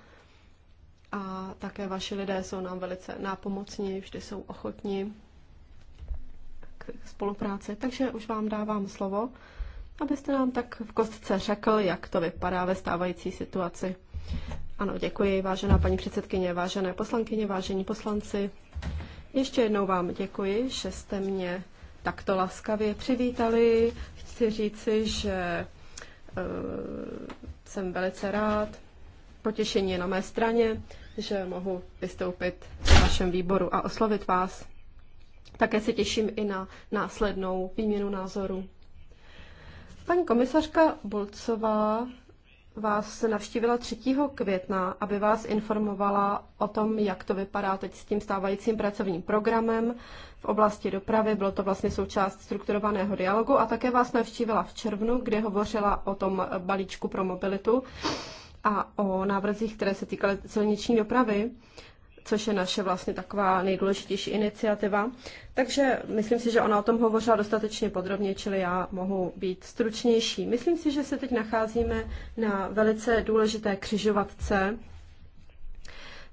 Speaker 2: A také vaši lidé jsou nám velice nápomocní, vždy jsou ochotní k spolupráci. Takže už vám dávám slovo, abyste nám tak v kostce řekl, jak to vypadá ve stávající situaci. Ano, děkuji, vážená paní předsedkyně, vážené poslankyně, vážení poslanci. Ještě jednou vám děkuji, že jste mě takto laskavě přivítali. Chci říci, že eh, jsem velice rád, potěšení je na mé straně, že mohu vystoupit v vašem výboru a oslovit vás. Také se těším i na následnou výměnu názorů. Paní komisařka Bolcová vás navštívila 3. května, aby vás informovala o tom, jak to vypadá teď s tím stávajícím pracovním programem v oblasti dopravy. Bylo to vlastně součást strukturovaného dialogu a také vás navštívila v červnu, kde hovořila o tom balíčku pro mobilitu a o návrzích, které se týkaly silniční dopravy což je naše vlastně taková nejdůležitější iniciativa. Takže myslím si, že ona o tom hovořila dostatečně podrobně, čili já mohu být stručnější. Myslím si, že se teď nacházíme na velice důležité křižovatce.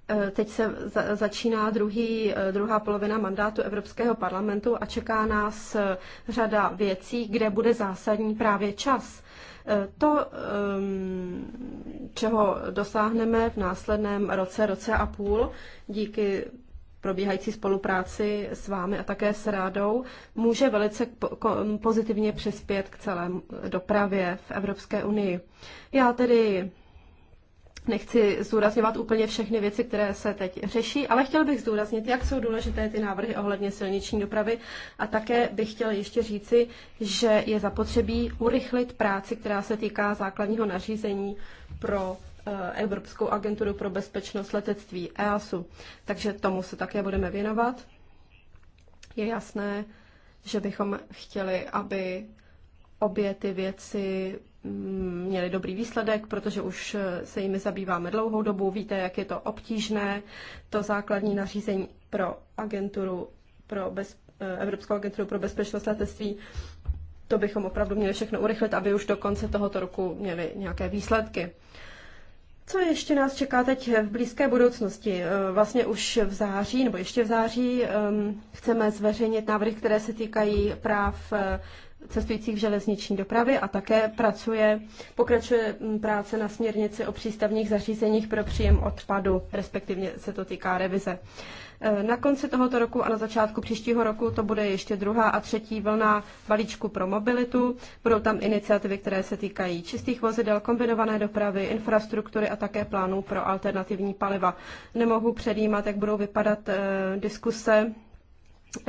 Speaker 2: E, teď se začíná druhý, e, druhá polovina mandátu Evropského parlamentu a čeká nás e, řada věcí, kde bude zásadní právě čas. To, ehm, čeho dosáhneme v následném roce, roce a půl, díky probíhající spolupráci s vámi a také s rádou, může velice pozitivně přispět k celé dopravě v Evropské unii. Já tedy Nechci zdůrazňovat úplně všechny věci, které se teď řeší, ale chtěl bych zdůraznit, jak jsou důležité ty návrhy ohledně silniční dopravy a také bych chtěl ještě říci, že je zapotřebí urychlit práci, která se týká základního nařízení pro eh, Evropskou agenturu pro bezpečnost letectví EASu. Takže tomu se také budeme věnovat. Je jasné, že bychom chtěli, aby obě ty věci měli dobrý výsledek, protože už se jimi zabýváme dlouhou dobu. Víte, jak je to obtížné. To základní nařízení pro agenturu pro bez, eh, Evropskou agenturu pro bezpečnost letectví, to bychom opravdu měli všechno urychlit, aby už do konce tohoto roku měli nějaké výsledky. Co ještě nás čeká teď v blízké budoucnosti? Eh, vlastně už v září, nebo ještě v září, ehm, chceme zveřejnit návrhy, které se týkají práv eh, cestujících v železniční dopravy a také pracuje, pokračuje mm, práce na směrnici o přístavních zařízeních pro příjem odpadu, respektive se to týká revize. E, na konci tohoto roku a na začátku příštího roku to bude ještě druhá a třetí vlna balíčku pro mobilitu. Budou tam iniciativy, které se týkají čistých vozidel, kombinované dopravy, infrastruktury a také plánů pro alternativní paliva. Nemohu předjímat, jak budou vypadat e, diskuse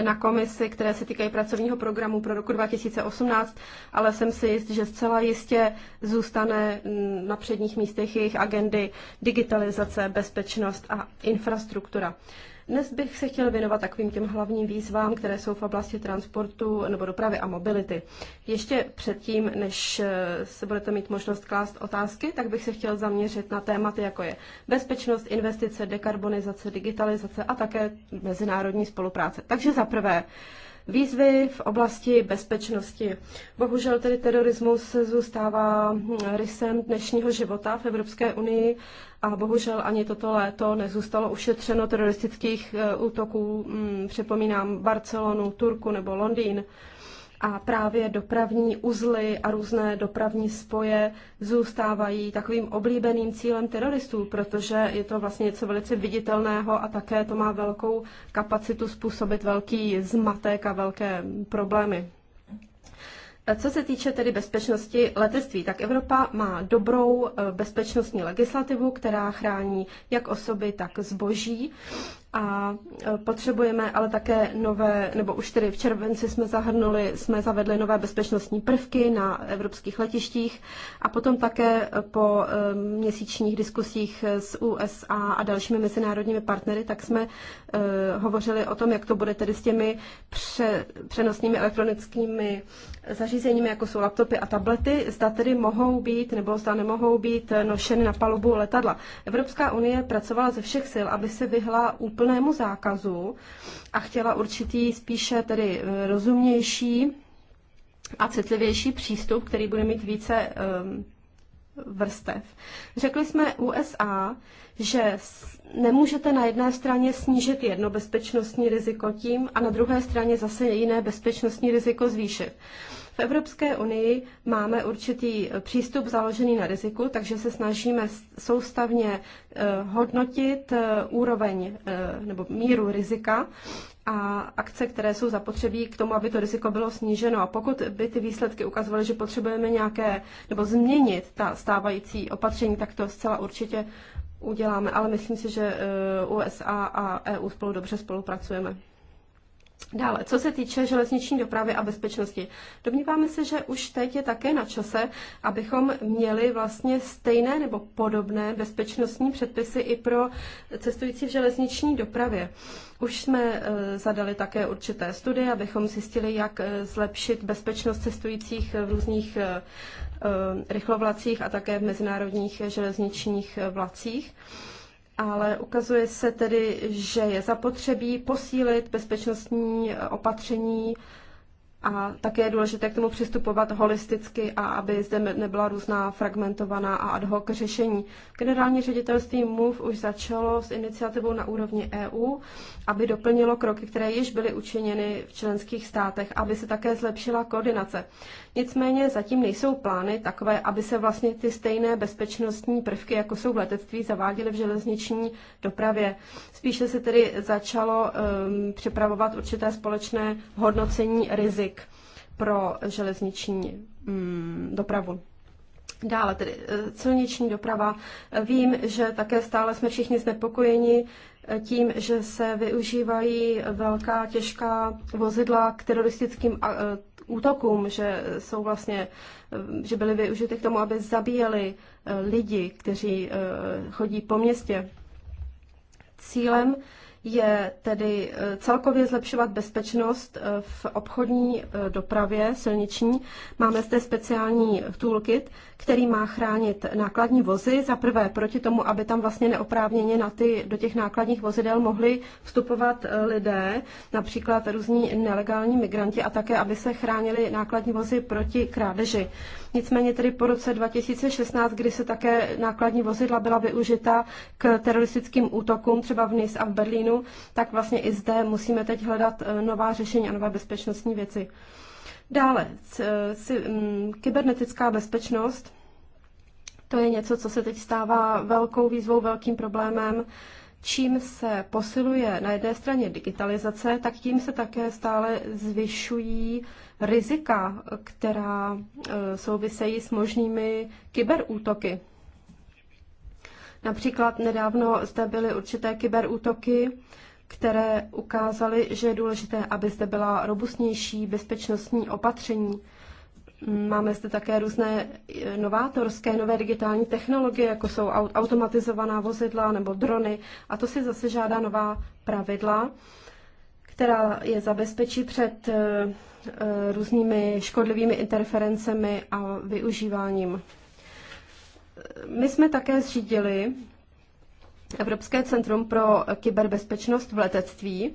Speaker 2: na komisi, které se týkají pracovního programu pro roku 2018, ale jsem si jist, že zcela jistě zůstane na předních místech jejich agendy digitalizace, bezpečnost a infrastruktura. Dnes bych se chtěl věnovat takovým těm hlavním výzvám, které jsou v oblasti transportu nebo dopravy a mobility. Ještě předtím, než eh, se budete mít možnost klást otázky, tak bych se chtěl zaměřit na tématy, jako je bezpečnost, investice, dekarbonizace, digitalizace a také mezinárodní spolupráce. Takže za prvé, výzvy v oblasti bezpečnosti. Bohužel tedy terorismus zůstává hm, rysem dnešního života v Evropské unii a bohužel ani toto léto nezůstalo ušetřeno teroristických eh, útoků. Hm, připomínám Barcelonu, Turku nebo Londýn. A právě dopravní uzly a různé dopravní spoje zůstávají takovým oblíbeným cílem teroristů, protože je to vlastně něco velice viditelného a také to má velkou kapacitu způsobit velký zmatek a velké problémy. Co se týče tedy bezpečnosti letectví, tak Evropa má dobrou eh, bezpečnostní legislativu, která chrání jak osoby, tak zboží a e, potřebujeme ale také nové, nebo už tedy v červenci jsme zahrnuli, jsme zavedli nové bezpečnostní prvky na evropských letištích a potom také po e, měsíčních diskusích s USA a dalšími mezinárodními partnery, tak jsme e, hovořili o tom, jak to bude tedy s těmi pře, přenosnými elektronickými zařízeními, jako jsou laptopy a tablety, zda tedy mohou být nebo zda nemohou být nošeny na palubu letadla. Evropská unie pracovala ze všech sil, aby se vyhla úplně úplnému zákazu a chtěla určitý spíše tedy eh, rozumnější a citlivější přístup, který bude mít více um, vrstev. Řekli jsme USA, že nemůžete na jedné straně snížit jedno bezpečnostní riziko tím a na druhé straně zase jiné bezpečnostní riziko zvýšit. Evropské unii máme určitý přístup založený na riziku, takže se snažíme soustavně eh, hodnotit eh, úroveň eh, nebo míru rizika a akce, které jsou zapotřebí k tomu, aby to riziko bylo sníženo. A pokud by ty výsledky ukazovaly, že potřebujeme nějaké nebo změnit ta stávající opatření, tak to zcela určitě uděláme. Ale myslím si, že USA a EU spolu dobře spolupracujeme. Dále, co se týče železniční dopravy a bezpečnosti, domníváme se, že už teď je také na čase, abychom měli vlastně stejné nebo podobné bezpečnostní předpisy i pro cestující v železniční dopravě. Už jsme eh, zadali také určité studie, abychom zjistili, jak eh, zlepšit bezpečnost cestujících v různých eh, rychlovlacích a také v mezinárodních železničních vlacích ale ukazuje se tedy, že je zapotřebí posílit bezpečnostní opatření a také je důležité k tomu přistupovat holisticky a aby zde nebyla různá fragmentovaná a ad hoc řešení. Generální ředitelství MOVE už začalo s iniciativou na úrovni EU, aby doplnilo kroky, které již byly učiněny v členských státech, aby se také zlepšila koordinace. Nicméně zatím nejsou plány takové, aby se vlastně ty stejné bezpečnostní prvky, jako jsou v letectví, zaváděly v železniční dopravě. Spíše se tedy začalo um, připravovat určité společné hodnocení rizik pro železniční um, dopravu. Dále tedy e, silniční doprava. Vím, že také stále jsme všichni znepokojeni e, tím, že se využívají velká těžká vozidla k teroristickým e, útokům, že jsou vlastně, že byly využity k tomu, aby zabíjeli eh, lidi, kteří eh, chodí po městě. Cílem je tedy eh, celkově zlepšovat bezpečnost eh, v obchodní eh, dopravě silniční. Máme zde speciální toolkit, který má chránit nákladní vozy. Za prvé proti tomu, aby tam vlastně neoprávněně na ty, do těch nákladních vozidel mohli vstupovat lidé, například různí nelegální migranti a také, aby se chránili nákladní vozy proti krádeži. Nicméně tedy po roce 2016, kdy se také nákladní vozidla byla využita k teroristickým útokům, třeba v Nice a v Berlínu, tak vlastně i zde musíme teď hledat e, nová řešení a nové bezpečnostní věci. Dále, e, kybernetická bezpečnost, to je něco, co se teď stává velkou výzvou, velkým problémem čím se posiluje na jedné straně digitalizace, tak tím se také stále zvyšují rizika, která e, souvisejí s možnými kyberútoky. Například nedávno zde byly určité kyberútoky, které ukázaly, že je důležité, aby zde byla robustnější bezpečnostní opatření. Máme zde také různé e, novátorské, nové digitální technologie, jako jsou automatizovaná vozidla nebo drony. A to si zase žádá nová pravidla, která je zabezpečí před e, Eh, různými škodlivými interferencemi a využíváním. My jsme také zřídili Evropské centrum pro kyberbezpečnost v letectví,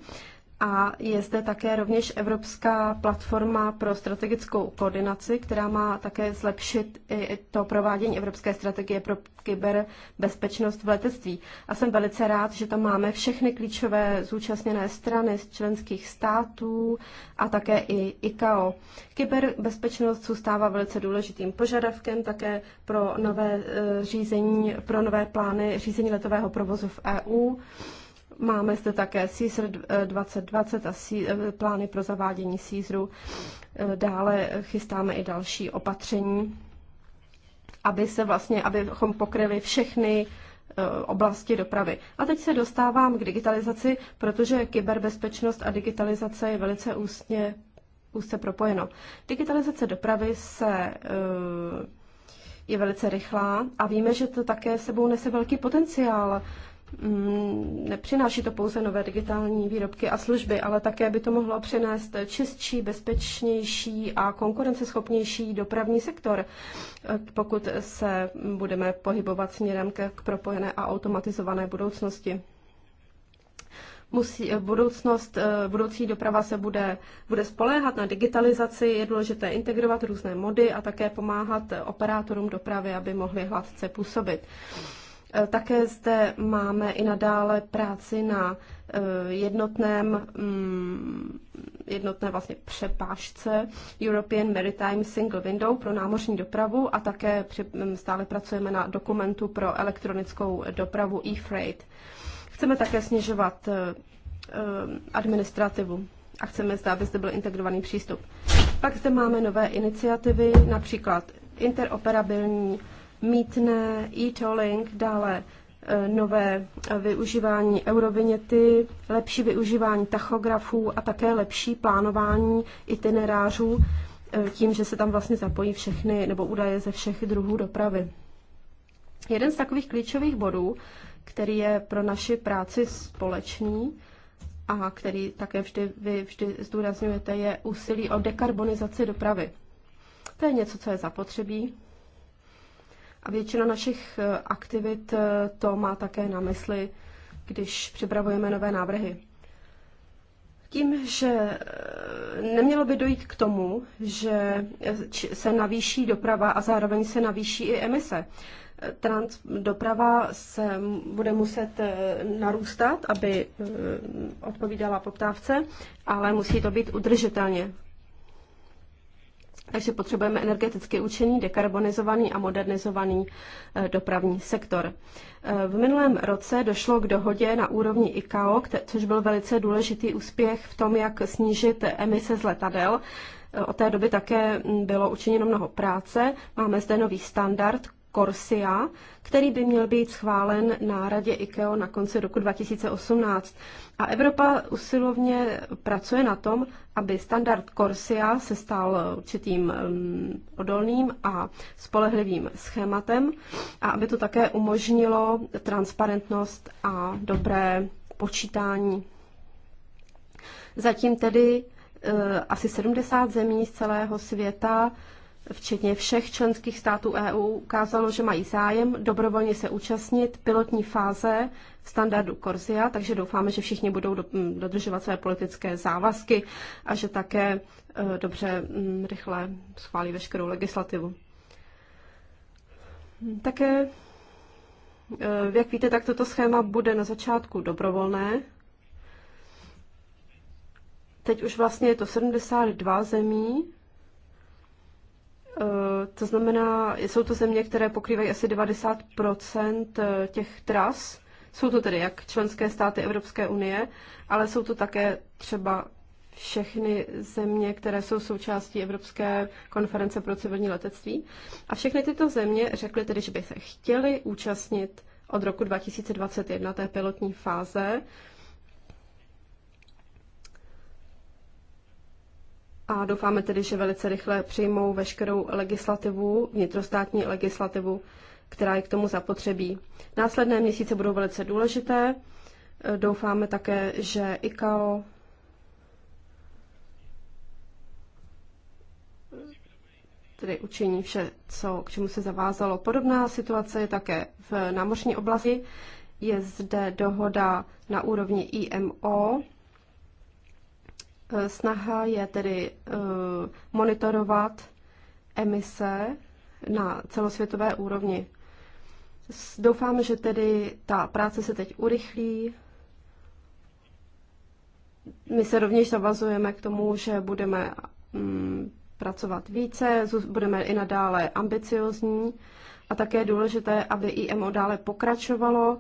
Speaker 2: a je zde také rovněž Evropská platforma pro strategickou koordinaci, která má také zlepšit i to provádění Evropské strategie pro kyberbezpečnost v letectví. A jsem velice rád, že tam máme všechny klíčové zúčastněné strany z členských států a také i ICAO. Kyberbezpečnost zůstává velice důležitým požadavkem také pro nové eh, řízení, pro nové plány řízení letového provozu v EU. Máme zde také CISR 2020 a eh, plány pro zavádění CISRu. Eh, dále chystáme i další opatření, aby se vlastně, abychom pokryli všechny eh, oblasti dopravy. A teď se dostávám k digitalizaci, protože kyberbezpečnost a digitalizace je velice ústně, úzce propojeno. Digitalizace dopravy se je velice rychlá a víme, že to také sebou nese velký potenciál Mm, nepřináší to pouze nové digitální výrobky a služby, ale také by to mohlo přinést čistší, bezpečnější a konkurenceschopnější dopravní sektor, pokud se budeme pohybovat směrem k propojené a automatizované budoucnosti. Musí, budoucnost, eh, budoucí doprava se bude, bude spoléhat na digitalizaci, je důležité integrovat různé mody a také pomáhat operátorům dopravy, aby mohli hladce působit. Eh, také zde máme i nadále práci na eh, jednotném, mm, jednotné vlastně přepážce European Maritime Single Window pro námořní dopravu a také mm, stále pracujeme na dokumentu pro elektronickou dopravu e-freight. Chceme také snižovat eh, administrativu a chceme, zde, aby zde byl integrovaný přístup. Pak zde máme nové iniciativy, například interoperabilní mítné, e-tolling, dále e, nové e, využívání eurovinety, lepší využívání tachografů a také lepší plánování itinerářů e, tím, že se tam vlastně zapojí všechny nebo údaje ze všech druhů dopravy. Jeden z takových klíčových bodů, který je pro naši práci společný a který také vždy, vy vždy zdůrazňujete, je úsilí o dekarbonizaci dopravy. To je něco, co je zapotřebí, a většina našich eh, aktivit eh, to má také na mysli, když připravujeme nové návrhy. Tím, že eh, nemělo by dojít k tomu, že se navýší doprava a zároveň se navýší i emise. Trans, doprava se bude muset narůstat, aby odpovídala poptávce, ale musí to být udržitelně takže potřebujeme energeticky účinný, dekarbonizovaný a modernizovaný eh, dopravní sektor. Eh, v minulém roce došlo k dohodě na úrovni ICAO, což byl velice důležitý úspěch v tom, jak snížit emise z letadel. Eh, od té doby také mm, bylo učiněno mnoho práce. Máme zde nový standard Corsia, který by měl být schválen na radě ICAO na konci roku 2018. A Evropa usilovně pracuje na tom, aby standard Corsia se stal určitým mm, odolným a spolehlivým schématem a aby to také umožnilo transparentnost a dobré počítání. Zatím tedy eh, asi 70 zemí z celého světa včetně všech členských států EU, ukázalo, že mají zájem dobrovolně se účastnit pilotní fáze standardu Korzia, takže doufáme, že všichni budou dodržovat své politické závazky a že také e, dobře rychle schválí veškerou legislativu. Také, e, jak víte, tak toto schéma bude na začátku dobrovolné. Teď už vlastně je to 72 zemí, Eh, to znamená, jsou to země, které pokrývají asi 90 eh, těch tras. Jsou to tedy jak členské státy Evropské unie, ale jsou to také třeba všechny země, které jsou součástí Evropské konference pro civilní letectví. A všechny tyto země řekly tedy, že by se chtěly účastnit od roku 2021 té pilotní fáze, a doufáme tedy, že velice rychle přijmou veškerou legislativu, vnitrostátní legislativu, která je k tomu zapotřebí. Následné měsíce budou velice důležité. Doufáme také, že ICAO tedy učiní vše, co, k čemu se zavázalo. Podobná situace je také v námořní oblasti. Je zde dohoda na úrovni IMO, Eh, snaha je tedy eh, monitorovat emise na celosvětové úrovni. Doufám, že tedy ta práce se teď urychlí. My se rovněž zavazujeme k tomu, že budeme mm, pracovat více, budeme i nadále ambiciozní a také je důležité, aby IMO dále pokračovalo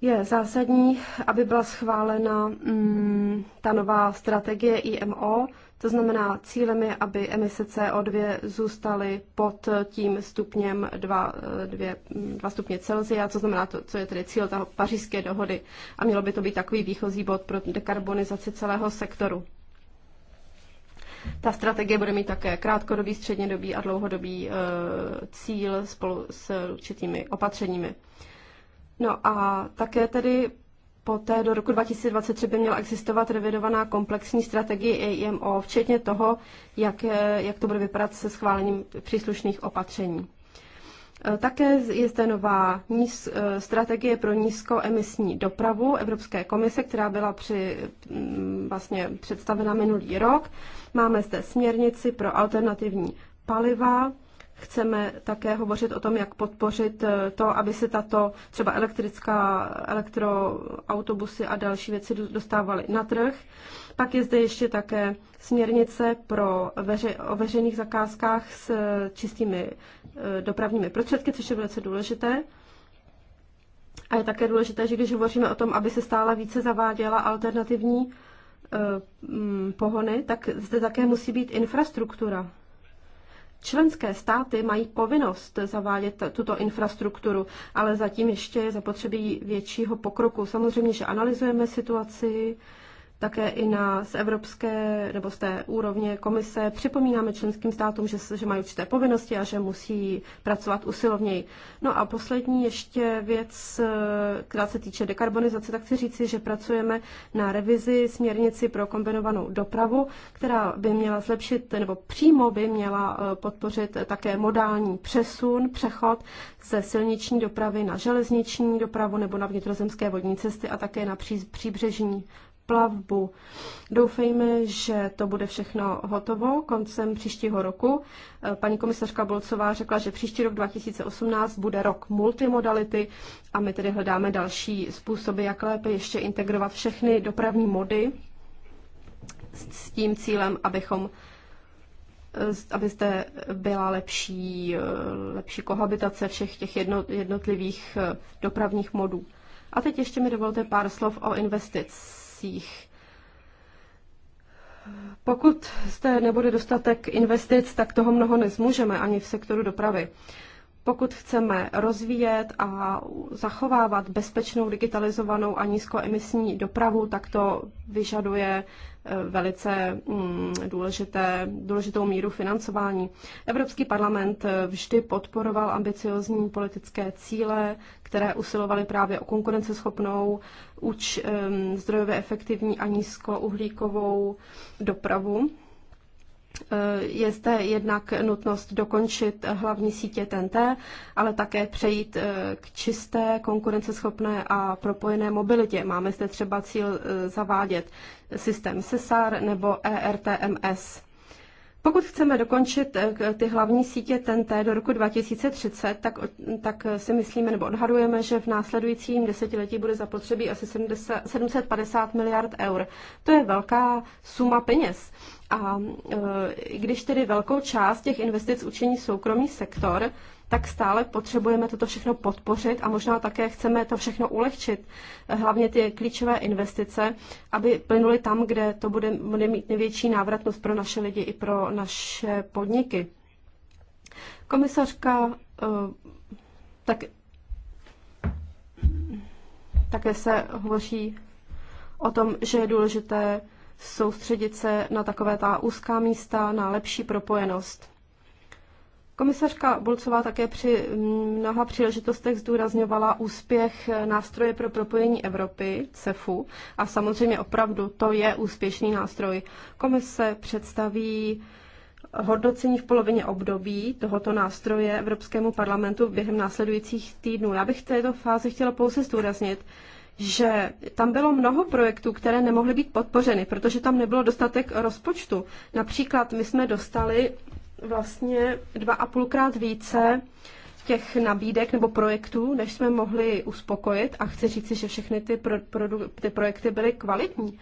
Speaker 2: je zásadní, aby byla schválena mm, ta nová strategie IMO. To znamená, cílem je, aby emise CO2 zůstaly pod tím stupněm 2, 2, 2 stupně Celsia, co znamená, to, co je tedy cíl toho pařížské dohody. A mělo by to být takový výchozí bod pro dekarbonizaci celého sektoru. Ta strategie bude mít také krátkodobý, střednědobý a dlouhodobý e, cíl spolu s určitými opatřeními. E, No a také tedy poté do roku 2023 by měla existovat revidovaná komplexní strategie AMO, včetně toho, jak, jak to bude vypadat se schválením příslušných opatření. E, také je zde nová níz, e, strategie pro nízkoemisní dopravu Evropské komise, která byla při, vlastně představena minulý rok. Máme zde směrnici pro alternativní paliva, Chceme také hovořit o tom, jak podpořit eh, to, aby se tato třeba elektrická, elektroautobusy a další věci dostávaly na trh. Pak je zde ještě také směrnice pro veře, o veřejných zakázkách s eh, čistými eh, dopravními prostředky, což je velice důležité. A je také důležité, že když hovoříme o tom, aby se stále více zaváděla alternativní pohony, tak zde také musí být infrastruktura. Členské státy mají povinnost zavádět tuto infrastrukturu, ale zatím ještě je zapotřebí většího pokroku. Samozřejmě, že analyzujeme situaci, také i na, z evropské nebo z té úrovně komise připomínáme členským státům, že, že mají určité povinnosti a že musí pracovat usilovněji. No a poslední ještě věc, která se týče dekarbonizace, tak chci říci, že pracujeme na revizi směrnici pro kombinovanou dopravu, která by měla zlepšit nebo přímo by měla eh, podpořit také modální přesun, přechod ze silniční dopravy na železniční dopravu nebo na vnitrozemské vodní cesty a také na pří, příbřežní plavbu. Doufejme, že to bude všechno hotovo koncem příštího roku. Eh, paní komisařka Bolcová řekla, že příští rok 2018 bude rok multimodality a my tedy hledáme další způsoby, jak lépe ještě integrovat všechny dopravní mody s tím cílem, abychom eh, abyste byla lepší, eh, lepší kohabitace všech těch jednotlivých dopravních modů. A teď ještě mi dovolte pár slov o investic investicích. Pokud zde nebude dostatek investic, tak toho mnoho nezmůžeme ani v sektoru dopravy. Pokud chceme rozvíjet a zachovávat bezpečnou, digitalizovanou a nízkoemisní dopravu, tak to vyžaduje eh, velice mm, důležité, důležitou míru financování. Evropský parlament eh, vždy podporoval ambiciozní politické cíle, které usilovaly právě o konkurenceschopnou, uč, eh, zdrojově efektivní a nízkouhlíkovou dopravu. Eh, je zde jednak nutnost dokončit hlavní sítě TNT, ale také přejít eh, k čisté, konkurenceschopné a propojené mobilitě. Máme zde třeba cíl eh, zavádět systém SESAR nebo ERTMS. Pokud chceme dokončit ty hlavní sítě TNT do roku 2030, tak, tak si myslíme nebo odhadujeme, že v následujícím desetiletí bude zapotřebí asi 70, 750 miliard eur. To je velká suma peněz. A e, když tedy velkou část těch investic učení soukromý sektor, tak stále potřebujeme toto všechno podpořit a možná také chceme to všechno ulehčit, hlavně ty klíčové investice, aby plynuly tam, kde to bude, bude mít největší návratnost pro naše lidi i pro naše podniky. Komisařka e, tak, také se hovoří o tom, že je důležité soustředit se na takové ta úzká místa, na lepší propojenost. Komisařka Bulcová také při mnoha příležitostech zdůrazňovala úspěch nástroje pro propojení Evropy, CEFu, a samozřejmě opravdu to je úspěšný nástroj. Komise představí hodnocení v polovině období tohoto nástroje Evropskému parlamentu během následujících týdnů. Já bych v této fázi chtěla pouze zdůraznit, že tam bylo mnoho projektů, které nemohly být podpořeny, protože tam nebylo dostatek rozpočtu. Například my jsme dostali vlastně dva a půlkrát více těch nabídek nebo projektů, než jsme mohli uspokojit a chci říci, že všechny ty, pro, produ, ty projekty byly kvalitní.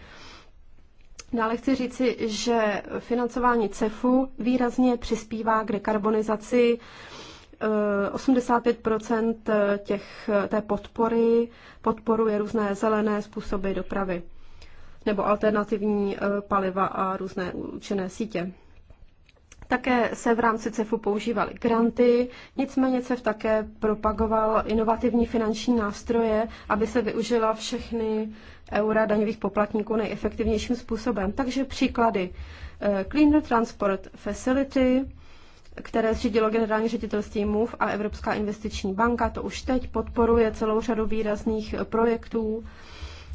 Speaker 2: Dále chci říci, že financování CEFu výrazně přispívá k dekarbonizaci uh, 85 eh, eh, těch, eh, té podpory podporuje různé zelené způsoby dopravy nebo alternativní paliva a různé účinné sítě. Také se v rámci CEFu používaly granty, nicméně CEF také propagoval inovativní finanční nástroje, aby se využila všechny eura daňových poplatníků nejefektivnějším způsobem. Takže příklady. Cleaner Transport Facility, které zřídilo generální ředitelství MUV a Evropská investiční banka. To už teď podporuje celou řadu výrazných projektů,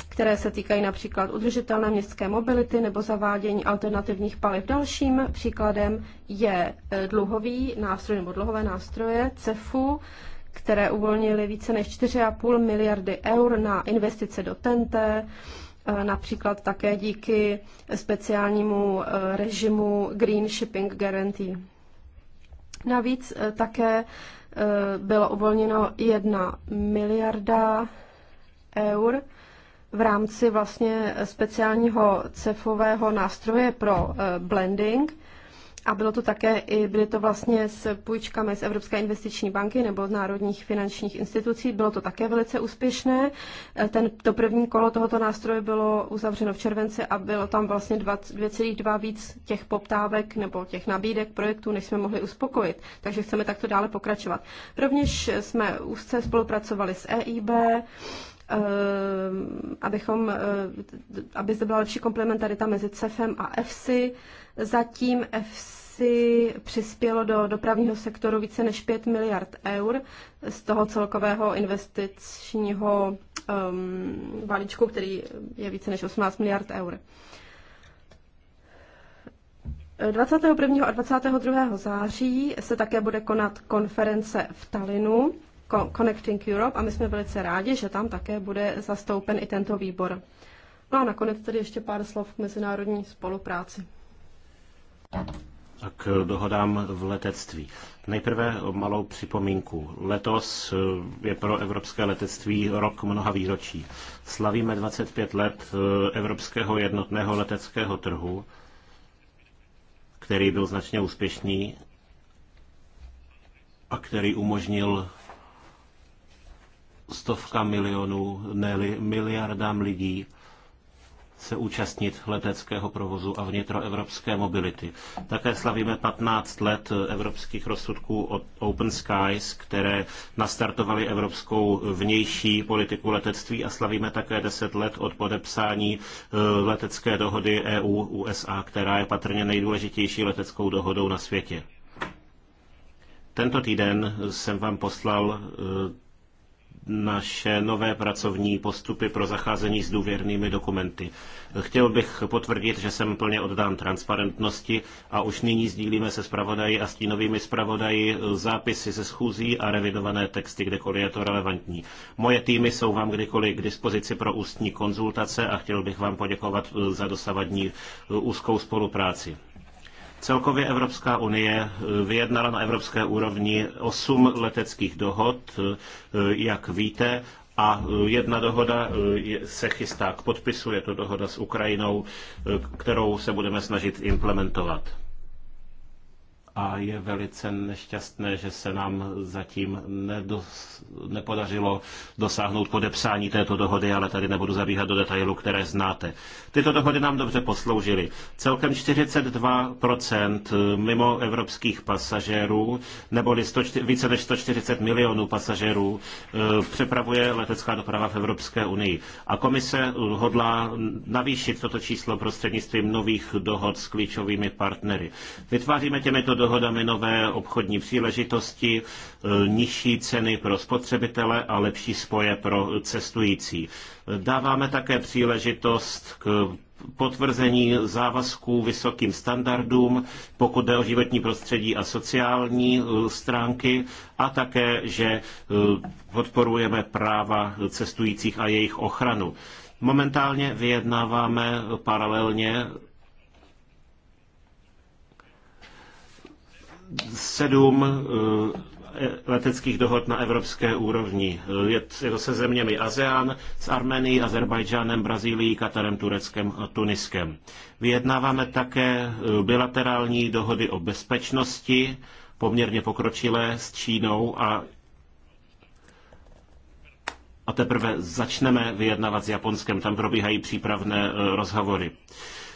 Speaker 2: které se týkají například udržitelné městské mobility nebo zavádění alternativních paliv. Dalším příkladem je e, dluhový nástroj nebo dluhové nástroje CEFu, které uvolnily více než 4,5 miliardy eur na investice do TNT, e, například také díky speciálnímu e, režimu Green Shipping Guarantee. Navíc eh, také eh, bylo uvolněno 1 miliarda eur v rámci vlastně eh, speciálního cefového nástroje pro blending a bylo to také i, byly to vlastně s půjčkami z Evropské investiční banky nebo z národních finančních institucí, bylo to také velice úspěšné. E, ten, to první kolo tohoto nástroje bylo uzavřeno v červenci a bylo tam vlastně 2,2 víc těch poptávek nebo těch nabídek projektů, než jsme mohli uspokojit. Takže chceme takto dále pokračovat. Rovněž jsme úzce spolupracovali s EIB, Eh, abychom, eh, aby zde byla lepší komplementarita mezi CEFem a EFSI. Zatím EFSI přispělo do dopravního sektoru více než 5 miliard eur z toho celkového investičního um, balíčku, který je více než 18 miliard eur. 21. a 22. září se také bude konat konference v Talinu Connecting Europe a my jsme velice rádi, že tam také bude zastoupen i tento výbor. No a nakonec tady ještě pár slov k mezinárodní spolupráci.
Speaker 1: Tak eh, dohodám v letectví. Nejprve malou připomínku. Letos eh, je pro evropské letectví rok mnoha výročí. Slavíme 25 let eh, evropského jednotného leteckého trhu, který byl značně úspěšný a který umožnil stovka milionů, ne miliardám lidí se účastnit leteckého provozu a vnitroevropské mobility. Také slavíme 15 let evropských rozsudků od Open Skies, které nastartovaly evropskou vnější politiku letectví a slavíme také 10 let od podepsání e, letecké dohody EU-USA, která je patrně nejdůležitější leteckou dohodou na světě. Tento týden jsem vám poslal e, naše nové pracovní postupy pro zacházení s důvěrnými dokumenty. Chtěl bych potvrdit, že jsem plně oddán transparentnosti a už nyní sdílíme se zpravodaji a stínovými zpravodaji zápisy ze schůzí a revidované texty, kdekoliv je to relevantní. Moje týmy jsou vám kdykoliv k dispozici pro ústní konzultace a chtěl bych vám poděkovat za dosavadní úzkou spolupráci. Celkově Evropská unie eh, vyjednala na evropské úrovni osm leteckých dohod, eh, jak víte, a eh, jedna dohoda se chystá k podpisu, je to dohoda s Ukrajinou, kterou se budeme snažit implementovat a je velice nešťastné, že se nám zatím nedos, nepodařilo dosáhnout podepsání této dohody, ale tady nebudu zabíhat do detailů, které znáte. Tyto dohody nám dobře posloužily. Celkem 42% eh, mimo evropských pasažérů, neboli 100, více než 140 milionů pasažérů, eh, přepravuje letecká doprava v Evropské unii. A komise hodlá navýšit toto číslo prostřednictvím nových dohod s klíčovými partnery. Vytváříme těmito dohodami nové obchodní příležitosti, e, nižší ceny pro spotřebitele a lepší spoje pro cestující. Dáváme také příležitost k potvrzení závazků vysokým standardům, pokud jde o životní prostředí a sociální e, stránky a také, že e, podporujeme práva cestujících a jejich ochranu. Momentálně vyjednáváme paralelně sedm eh, leteckých dohod na evropské úrovni. Je, to se zeměmi ASEAN, s Armenií, Azerbajdžánem, Brazílií, Katarem, Tureckem a Tuniskem. Vyjednáváme také eh, bilaterální dohody o bezpečnosti, poměrně pokročilé s Čínou a a teprve začneme vyjednávat s Japonskem. Tam probíhají přípravné eh, rozhovory.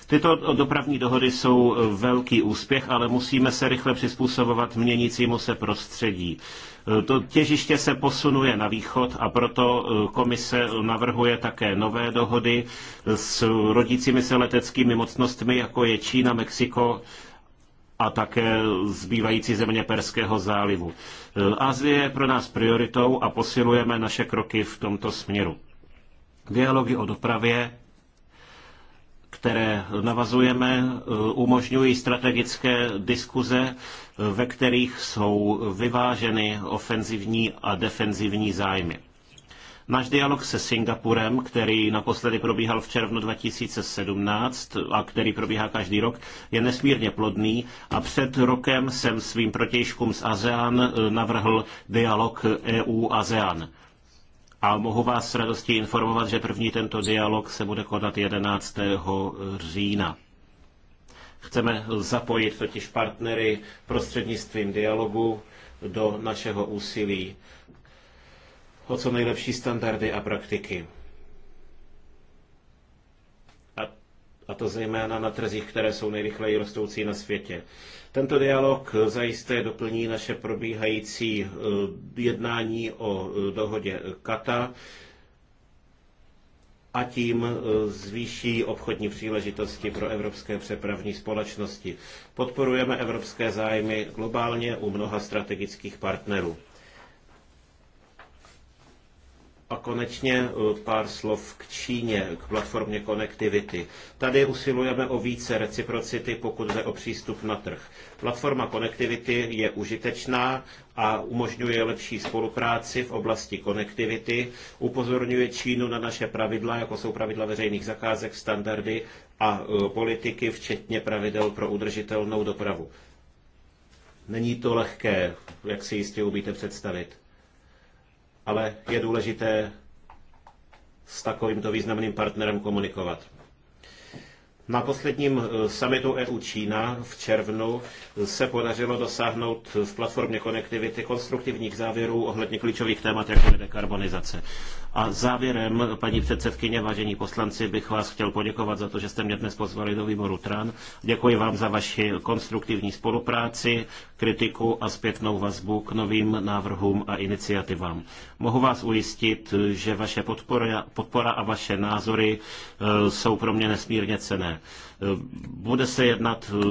Speaker 1: Tyto dopravní dohody jsou eh, velký úspěch, ale musíme se rychle přizpůsobovat měnícímu se prostředí. Eh, to těžiště se posunuje na východ a proto eh, komise navrhuje také nové dohody s rodícími se leteckými mocnostmi, jako je Čína, Mexiko a také zbývající země Perského zálivu. Asie je pro nás prioritou a posilujeme naše kroky v tomto směru. Dialogy o dopravě které navazujeme, eh, umožňují strategické diskuze, eh, ve kterých jsou vyváženy ofenzivní a defenzivní zájmy. Náš dialog se Singapurem, který naposledy probíhal v červnu 2017 a který probíhá každý rok, je nesmírně plodný a před rokem jsem svým protějškům z ASEAN eh, navrhl dialog EU-ASEAN. A mohu vás s radostí informovat, že první tento dialog se bude konat 11. října. Chceme zapojit totiž partnery prostřednictvím dialogu do našeho úsilí o co nejlepší standardy a praktiky. A, a to zejména na trzích, které jsou nejrychleji rostoucí na světě. Tento dialog zajisté doplní naše probíhající eh, jednání o eh, dohodě Kata a tím eh, zvýší obchodní příležitosti pro evropské přepravní společnosti. Podporujeme evropské zájmy globálně u mnoha strategických partnerů. A konečně eh, pár slov k Číně, k platformě Connectivity. Tady usilujeme o více reciprocity, pokud jde o přístup na trh. Platforma Connectivity je užitečná a umožňuje lepší spolupráci v oblasti konektivity, upozorňuje Čínu na naše pravidla, jako jsou pravidla veřejných zakázek, standardy a eh, politiky, včetně pravidel pro udržitelnou dopravu. Není to lehké, jak si jistě umíte představit ale je důležité s takovýmto významným partnerem komunikovat. Na posledním eh, summitu EU Čína v červnu se podařilo dosáhnout v platformě konektivity konstruktivních závěrů ohledně klíčových témat, jako je dekarbonizace. A závěrem, paní předsedkyně, vážení poslanci, bych vás chtěl poděkovat za to, že jste mě dnes pozvali do výboru TRAN. Děkuji vám za vaši konstruktivní spolupráci, kritiku a zpětnou vazbu k novým návrhům a iniciativám. Mohu vás ujistit, že vaše podpora, a vaše názory e, jsou pro mě nesmírně cené. E, bude se jednat e,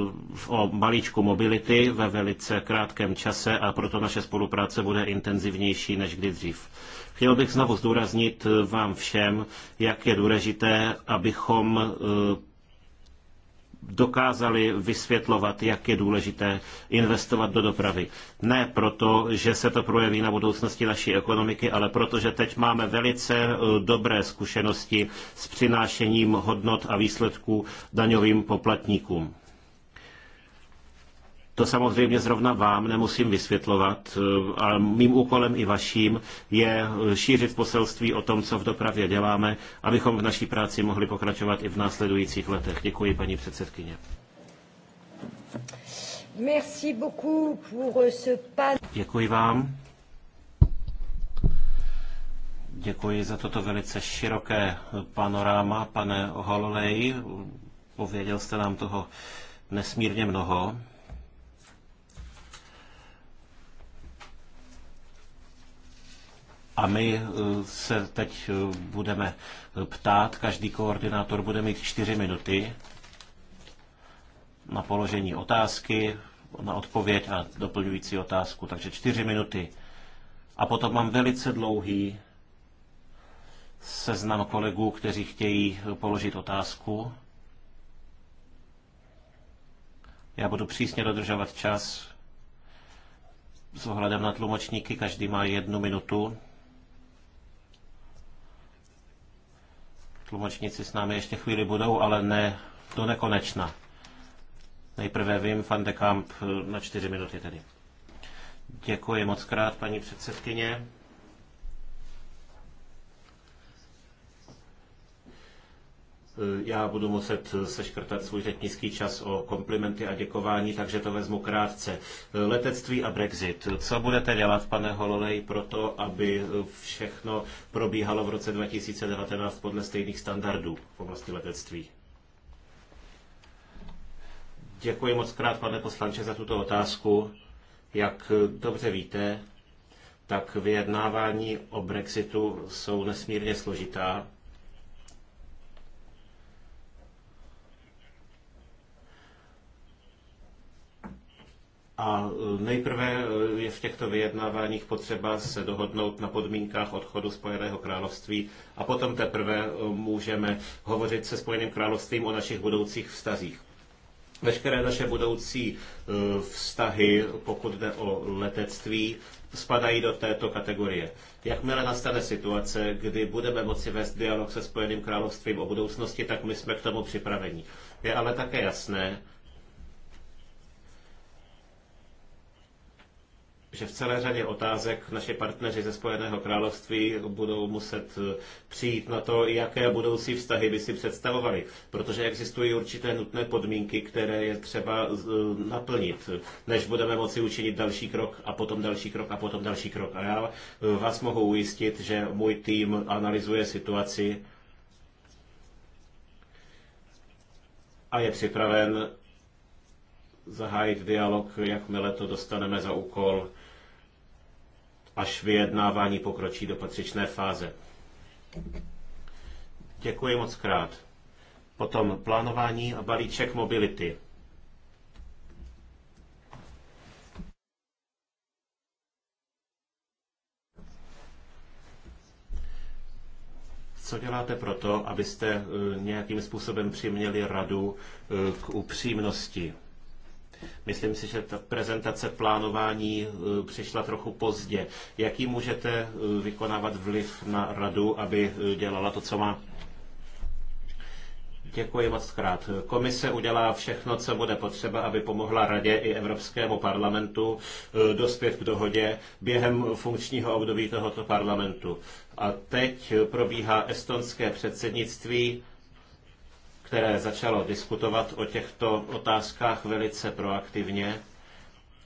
Speaker 1: o balíčku mobility ve velice krátkém čase a proto naše spolupráce bude intenzivnější než kdy dřív. Chtěl bych znovu zdůraznit eh, vám všem, jak je důležité, abychom eh, dokázali vysvětlovat, jak je důležité investovat do dopravy. Ne proto, že se to projeví na budoucnosti naší ekonomiky, ale proto, že teď máme velice eh, dobré zkušenosti s přinášením hodnot a výsledků daňovým poplatníkům. To samozřejmě zrovna vám nemusím vysvětlovat, eh, ale mým úkolem i vaším je eh, šířit poselství o tom, co v dopravě děláme, abychom v naší práci mohli pokračovat i v následujících letech. Děkuji, paní předsedkyně.
Speaker 2: Merci beaucoup pour eh, ce
Speaker 3: pan...
Speaker 1: Děkuji vám. Děkuji za toto velice široké panoráma, pane Hololej. Pověděl jste nám toho nesmírně mnoho. A my eh, se teď eh, budeme eh, ptát, každý koordinátor bude mít čtyři minuty na položení otázky, na odpověď a doplňující otázku. Takže čtyři minuty. A potom mám velice dlouhý seznam kolegů, kteří chtějí položit otázku. Já budu přísně dodržovat čas s ohledem na tlumočníky. Každý má jednu minutu. Tlumočníci s námi ještě chvíli budou, ale ne do nekonečna. Nejprve vím, van de Kamp eh, na čtyři minuty tedy. Děkuji moc krát, paní předsedkyně. Eh, já budu muset eh, seškrtat svůj řečnický čas o komplimenty a děkování, takže to vezmu krátce. Eh, letectví a Brexit. Co budete dělat, pane Hololej, pro to, aby všechno probíhalo v roce 2019 podle stejných standardů v oblasti letectví? Děkuji moc krát, pane poslanče, za tuto otázku. Jak dobře víte, tak vyjednávání o Brexitu jsou nesmírně složitá A e, nejprve e, je v těchto vyjednáváních potřeba se dohodnout na podmínkách odchodu Spojeného království a potom teprve e, můžeme hovořit se Spojeným královstvím o našich budoucích vztazích. Veškeré naše budoucí vztahy, pokud jde o letectví, spadají do této kategorie. Jakmile nastane situace, kdy budeme moci vést dialog se Spojeným královstvím o budoucnosti, tak my jsme k tomu připraveni. Je ale také jasné, že v celé řadě otázek naši partneři ze Spojeného království budou muset eh, přijít na to, jaké budoucí vztahy by si představovali, protože existují určité nutné podmínky, které je třeba eh, naplnit, než budeme moci učinit další krok a potom další krok a potom další krok. A já eh, vás mohu ujistit, že můj tým analyzuje situaci a je připraven zahájit dialog, jakmile to dostaneme za úkol až vyjednávání pokročí do patřičné fáze. Děkuji moc krát. Potom plánování a balíček mobility. co děláte pro to, abyste eh, nějakým způsobem přiměli radu eh, k upřímnosti? Myslím si, že ta prezentace plánování e, přišla trochu pozdě. Jaký můžete e, vykonávat vliv na radu, aby e, dělala to, co má? Děkuji moc krát. Komise udělá všechno, co bude potřeba, aby pomohla Radě i Evropskému parlamentu dospět k dohodě během funkčního období tohoto parlamentu. A teď probíhá estonské předsednictví které začalo diskutovat o těchto otázkách velice proaktivně.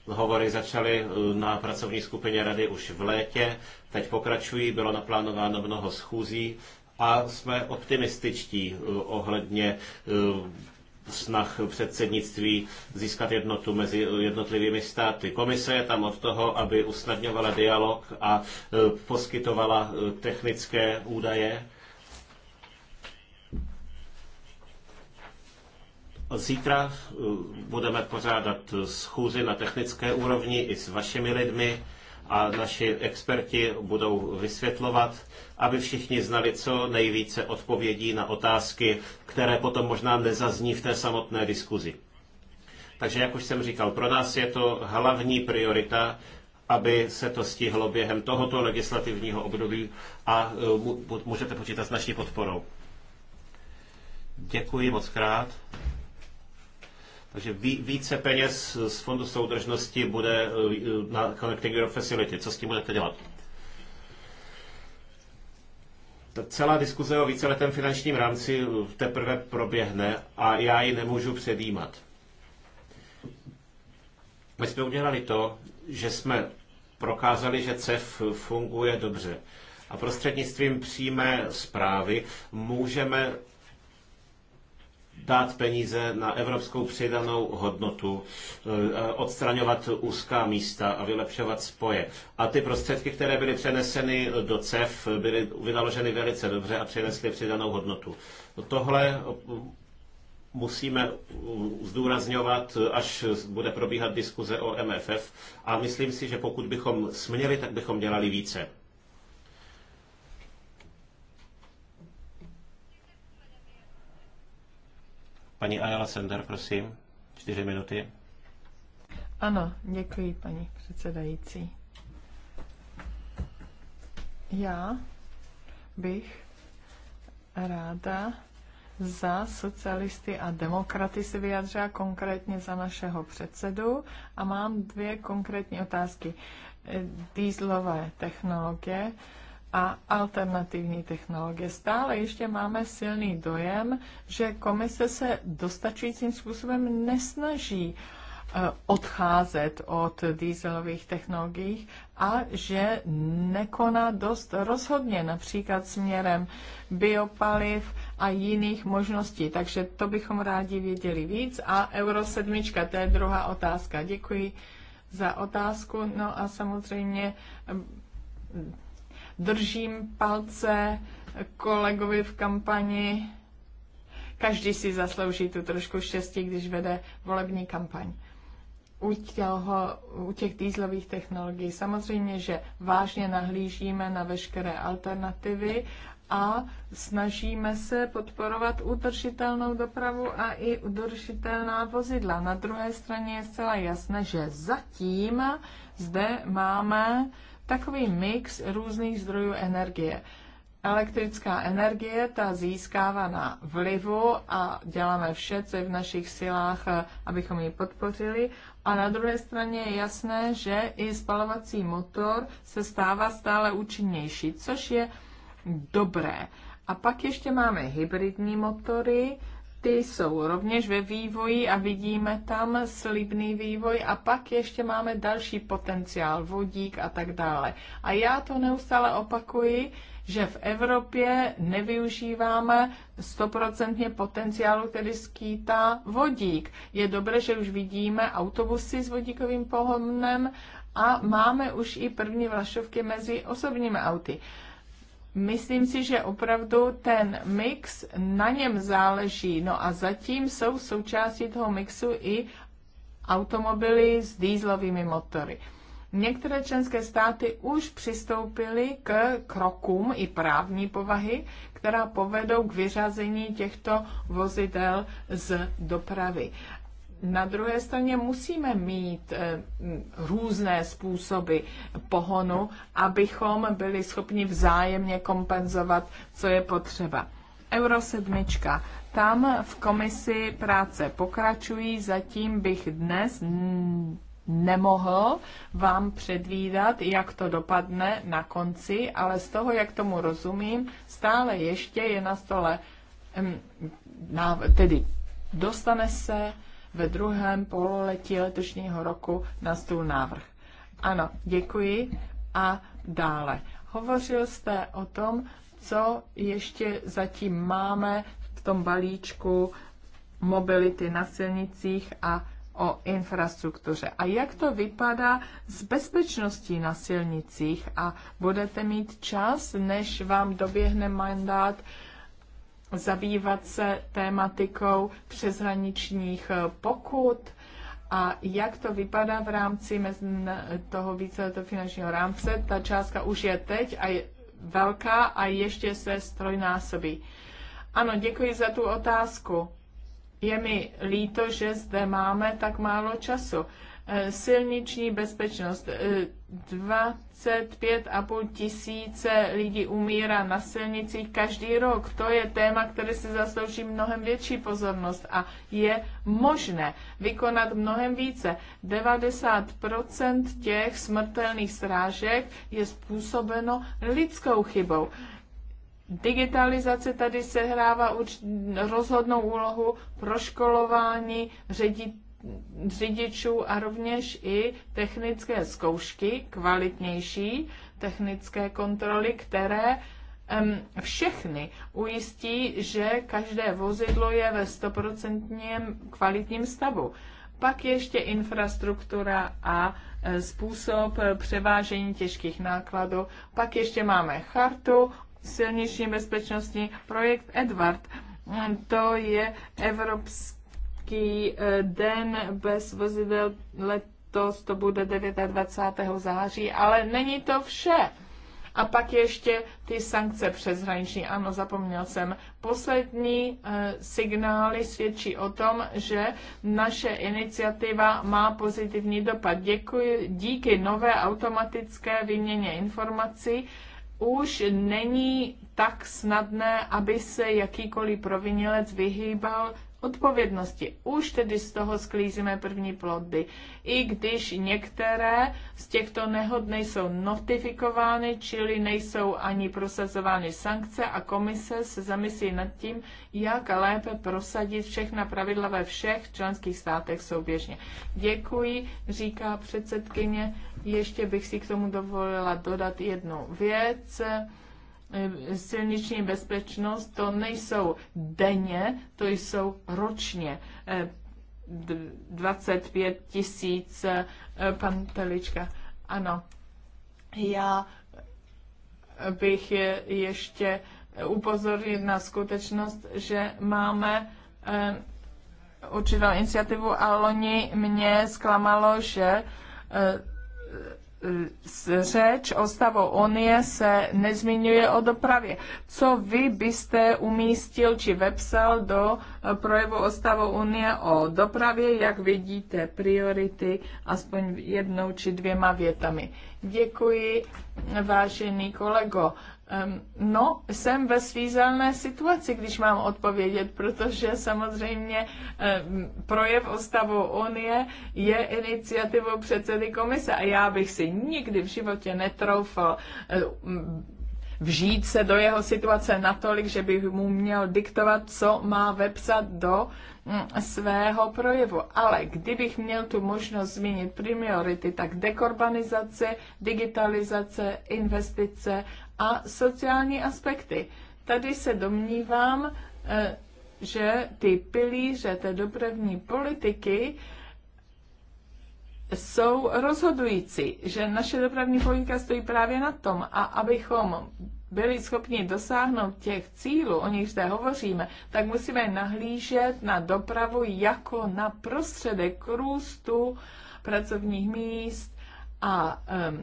Speaker 1: Hovory začaly eh, na pracovní skupině rady už v létě, teď pokračují, bylo naplánováno mnoho schůzí a jsme optimističtí eh, ohledně eh, snah předsednictví získat jednotu mezi jednotlivými státy. Komise je tam od toho, aby usnadňovala dialog a poskytovala technické údaje Zítra eh, budeme pořádat schůzi na technické úrovni i s vašimi lidmi a naši experti budou vysvětlovat, aby všichni znali co nejvíce odpovědí na otázky, které potom možná nezazní v té samotné diskuzi. Takže, jak už jsem říkal, pro nás je to hlavní priorita, aby se to stihlo během tohoto legislativního období a eh, můžete počítat s naší podporou. Děkuji moc krát. Takže více peněz z Fondu soudržnosti bude eh, na Connecting Europe Facility. Co s tím budete dělat? Ta celá diskuze o víceletém finančním rámci eh, teprve proběhne a já ji nemůžu předjímat. My jsme udělali to, že jsme prokázali, že CEF funguje dobře. A prostřednictvím přímé zprávy můžeme dát peníze na evropskou přidanou hodnotu, eh, odstraňovat úzká místa a vylepšovat spoje. A ty prostředky, které byly přeneseny do CEF, byly vynaloženy velice dobře a přinesly přidanou hodnotu. Tohle eh, musíme zdůrazňovat, až bude probíhat diskuze o MFF. A myslím si, že pokud bychom směli, tak bychom dělali více. Paní Ayala Sender, prosím, čtyři minuty.
Speaker 3: Ano, děkuji, paní předsedající. Já bych ráda za socialisty a demokraty se vyjadřila konkrétně za našeho předsedu a mám dvě konkrétní otázky. Dýzlové technologie, a alternativní technologie. Stále ještě máme silný dojem, že komise se dostačujícím způsobem nesnaží eh, odcházet od dýzelových technologií a že nekoná dost rozhodně, například směrem biopaliv a jiných možností. Takže to bychom rádi věděli víc. A Euro 7, to je druhá otázka. Děkuji za otázku. No a samozřejmě eh, Držím palce kolegovi v kampani. Každý si zaslouží tu trošku štěstí, když vede volební kampaň. U, těho, u těch dýzlových technologií samozřejmě, že vážně nahlížíme na veškeré alternativy a snažíme se podporovat udržitelnou dopravu a i udržitelná vozidla. Na druhé straně je zcela jasné, že zatím zde máme takový mix různých zdrojů energie. Elektrická energie, ta získává na vlivu a děláme vše, co je v našich silách, abychom ji podpořili. A na druhé straně je jasné, že i spalovací motor se stává stále účinnější, což je dobré. A pak ještě máme hybridní motory, ty jsou rovněž ve vývoji a vidíme tam slibný vývoj a pak ještě máme další potenciál, vodík a tak dále. A já to neustále opakuji, že v Evropě nevyužíváme stoprocentně potenciálu, který skýtá vodík. Je dobré, že už vidíme autobusy s vodíkovým pohonem a máme už i první vlašovky mezi osobními auty. Myslím si, že opravdu ten mix na něm záleží. No a zatím jsou součástí toho mixu i automobily s dýzlovými motory. Některé členské státy už přistoupily k krokům i právní povahy, která povedou k vyřazení těchto vozidel z dopravy. Na druhé straně musíme mít eh, různé způsoby pohonu, abychom byli schopni vzájemně kompenzovat, co je potřeba. Euro 7. Tam v komisi práce pokračují, zatím bych dnes nemohl vám předvídat, jak to dopadne na konci, ale z toho, jak tomu rozumím, stále ještě je na stole, tedy dostane se ve druhém pololetí letošního roku na stůl návrh. Ano, děkuji a dále. Hovořil jste o tom, co ještě zatím máme v tom balíčku mobility na silnicích a o infrastruktuře. A jak to vypadá s bezpečností na silnicích? A budete mít čas, než vám doběhne mandát zabývat se tématikou přeshraničních eh, pokut a jak to vypadá v rámci toho víceletého finančního rámce. Ta částka už je teď a je velká a ještě se strojnásobí. Ano, děkuji za tu otázku. Je mi líto, že zde máme tak málo času. Eh, silniční bezpečnost. 25,5 eh, tisíce lidí umírá na silnicích každý rok. To je téma, které si zaslouží mnohem větší pozornost a je možné vykonat mnohem více. 90% těch smrtelných srážek je způsobeno lidskou chybou. Digitalizace tady sehrává rozhodnou úlohu pro školování ředitelů řidičů a rovněž i technické zkoušky, kvalitnější technické kontroly, které všechny ujistí, že každé vozidlo je ve stoprocentním kvalitním stavu. Pak ještě infrastruktura a e, způsob e, převážení těžkých nákladů. Pak ještě máme chartu silniční bezpečnostní projekt Edward. E, to je evropský Evropský eh, den bez vozidel letos to bude 29. září, ale není to vše. A pak ještě ty sankce přeshraniční. Ano, zapomněl jsem. Poslední e, signály svědčí o tom, že naše iniciativa má pozitivní dopad. Děkuji. Díky nové automatické výměně informací už není tak snadné, aby se jakýkoliv provinilec vyhýbal odpovědnosti. Už tedy z toho sklízíme první plody. I když některé z těchto nehod nejsou notifikovány, čili nejsou ani prosazovány sankce a komise se zamyslí nad tím, jak lépe prosadit všechna pravidla ve všech členských státech souběžně. Děkuji, říká předsedkyně. Ještě bych si k tomu dovolila dodat jednu věc. Eh, silniční bezpečnost, to nejsou denně, to jsou ročně. 25 eh, tisíc, eh, pan Telička, ano. Já bych ještě upozornil na skutečnost, že máme určitou iniciativu a loni mě zklamalo, že řeč o stavu Unie se nezmiňuje o dopravě. Co vy byste umístil či vepsal do eh, projevu o stavu Unie o dopravě, jak vidíte priority, aspoň jednou či dvěma větami. Děkuji, vážený kolego. No, jsem ve svízelné situaci, když mám odpovědět, protože samozřejmě projev o stavu Unie je iniciativou předsedy komise a já bych si nikdy v životě netroufal vžít se do jeho situace natolik, že bych mu měl diktovat, co má vepsat do mm, svého projevu. Ale kdybych měl tu možnost zmínit priority, tak dekorbanizace, digitalizace, investice a sociální aspekty. Tady se domnívám, eh, že ty pilíře té dopravní politiky jsou rozhodující, že naše dopravní politika stojí právě na tom a abychom byli schopni dosáhnout těch cílů, o nich zde hovoříme, tak musíme nahlížet na dopravu jako na prostředek růstu pracovních míst a um,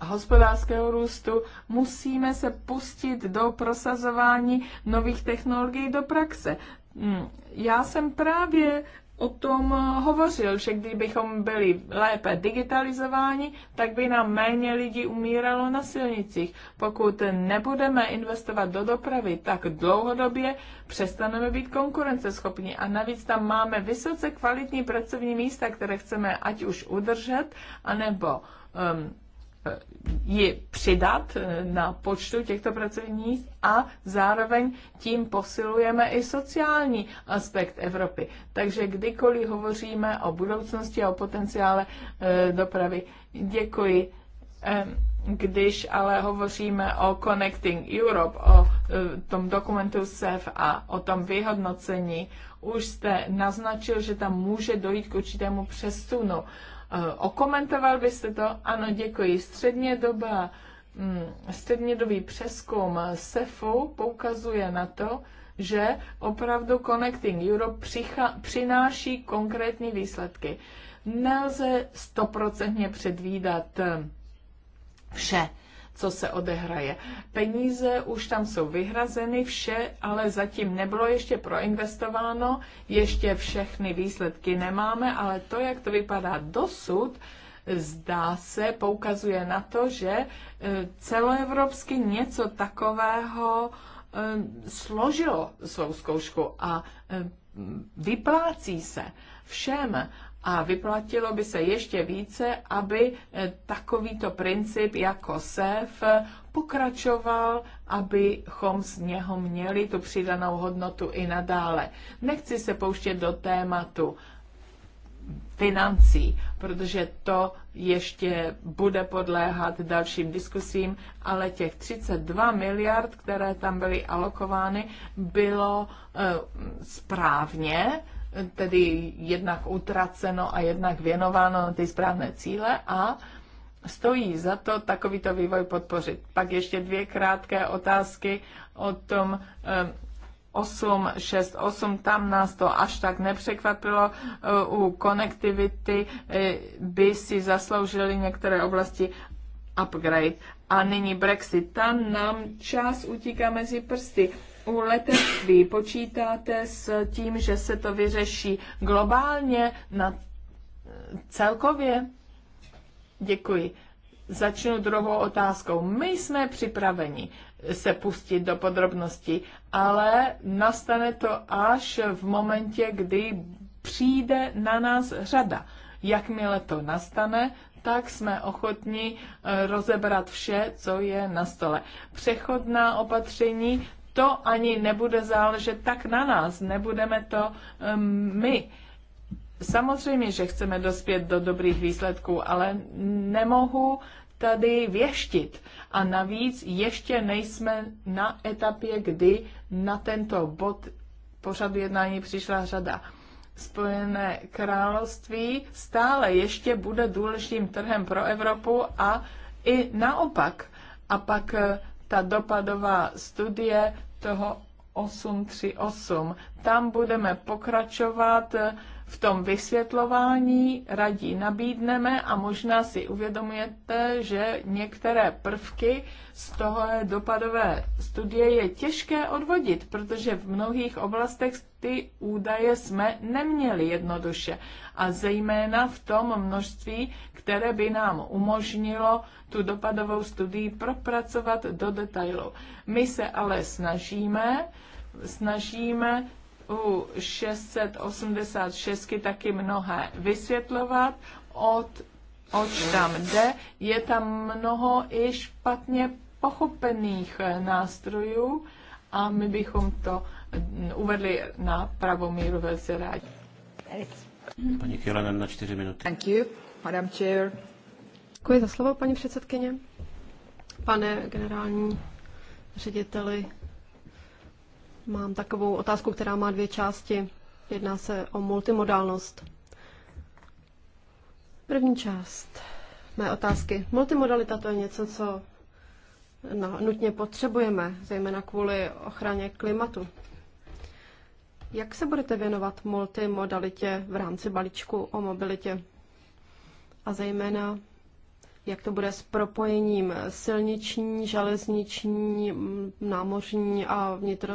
Speaker 3: hospodářského růstu, musíme se pustit do prosazování nových technologií do praxe. Hmm, já jsem právě o tom hovořil, že kdybychom byli lépe digitalizováni, tak by nám méně lidí umíralo na silnicích. Pokud nebudeme investovat do dopravy, tak dlouhodobě přestaneme být konkurenceschopní. A navíc tam máme vysoce kvalitní pracovní místa, které chceme ať už udržet, anebo um, ji přidat eh, na počtu těchto pracovních a zároveň tím posilujeme i sociální aspekt Evropy. Takže kdykoliv hovoříme o budoucnosti a o potenciále eh, dopravy, děkuji. Když ale hovoříme o Connecting Europe, o eh, tom dokumentu SEF a o tom vyhodnocení, už jste naznačil, že tam může dojít k určitému přesunu Eh, okomentoval byste to? Ano, děkuji. Středně doba, mm, střednědobý přeskum SEFu poukazuje na to, že opravdu Connecting Europe přináší konkrétní výsledky. Nelze stoprocentně předvídat eh, vše co se odehraje. Peníze už tam jsou vyhrazeny, vše, ale zatím nebylo ještě proinvestováno, ještě všechny výsledky nemáme, ale to, jak to vypadá dosud, zdá se, poukazuje na to, že e, celoevropsky něco takového e, složilo svou zkoušku a e, vyplácí se všem a vyplatilo by se ještě více, aby eh, takovýto princip jako SEF pokračoval, abychom z něho měli tu přidanou hodnotu i nadále. Nechci se pouštět do tématu financí, protože to ještě bude podléhat dalším diskusím, ale těch 32 miliard, které tam byly alokovány, bylo e, správně tedy jednak utraceno a jednak věnováno na ty správné cíle a stojí za to takovýto vývoj podpořit. Pak ještě dvě krátké otázky o tom 8, 6, 8, tam nás to až tak nepřekvapilo. E, u konektivity e, by si zasloužili některé oblasti upgrade. A nyní Brexit. Tam nám čas utíká mezi prsty u letectví počítáte s tím, že se to vyřeší globálně na celkově? Děkuji. Začnu druhou otázkou. My jsme připraveni se pustit do podrobností, ale nastane to až v momentě, kdy přijde na nás řada. Jakmile to nastane, tak jsme ochotni eh, rozebrat vše, co je na stole. Přechodná opatření, to ani nebude záležet tak na nás, nebudeme to um, my. Samozřejmě, že chceme dospět do dobrých výsledků, ale nemohu tady věštit. A navíc ještě nejsme na etapě, kdy na tento bod pořadu jednání přišla řada. Spojené království stále ještě bude důležitým trhem pro Evropu a i naopak. A pak eh, ta dopadová studie toho 838. Tam budeme pokračovat v tom vysvětlování, radí nabídneme a možná si uvědomujete, že některé prvky z toho dopadové studie je těžké odvodit, protože v mnohých oblastech ty údaje jsme neměli jednoduše a zejména v tom množství, které by nám umožnilo tu dopadovou studii propracovat do detailu. My se ale snažíme, snažíme u 686 taky mnohé vysvětlovat, od, oč tam jde. Je tam mnoho i špatně pochopených eh, nástrojů a my bychom to mm, uvedli na pravou míru velice rádi.
Speaker 1: Paní Kjelanen na čtyři minuty.
Speaker 3: Thank you, Madam Chair. Děkuji za slovo, paní
Speaker 2: předsedkyně. Pane generální řediteli, mám takovou otázku, která má dvě části. Jedná se o multimodálnost. První část mé otázky. Multimodalita to je něco, co no, nutně potřebujeme, zejména kvůli ochraně klimatu. Jak se budete věnovat multimodalitě v rámci balíčku o mobilitě? A zejména jak to bude s propojením silniční, železniční, mm, námořní a, vnitro,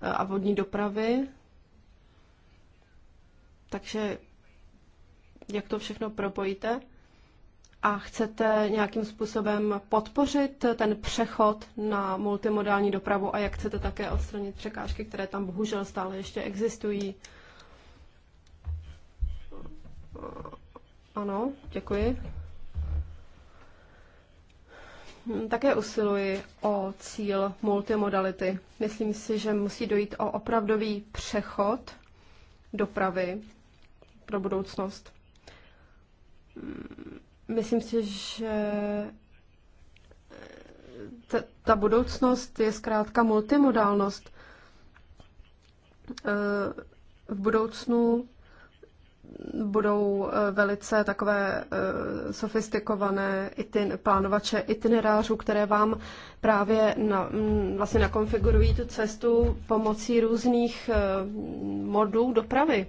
Speaker 2: eh, a vodní dopravy. Takže jak to všechno propojíte? A chcete nějakým způsobem podpořit ten přechod na multimodální dopravu a jak chcete také odstranit překážky, které tam bohužel stále ještě existují? Ano, děkuji také usiluji o cíl multimodality. Myslím si, že musí dojít o opravdový přechod dopravy pro budoucnost. Myslím si, že ta budoucnost je zkrátka multimodálnost. Eh, v budoucnu budou eh, velice takové eh, sofistikované itin, plánovače itinerářů, které vám právě na, mm, vlastně nakonfigurují tu cestu pomocí různých eh, modů dopravy.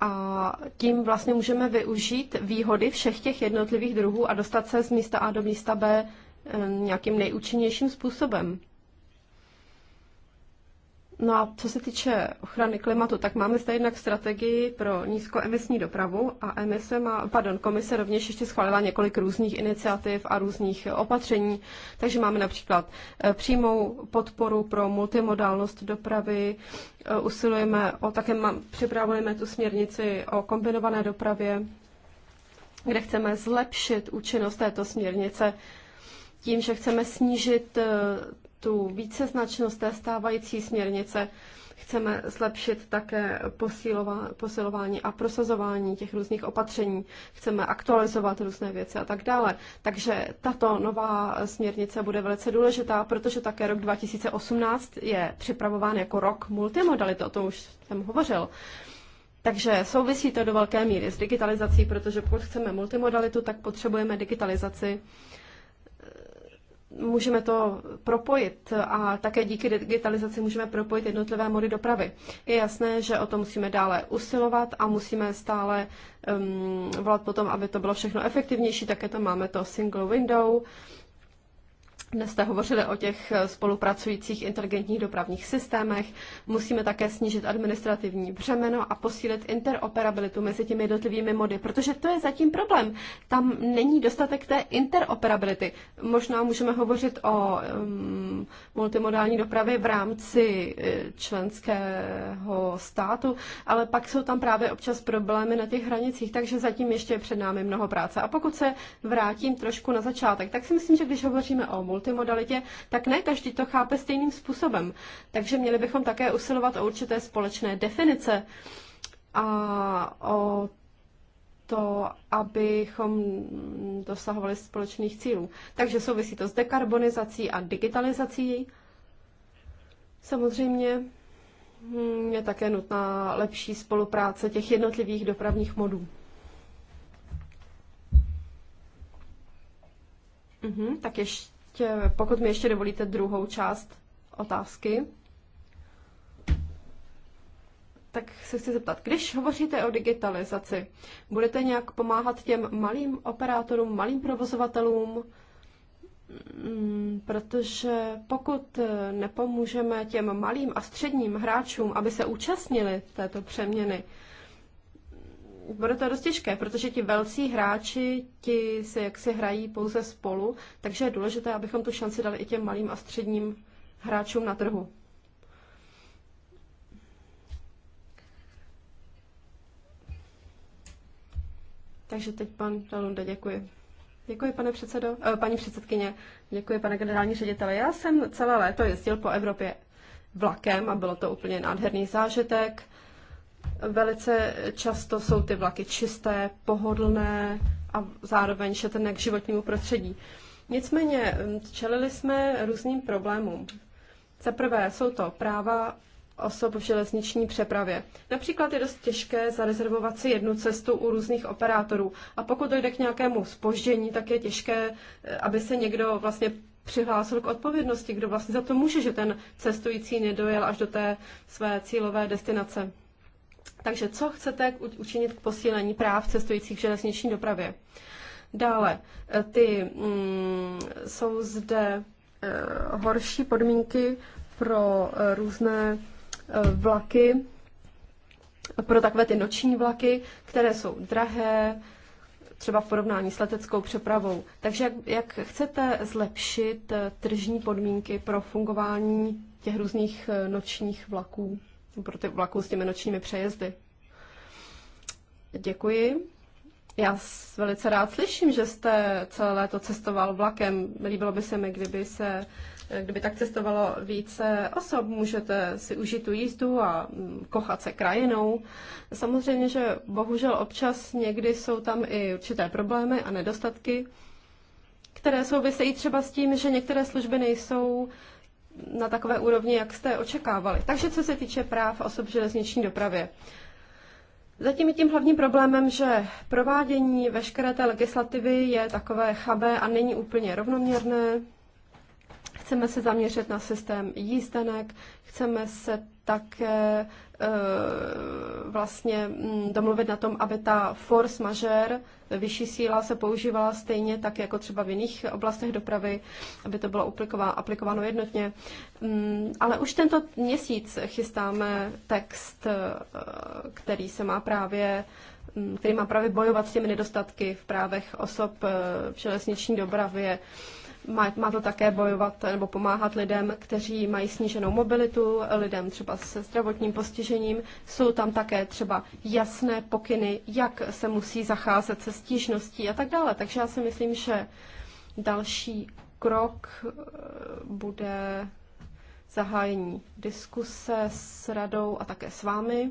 Speaker 2: A tím vlastně můžeme využít výhody všech těch jednotlivých druhů a dostat se z místa A do místa B nějakým nejúčinnějším způsobem. No a co se týče ochrany klimatu, tak máme zde jednak strategii pro nízkoemisní dopravu a emise má, pardon, komise rovněž ještě schválila několik různých iniciativ a různých opatření. Takže máme například eh, přímou podporu pro multimodálnost dopravy, eh, usilujeme o, také připravujeme tu směrnici o kombinované dopravě, kde chceme zlepšit účinnost této směrnice tím, že chceme snížit eh, tu víceznačnost té stávající směrnice. Chceme zlepšit také posilování a prosazování těch různých opatření. Chceme aktualizovat různé věci a tak dále. Takže tato nová směrnice bude velice důležitá, protože také rok 2018 je připravován jako rok multimodality, o tom už jsem hovořil. Takže souvisí to do velké míry s digitalizací, protože pokud chceme multimodalitu, tak potřebujeme digitalizaci můžeme to propojit a také díky digitalizaci můžeme propojit jednotlivé mody dopravy. Je jasné, že o to musíme dále usilovat a musíme stále um, volat potom, aby to bylo všechno efektivnější, také to máme to single window, dnes jste hovořili o těch eh, spolupracujících inteligentních dopravních systémech. Musíme také snížit administrativní břemeno a posílit interoperabilitu mezi těmi jednotlivými mody, protože to je zatím problém. Tam není dostatek té interoperability. Možná můžeme hovořit o um, multimodální dopravě v rámci eh, členského státu, ale pak jsou tam právě občas problémy na těch hranicích, takže zatím ještě je před námi mnoho práce. A pokud se vrátím trošku na začátek, tak si myslím, že když hovoříme o multi multimodalitě, tak ne každý to chápe stejným způsobem. Takže měli bychom také usilovat o určité společné definice a o to, abychom dosahovali společných cílů. Takže souvisí to s dekarbonizací a digitalizací. Samozřejmě hm, je také nutná lepší spolupráce těch jednotlivých dopravních modů. Mhm, tak ještě Eh, pokud mi ještě dovolíte druhou část otázky, tak se chci zeptat, když hovoříte o digitalizaci, budete nějak pomáhat těm malým operátorům, malým provozovatelům, mm, protože pokud eh, nepomůžeme těm malým a středním hráčům, aby se účastnili této přeměny, bude to dost těžké, protože ti velcí hráči, ti se jaksi hrají pouze spolu, takže je důležité, abychom tu šanci dali i těm malým a středním hráčům na trhu. Takže teď pan Dalunda, děkuji. Děkuji, pane předsedo, eh, paní předsedkyně, děkuji, pane generální ředitele. Já jsem celé léto jezdil po Evropě vlakem a bylo to úplně nádherný zážitek. Velice často jsou ty vlaky čisté, pohodlné a zároveň šetrné k životnímu prostředí. Nicméně mm, čelili jsme různým problémům. Za prvé jsou to práva osob v železniční přepravě. Například je dost těžké zarezervovat si jednu cestu u různých operátorů a pokud dojde k nějakému spoždění, tak je těžké, eh, aby se někdo vlastně přihlásil k odpovědnosti, kdo vlastně za to může, že ten cestující nedojel až do té své cílové destinace. Takže co chcete učinit k posílení práv cestujících v železniční dopravě? Dále, eh, ty mm, jsou zde e, horší podmínky pro e, různé e, vlaky, pro takové ty noční vlaky, které jsou drahé, třeba v porovnání s leteckou přepravou. Takže jak, jak chcete zlepšit tržní podmínky pro fungování těch různých nočních vlaků? pro ty vlaků s těmi nočními přejezdy. Děkuji. Já velice rád slyším, že jste celé léto cestoval vlakem. Líbilo by se mi, kdyby, se, kdyby tak cestovalo více osob. Můžete si užít tu jízdu a mm, kochat se krajinou. Samozřejmě, že bohužel občas někdy jsou tam i určité problémy a nedostatky, které souvisejí třeba s tím, že některé služby nejsou na takové úrovni, jak jste očekávali. Takže co se týče práv osob v železniční dopravě. Zatím je tím hlavním problémem, že provádění veškeré té legislativy je takové chabé a není úplně rovnoměrné. Chceme se zaměřit na systém jízdenek, chceme se také Eh, vlastně mm, domluvit na tom, aby ta force majeure, vyšší síla, se používala stejně tak jako třeba v jiných oblastech dopravy, aby to bylo aplikováno jednotně. Mm, ale už tento měsíc chystáme text, eh, který se má právě mm, který má právě bojovat s těmi nedostatky v právech osob eh, v železniční dopravě. Má, má to také bojovat nebo pomáhat lidem, kteří mají sníženou mobilitu, lidem třeba se zdravotním postižením. Jsou tam také třeba jasné pokyny, jak se musí zacházet se stížností a tak dále. Takže já si myslím, že další krok eh, bude zahájení diskuse s radou a také s vámi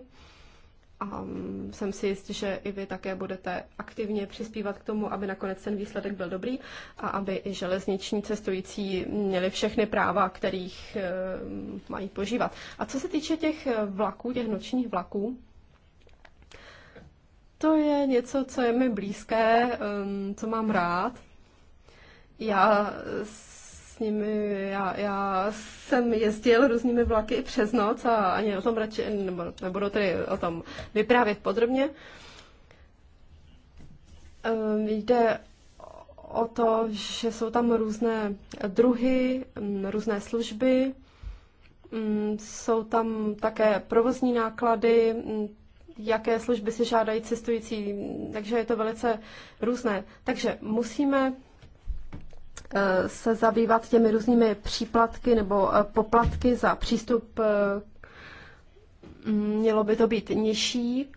Speaker 2: a mm, jsem si jistý, že i vy také budete aktivně přispívat k tomu, aby nakonec ten výsledek byl dobrý a aby i železniční cestující měli všechny práva, kterých eh, mají požívat. A co se týče těch eh, vlaků, těch nočních vlaků, to je něco, co je mi blízké, ehm, co mám rád. Já s nimi, já, já jsem jezdil různými vlaky i přes noc a ani o tom radši, nebo nebudu tady o tom vyprávět podrobně. Ehm, jde o to, že jsou tam různé druhy, mm, různé služby, mm, jsou tam také provozní náklady, mm, jaké služby si žádají cestující, takže je to velice různé. Takže musíme Eh, se zabývat těmi různými příplatky nebo eh, poplatky za přístup. Eh, mm, mělo by to být nižší.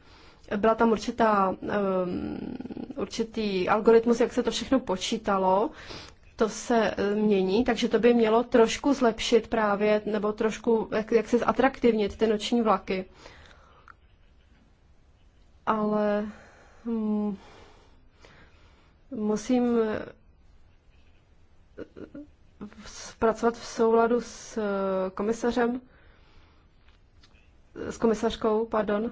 Speaker 2: Byla tam určitá, určitý algoritmus, jak se to všechno počítalo. To se mění, takže to by mělo trošku zlepšit právě, nebo trošku, jak, jak se zatraktivnit ty noční vlaky. Ale mm, musím pracovat v souladu s eh, komisařem, s komisařkou, pardon.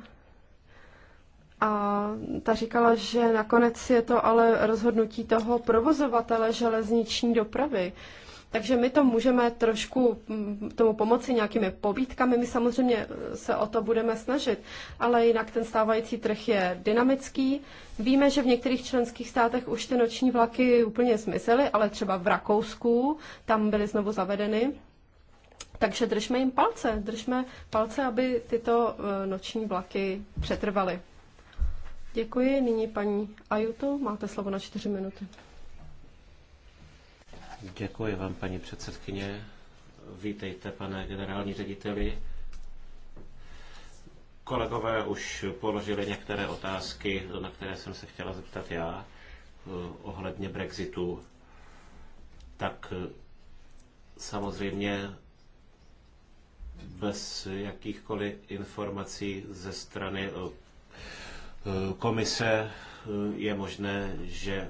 Speaker 2: A ta říkala, že nakonec je to ale rozhodnutí toho provozovatele železniční dopravy. Uh, takže my to můžeme trošku mm, tomu pomoci nějakými pobítkami, my samozřejmě eh, se o to budeme snažit, ale jinak ten stávající trh je dynamický. Víme, že v některých členských státech už ty noční vlaky úplně zmizely, ale třeba v Rakousku tam byly znovu zavedeny. Takže držme jim palce, držme palce, aby tyto eh, noční vlaky přetrvaly. Děkuji. Nyní paní Ajutu, máte slovo na čtyři minuty.
Speaker 1: Děkuji vám, paní předsedkyně. Vítejte, pane generální řediteli. Kolegové už položili některé otázky, na které jsem se chtěla zeptat já eh, ohledně Brexitu. Tak eh, samozřejmě bez jakýchkoliv informací ze strany eh, komise je možné, že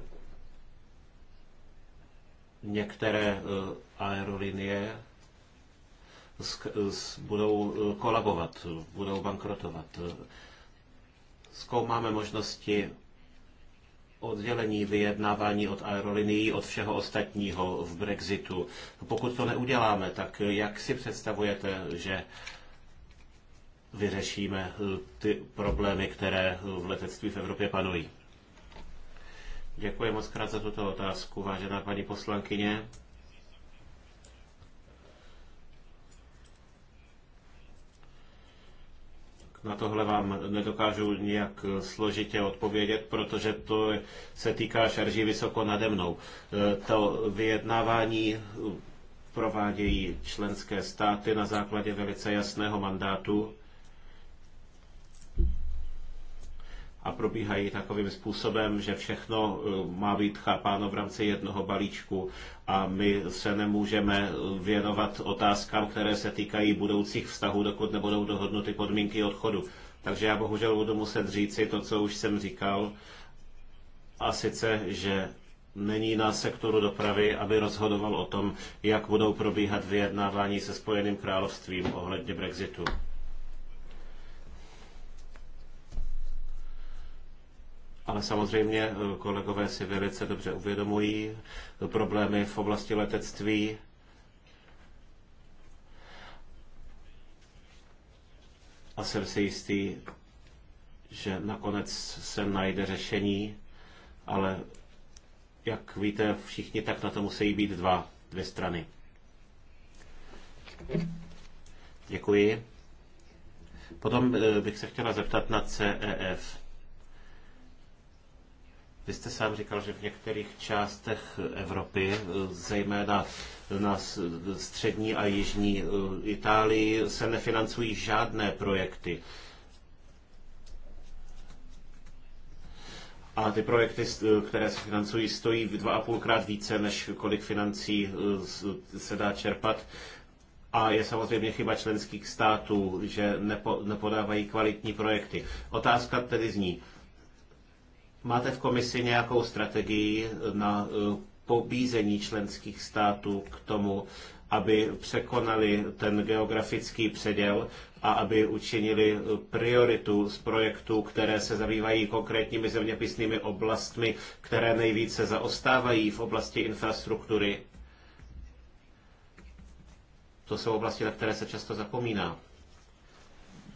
Speaker 1: některé eh, aerolinie eh, budou eh, kolabovat, budou bankrotovat. Zkoumáme možnosti oddělení vyjednávání od aerolinií, od všeho ostatního v Brexitu. Pokud to neuděláme, tak jak si představujete, že vyřešíme ty problémy, které v letectví v Evropě panují? Děkuji moc krát za tuto otázku, vážená paní poslankyně. Na tohle vám nedokážu nějak složitě odpovědět, protože to se týká šarží vysoko nade mnou. E, to vyjednávání provádějí členské státy na základě velice jasného mandátu a probíhají takovým způsobem, že všechno eh, má být chápáno v rámci jednoho balíčku a my se nemůžeme věnovat otázkám, které se týkají budoucích vztahů, dokud nebudou dohodnuty podmínky odchodu. Takže já bohužel budu muset říci to, co už jsem říkal, a sice, že není na sektoru dopravy, aby rozhodoval o tom, jak budou probíhat vyjednávání se Spojeným královstvím ohledně Brexitu. Ale samozřejmě eh, kolegové si velice dobře uvědomují problémy v oblasti letectví. A jsem si jistý, že nakonec se najde řešení, ale jak víte všichni, tak na to musí být dva, dvě strany. Děkuji. Potom eh, bych se chtěla zeptat na CEF. Vy jste sám říkal, že v některých částech Evropy, zejména na střední a jižní eh, Itálii, se nefinancují žádné projekty. A ty projekty, které se financují, stojí dva a půlkrát více, než kolik financí eh, se dá čerpat. A je samozřejmě chyba členských států, že nepo, nepodávají kvalitní projekty. Otázka tedy zní, Máte v komisi nějakou strategii na e, pobízení členských států k tomu, aby překonali ten geografický předěl a aby učinili e, prioritu z projektů, které se zabývají konkrétními zeměpisnými oblastmi, které nejvíce zaostávají v oblasti infrastruktury. To jsou oblasti, na které se často zapomíná.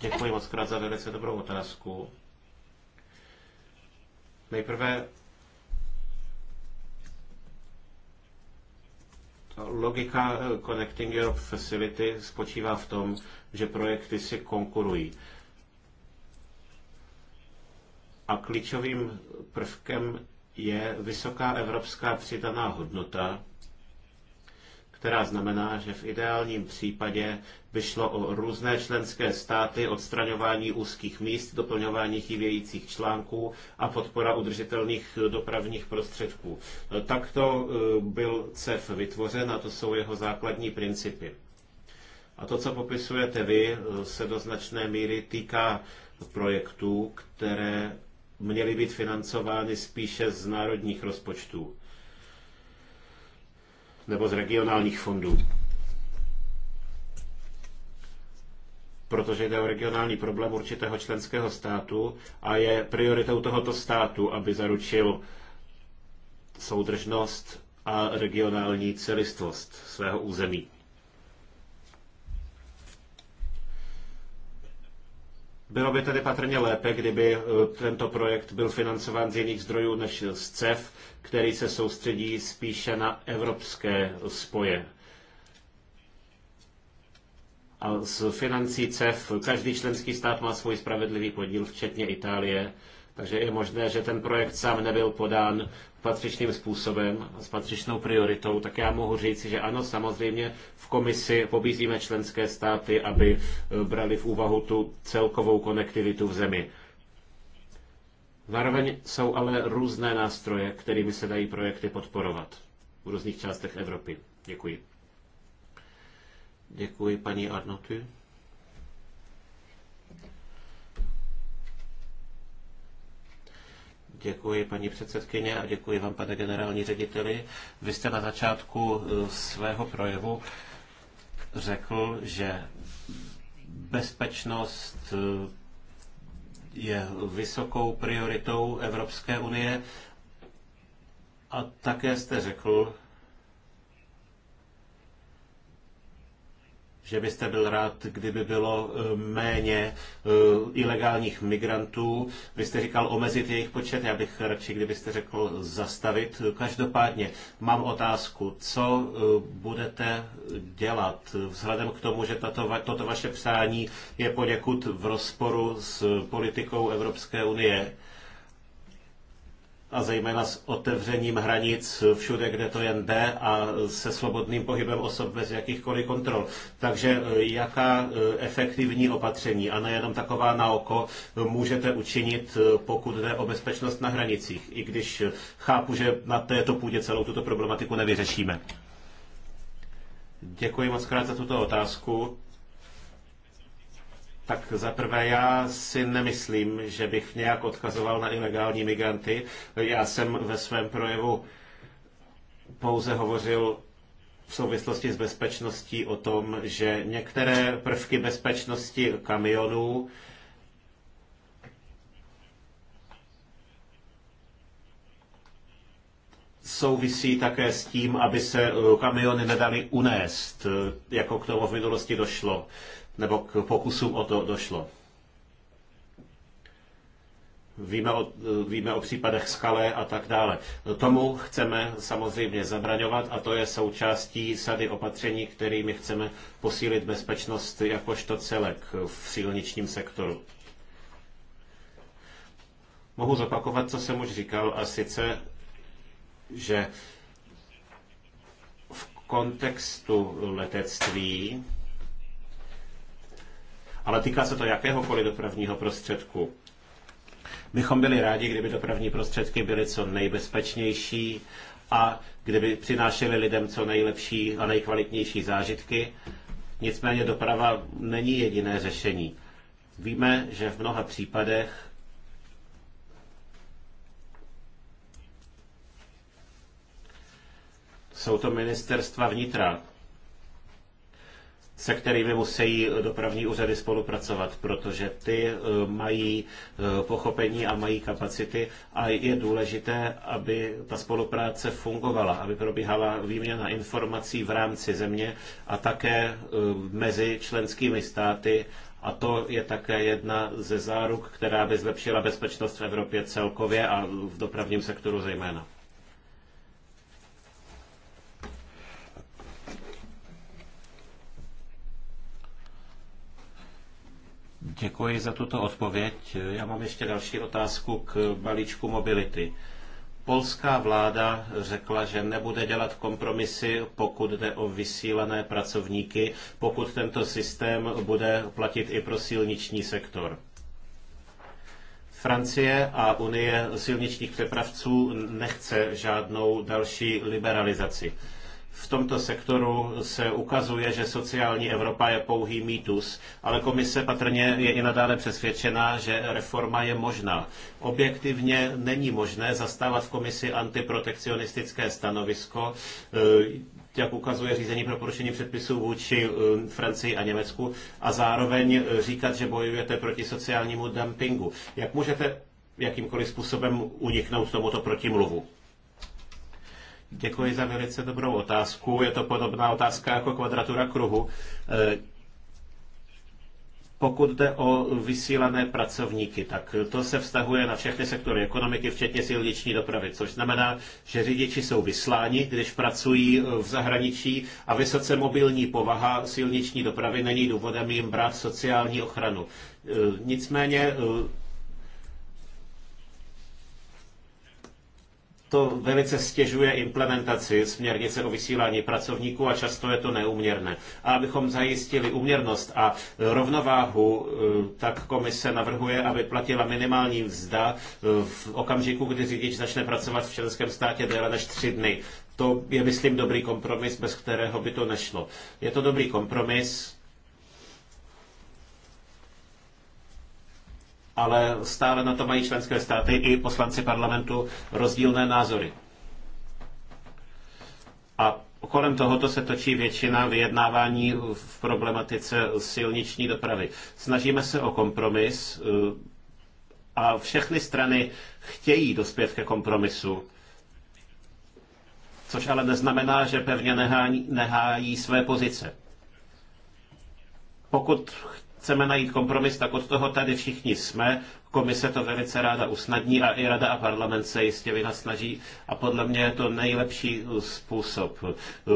Speaker 1: Děkuji eh. moc krát za velice dobrou otázku. Nejprve logika Connecting Europe Facility spočívá v tom, že projekty si konkurují. A klíčovým prvkem je vysoká evropská přidaná hodnota, která znamená, že v ideálním případě by šlo o různé členské státy, odstraňování úzkých míst, doplňování chybějících článků a podpora udržitelných dopravních prostředků. Takto eh, byl CEF vytvořen a to jsou jeho základní principy. A to, co popisujete vy, eh, se do značné míry týká projektů, které měly být financovány spíše z národních rozpočtů nebo z regionálních fondů. protože jde o regionální problém určitého členského státu a je prioritou tohoto státu, aby zaručil soudržnost a regionální celistvost svého území. Bylo by tedy patrně lépe, kdyby eh, tento projekt byl financován z jiných zdrojů než z CEF, který se soustředí spíše na evropské spoje. A z financí CEF každý členský stát má svůj spravedlivý podíl, včetně Itálie, takže je možné, že ten projekt sám nebyl podán patřičným způsobem, s patřičnou prioritou, tak já mohu říct, že ano, samozřejmě v komisi pobízíme členské státy, aby brali v úvahu tu celkovou konektivitu v zemi. Zároveň jsou ale různé nástroje, kterými se dají projekty podporovat v různých částech Evropy. Děkuji. Děkuji paní Arnoty. Děkuji, paní předsedkyně, a děkuji vám, pane generální řediteli. Vy jste na začátku eh, svého projevu řekl, že bezpečnost eh, je vysokou prioritou Evropské unie. A také jste řekl, že byste byl rád, kdyby bylo eh, méně eh, ilegálních migrantů. Vy jste říkal omezit jejich počet, já bych radši, kdybyste řekl zastavit. Každopádně mám otázku, co eh, budete dělat vzhledem k tomu, že tato, toto vaše přání je poněkud v rozporu s politikou Evropské unie? a zejména s otevřením hranic všude, kde to jen jde a se svobodným pohybem osob bez jakýchkoliv kontrol. Takže e, jaká e, efektivní opatření, a nejenom taková na oko, můžete učinit, e, pokud jde o bezpečnost na hranicích, i když chápu, že na této půdě celou tuto problematiku nevyřešíme. Děkuji moc krát za tuto otázku. Tak zaprvé já si nemyslím, že bych nějak odkazoval na ilegální migranty. Já jsem ve svém projevu pouze hovořil v souvislosti s bezpečností o tom, že některé prvky bezpečnosti kamionů souvisí také s tím, aby se kamiony nedaly unést, jako k tomu v minulosti došlo nebo k pokusům o to došlo. Víme o, víme o případech skalé a tak dále. Tomu chceme samozřejmě zabraňovat a to je součástí sady opatření, kterými chceme posílit bezpečnost jakožto celek v silničním sektoru. Mohu zopakovat, co jsem už říkal, a sice, že v kontextu letectví ale týká se to jakéhokoliv dopravního prostředku. Bychom byli rádi, kdyby dopravní prostředky byly co nejbezpečnější a kdyby přinášely lidem co nejlepší a nejkvalitnější zážitky. Nicméně doprava není jediné řešení. Víme, že v mnoha případech jsou to ministerstva vnitra, se kterými musí dopravní úřady spolupracovat, protože ty eh, mají eh, pochopení a mají kapacity a je důležité, aby ta spolupráce fungovala, aby probíhala výměna informací v rámci země a také eh, mezi členskými státy a to je také jedna ze záruk, která by zlepšila bezpečnost v Evropě celkově a v dopravním sektoru zejména. Děkuji za tuto odpověď. Já mám ještě další otázku k balíčku mobility. Polská vláda řekla, že nebude dělat kompromisy, pokud jde o vysílané pracovníky, pokud tento systém bude platit i pro silniční sektor. Francie a Unie silničních přepravců nechce žádnou další liberalizaci v tomto sektoru se ukazuje, že sociální Evropa je pouhý mýtus, ale komise patrně je i nadále přesvědčena, že reforma je možná. Objektivně není možné zastávat v komisi antiprotekcionistické stanovisko, eh, jak ukazuje řízení pro porušení předpisů vůči eh, Francii a Německu, a zároveň eh, říkat, že bojujete proti sociálnímu dumpingu. Jak můžete jakýmkoliv způsobem uniknout tomuto protimluvu? Děkuji za velice dobrou otázku. Je to podobná otázka jako kvadratura kruhu. E, pokud jde o vysílané pracovníky, tak to se vztahuje na všechny sektory ekonomiky, včetně silniční dopravy, což znamená, že řidiči jsou vysláni, když pracují v zahraničí a vysoce mobilní povaha silniční dopravy není důvodem jim brát sociální ochranu. E, nicméně e, to velice stěžuje implementaci směrnice o vysílání pracovníků a často je to neúměrné. A abychom zajistili úměrnost a rovnováhu, eh, tak komise navrhuje, aby platila minimální mzda eh, v okamžiku, kdy řidič začne pracovat v členském státě déle než tři dny. To je, myslím, dobrý kompromis, bez kterého by to nešlo. Je to dobrý kompromis, ale stále na to mají členské státy i poslanci parlamentu rozdílné názory. A kolem tohoto se točí většina vyjednávání v problematice silniční dopravy. Snažíme se o kompromis eh, a všechny strany chtějí dospět ke kompromisu. Což ale neznamená, že pevně nehájí, nehájí své pozice. Pokud chceme najít kompromis, tak od toho tady všichni jsme. Komise to velice ráda usnadní a i rada a parlament se jistě vynasnaží a podle mě je to nejlepší způsob.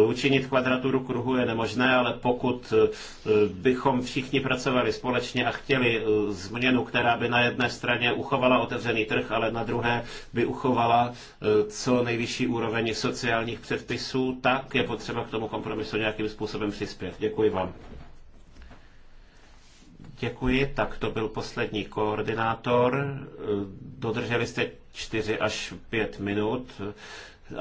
Speaker 1: Učinit kvadraturu kruhu je nemožné, ale pokud eh, bychom všichni pracovali společně a chtěli eh, změnu, která by na jedné straně uchovala otevřený trh, ale na druhé by uchovala eh, co nejvyšší úroveň sociálních předpisů, tak je potřeba k tomu kompromisu nějakým způsobem přispět. Děkuji vám. Děkuji, tak to byl poslední koordinátor. Dodrželi jste 4 až 5 minut.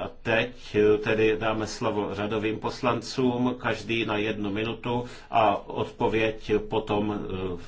Speaker 1: A teď tedy dáme slovo řadovým poslancům, každý na jednu minutu a odpověď potom e,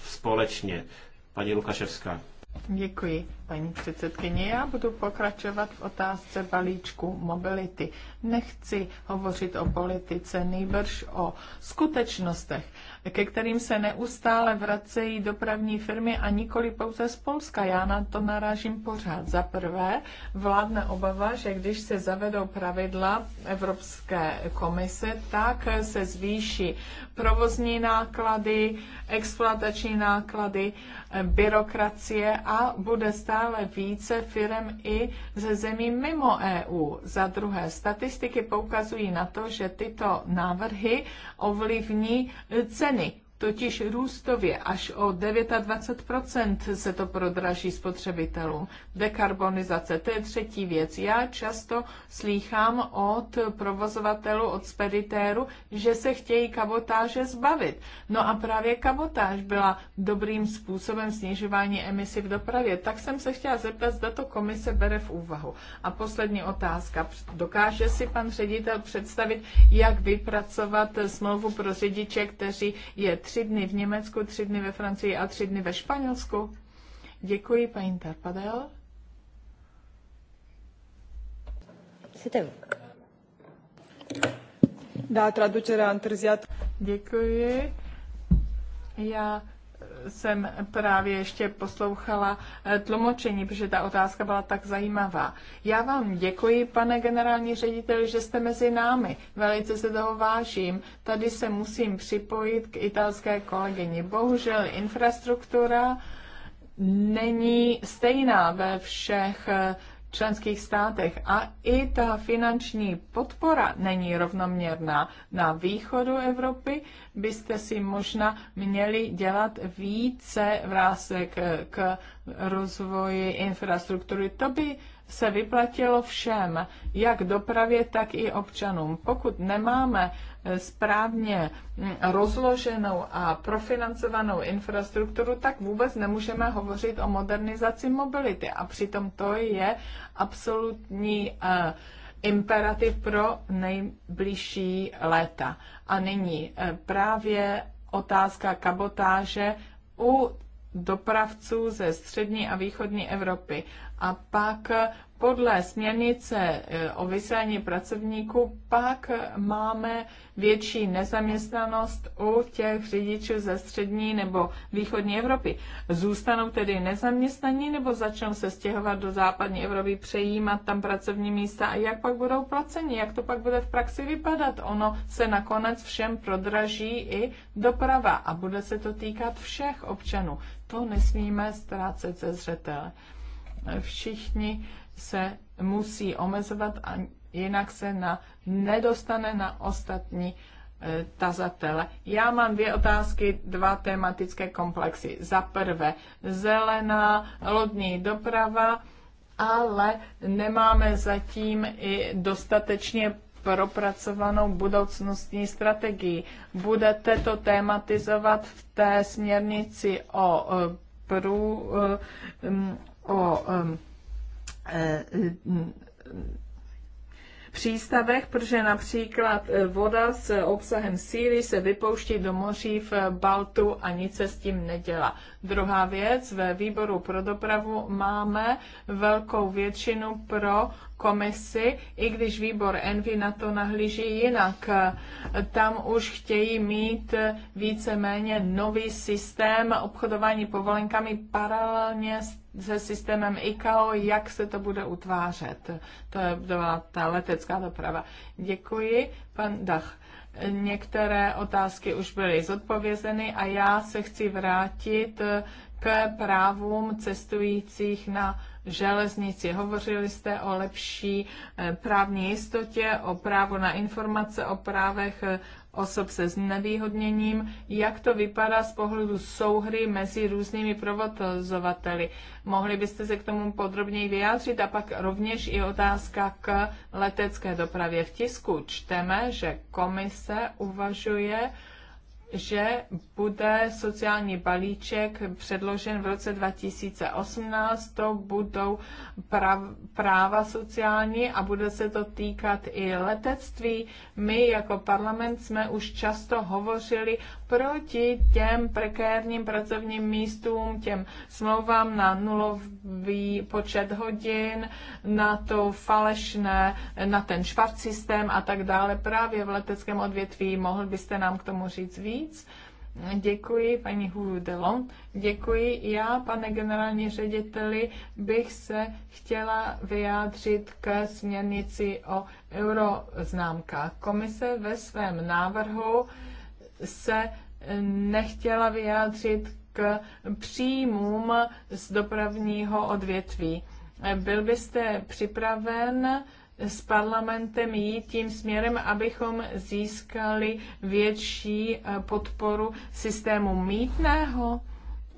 Speaker 1: společně. Paní Lukaševská.
Speaker 3: Děkuji paní předsedkyně. Já budu pokračovat v otázce balíčku mobility. Nechci hovořit o politice, nejbrž o skutečnostech, ke kterým se neustále vracejí dopravní firmy a nikoli pouze z Polska. Já na to narážím pořád. Za prvé, vládne obava, že když se zavedou pravidla Evropské komise, tak se zvýší provozní náklady, exploatační náklady, byrokracie a bude stát stále více firm i ze zemí mimo EU. Za druhé, statistiky poukazují na to, že tyto návrhy ovlivní ceny totiž růstově až o 29 se to prodraží spotřebitelům. Dekarbonizace, to je třetí věc. Já často slýchám od provozovatelů, od speditéru, že se chtějí kabotáže zbavit. No a právě kabotáž byla dobrým způsobem snižování emisí v dopravě. Tak jsem se chtěla zeptat, zda to komise bere v úvahu. A poslední otázka. Dokáže si pan ředitel představit, jak vypracovat smlouvu pro řidiče, kteří je tři dny v Německu, tři dny ve Francii a tři dny ve Španělsku. Děkuji, paní Tarpadel. Da, traducerea Děkuji. Já jsem právě ještě poslouchala eh, tlumočení, protože ta otázka byla tak zajímavá. Já vám děkuji, pane generální řediteli, že jste mezi námi. Velice se toho vážím. Tady se musím připojit k italské kolegyni. Bohužel infrastruktura není stejná ve všech eh, členských státech a i ta finanční podpora není rovnoměrná. Na východu Evropy byste si možná měli dělat více vrásek k rozvoji infrastruktury. To by se vyplatilo všem, jak dopravě, tak i občanům. Pokud nemáme správně rozloženou a profinancovanou infrastrukturu, tak vůbec nemůžeme hovořit o modernizaci mobility. A přitom to je absolutní eh, imperativ pro nejbližší léta. A nyní eh, právě otázka kabotáže u dopravců ze střední a východní Evropy. A pak podle směrnice e, o vysílání pracovníků pak máme větší nezaměstnanost u těch řidičů ze střední nebo východní Evropy. Zůstanou tedy nezaměstnaní nebo začnou se stěhovat do západní Evropy, přejímat tam pracovní místa a jak pak budou placeni, jak to pak bude v praxi vypadat. Ono se nakonec všem prodraží i doprava a bude se to týkat všech občanů. To nesmíme ztrácet ze zřetele. Všichni se musí omezovat a jinak se na, nedostane na ostatní e, tazatele. Já mám dvě otázky, dva tematické komplexy. Za prvé, zelená lodní doprava, ale nemáme zatím i dostatečně propracovanou budoucnostní strategii. Budete to tematizovat v té směrnici o, e, prů, e, o, o Eh, eh, přístavech, protože například eh, voda s obsahem síry se vypouští do moří v Baltu a nic se s tím nedělá. Druhá věc, ve výboru pro dopravu máme velkou většinu pro komisi, i když výbor Envy na to nahlíží jinak. Tam už chtějí mít víceméně nový systém obchodování povolenkami paralelně se systémem ICAO, jak se to bude utvářet. To byla ta letecká doprava. Děkuji, pan Dach. Některé otázky už byly zodpovězeny a já se chci vrátit k právům cestujících na železnici. Hovořili jste o lepší eh, právní jistotě, o právo na informace, o právech eh, osob se znevýhodněním, jak to vypadá z pohledu souhry mezi různými provozovateli. Mohli byste se k tomu podrobněji vyjádřit a pak rovněž i otázka k letecké dopravě. V tisku čteme, že komise uvažuje že bude sociální balíček předložen v roce 2018. To budou práva sociální a bude se to týkat i letectví. My jako parlament jsme už často hovořili proti těm prekérním pracovním místům, těm smlouvám na nulový počet hodin, na to falešné, na ten švart systém a tak dále. Právě v leteckém odvětví mohl byste nám k tomu říct víc? nic. Děkuji, paní Hulu Delon. Děkuji. Já, pane generální řediteli, bych se chtěla vyjádřit k směrnici o euroznámkách. Komise ve svém návrhu se nechtěla vyjádřit k příjmům z dopravního odvětví. Byl byste připraven s parlamentem jít tím směrem, abychom získali větší eh, podporu systému mítného.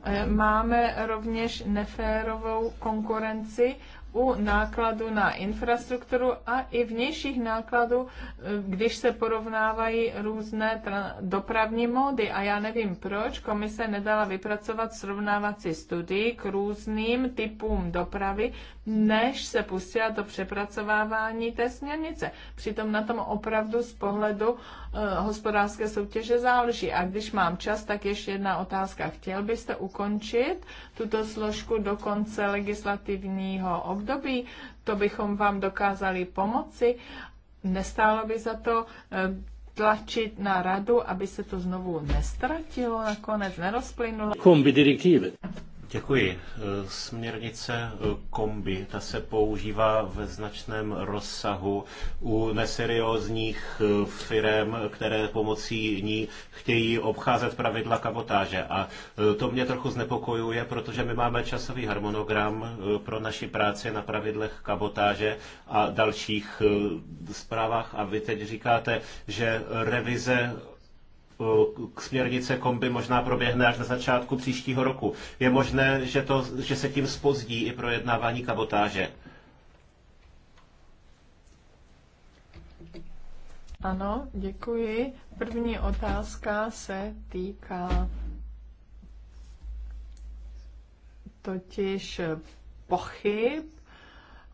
Speaker 3: Eh, máme rovněž neférovou konkurenci u nákladu na infrastrukturu a i vnějších nákladů, eh, když se porovnávají různé dopravní módy. A já nevím, proč komise nedala vypracovat srovnávací studii k různým typům dopravy, než se pustila do přepracovávání té směrnice. Přitom na tom opravdu z pohledu e, hospodářské soutěže záleží. A když mám čas, tak ještě jedna otázka. Chtěl byste ukončit tuto složku do konce legislativního období? To bychom vám dokázali pomoci. Nestálo by za to e, tlačit na radu, aby se to znovu nestratilo nakonec, nerozplynulo.
Speaker 1: Kombi direktivy. Děkuji. Eh, směrnice eh, kombi, ta se používá ve značném rozsahu u neseriózních eh, firm, které pomocí ní chtějí obcházet pravidla kabotáže. A to mě trochu znepokojuje, protože my máme časový harmonogram pro naši práci na pravidlech kabotáže a dalších zprávách. A vy teď říkáte, že revize Eh, k směrnice kombi možná proběhne až na začátku příštího roku. Je možné, že, to, že se tím spozdí i projednávání kabotáže?
Speaker 3: Ano, děkuji. První otázka se týká totiž pochyb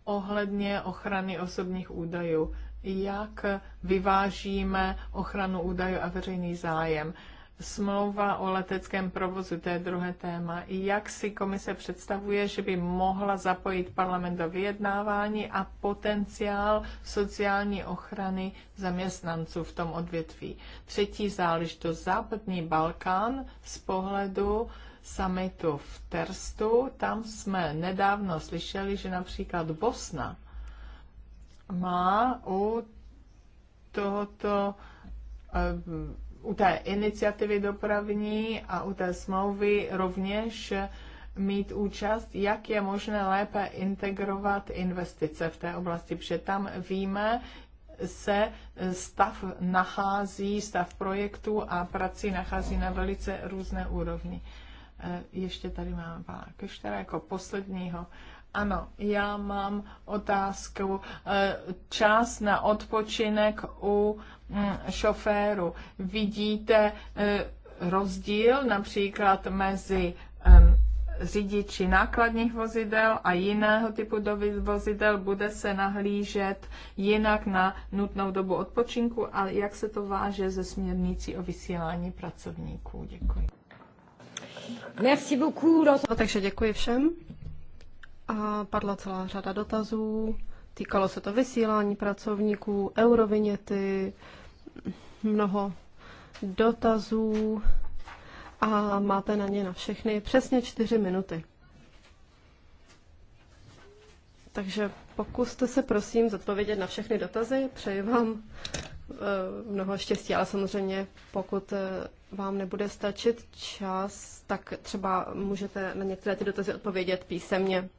Speaker 3: ohledně ochrany osobních údajů jak vyvážíme ochranu údajů a veřejný zájem. Smlouva o leteckém provozu, to je druhé téma. Jak si komise představuje, že by mohla zapojit parlament do vyjednávání a potenciál sociální ochrany zaměstnanců v tom odvětví? Třetí záležitost, západní Balkán z pohledu summitu v Terstu. Tam jsme nedávno slyšeli, že například Bosna má u tohoto eh, u té iniciativy dopravní a u té smlouvy rovněž mít účast, jak je možné lépe integrovat investice v té oblasti, protože tam víme, se stav nachází, stav projektu a prací nachází na velice různé úrovni. Eh, ještě tady máme pana Keštera jako posledního ano, já mám otázku. Eh, čas na odpočinek u mm, šoféru. Vidíte eh, rozdíl například mezi řidiči nákladních vozidel a jiného typu vozidel bude se nahlížet jinak na nutnou dobu odpočinku a jak se to váže ze směrnicí o vysílání pracovníků. Děkuji. Merci beaucoup. No, takže děkuji všem a padla
Speaker 2: celá řada dotazů. Týkalo se to vysílání pracovníků, eurovinety, mnoho dotazů a máte na ně na všechny přesně čtyři minuty. Takže pokuste se prosím zodpovědět na všechny dotazy. Přeji vám eh, mnoho štěstí, ale samozřejmě pokud eh, vám nebude stačit čas, tak třeba můžete na některé ty dotazy odpovědět písemně.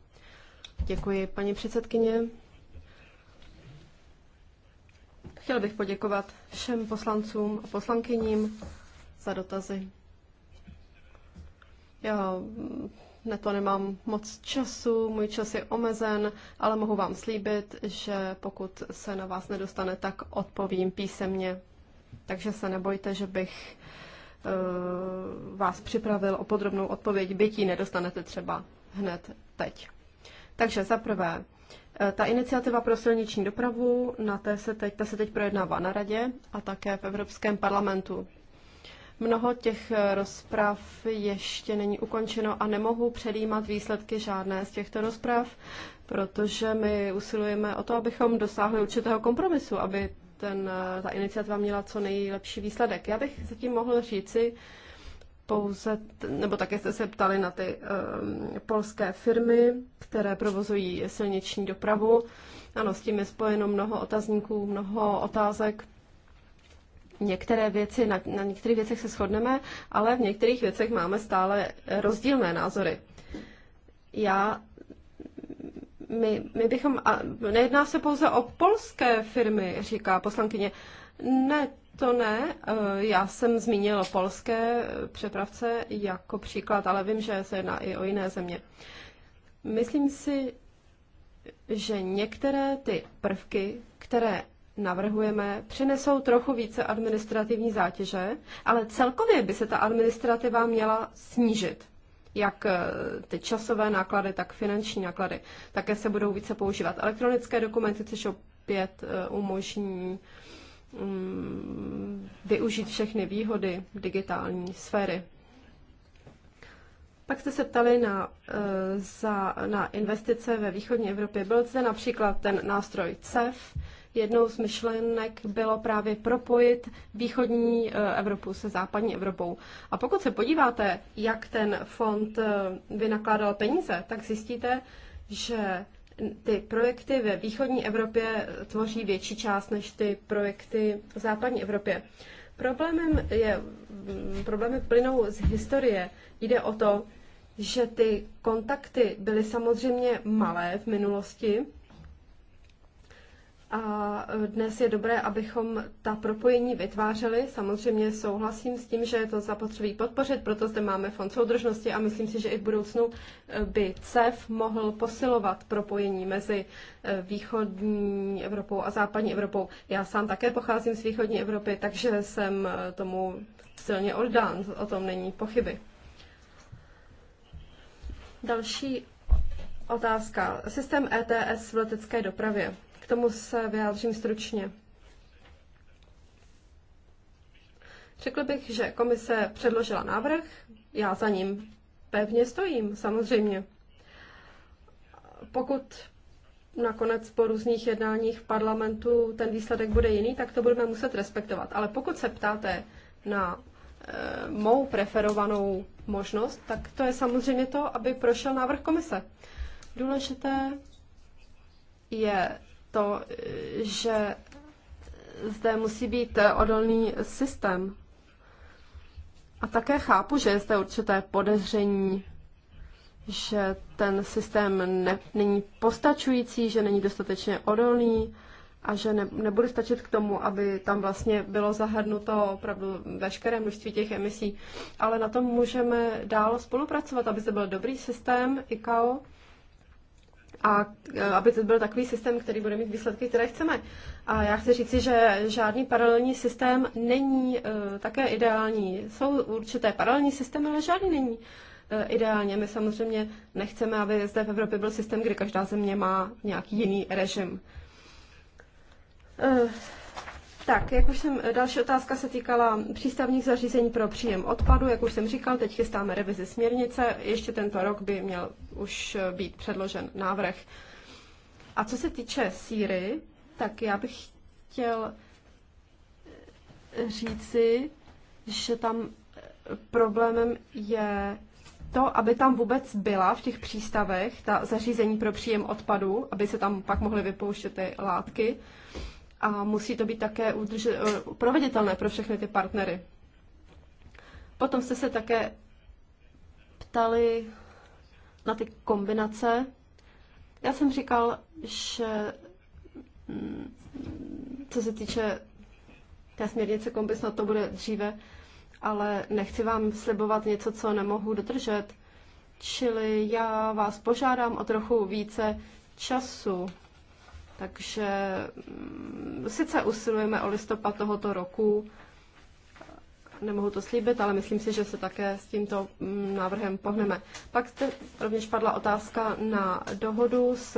Speaker 2: Děkuji, paní předsedkyně. Chtěl bych poděkovat všem poslancům a poslankyním za dotazy. Já na to nemám moc času, můj čas je omezen, ale mohu vám slíbit, že pokud se na vás nedostane, tak odpovím písemně. Takže se nebojte, že bych eh, vás připravil o podrobnou odpověď, bytí nedostanete třeba hned teď. Takže za prvé, eh, ta iniciativa pro silniční dopravu, na té se teď, ta se teď projednává na radě a také v Evropském parlamentu. Mnoho těch eh, rozprav ještě není ukončeno a nemohu předjímat výsledky žádné z těchto rozprav, protože my usilujeme o to, abychom dosáhli určitého kompromisu, aby ten, eh, ta iniciativa měla co nejlepší výsledek. Já bych zatím mohl říci, pouze, nebo také jste se ptali na ty um, polské firmy, které provozují silniční dopravu. Ano, s tím je spojeno mnoho otazníků, mnoho otázek. Některé věci, na, na některých věcech se shodneme, ale v některých věcech máme stále rozdílné názory. Já my, my bychom, a nejedná se pouze o polské firmy, říká poslankyně. Ne, to ne, eh, já jsem zmínil polské přepravce jako příklad, ale vím, že se jedná i o jiné země. Myslím si, že některé ty prvky, které navrhujeme, přinesou trochu více administrativní zátěže, ale celkově by se ta administrativa měla snížit. Jak eh, ty časové náklady, tak finanční náklady. Také se budou více používat elektronické dokumenty, což opět eh, umožní uh, Mm, využít všechny výhody digitální sféry. Pak jste se ptali na, eh, za, na investice ve východní Evropě. Byl zde například ten nástroj CEF. Jednou z myšlenek bylo právě propojit východní eh, Evropu se západní Evropou. A pokud se podíváte, jak ten fond eh, vynakládal peníze, tak zjistíte, že ty projekty ve východní Evropě tvoří větší část než ty projekty v západní Evropě. Problémem je, problémy plynou z historie. Jde o to, že ty kontakty byly samozřejmě malé v minulosti, a e, dnes je dobré, abychom ta propojení vytvářeli. Samozřejmě souhlasím s tím, že je to zapotřebí podpořit, proto zde máme fond soudržnosti a myslím si, že i v budoucnu e, by CEF mohl posilovat propojení mezi e, východní Evropou a západní Evropou. Já sám také pocházím z východní Evropy, takže jsem tomu silně oddán, o tom není pochyby. Další otázka. Systém ETS v letecké dopravě. K tomu se vyjádřím stručně. Řekl bych, že komise předložila návrh, já za ním pevně stojím, samozřejmě. Pokud nakonec po různých jednáních v parlamentu ten výsledek bude jiný, tak to budeme muset respektovat. Ale pokud se ptáte na e, mou preferovanou možnost, tak to je samozřejmě to, aby prošel návrh komise. Důležité je to, že zde musí být odolný systém. A také chápu, že je zde určité podezření, že ten systém ne, není postačující, že není dostatečně odolný a že ne, nebude stačit k tomu, aby tam vlastně bylo zahrnuto opravdu veškeré množství těch emisí. Ale na tom můžeme dál spolupracovat, aby to byl dobrý systém ICAO, a eh, aby to byl takový systém, který bude mít výsledky, které chceme. A já chci říci, že žádný paralelní systém není eh, také ideální. Jsou určité paralelní systémy, ale žádný není eh, ideálně. My samozřejmě nechceme, aby zde v Evropě byl systém, kde každá země má nějaký jiný režim. Tak, jak už jsem, další otázka se týkala přístavních zařízení pro příjem odpadu. Jak už jsem říkal, teď chystáme revizi směrnice. Ještě tento rok by měl už být předložen návrh. A co se týče síry, tak já bych chtěl říci, že tam problémem je to, aby tam vůbec byla v těch přístavech ta zařízení pro příjem odpadu, aby se tam pak mohly vypouštět ty látky a musí to být také udrži- eh, proveditelné pro všechny ty partnery. Potom jste se také ptali na ty kombinace. Já jsem říkal, že mm, co se týče té směrnice kombis, na no to bude dříve, ale nechci vám slibovat něco, co nemohu dodržet. Čili já vás požádám o trochu více času. Takže mm, sice usilujeme o listopad tohoto roku, nemohu to slíbit, ale myslím si, že se také s tímto mm, návrhem pohneme. Pak jste rovněž padla otázka na dohodu s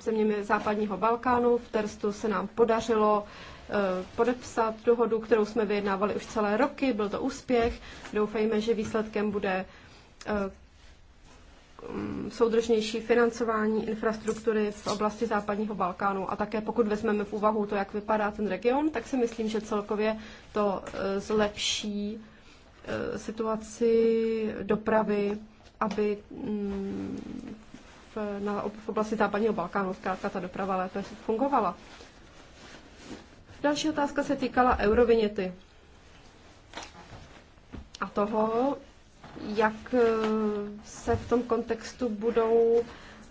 Speaker 2: zeměmi západního Balkánu. V Terstu se nám podařilo e, podepsat dohodu, kterou jsme vyjednávali už celé roky. Byl to úspěch. Doufejme, že výsledkem bude e, Mm, soudržnější financování infrastruktury v oblasti západního Balkánu. A také pokud vezmeme v úvahu to, jak vypadá ten region, tak si myslím, že celkově to e, zlepší e, situaci dopravy, aby mm, v, na, v oblasti západního Balkánu zkrátka ta doprava lépe fungovala. Další otázka se týkala eurovinety a toho, jak eh, se v tom kontextu budou,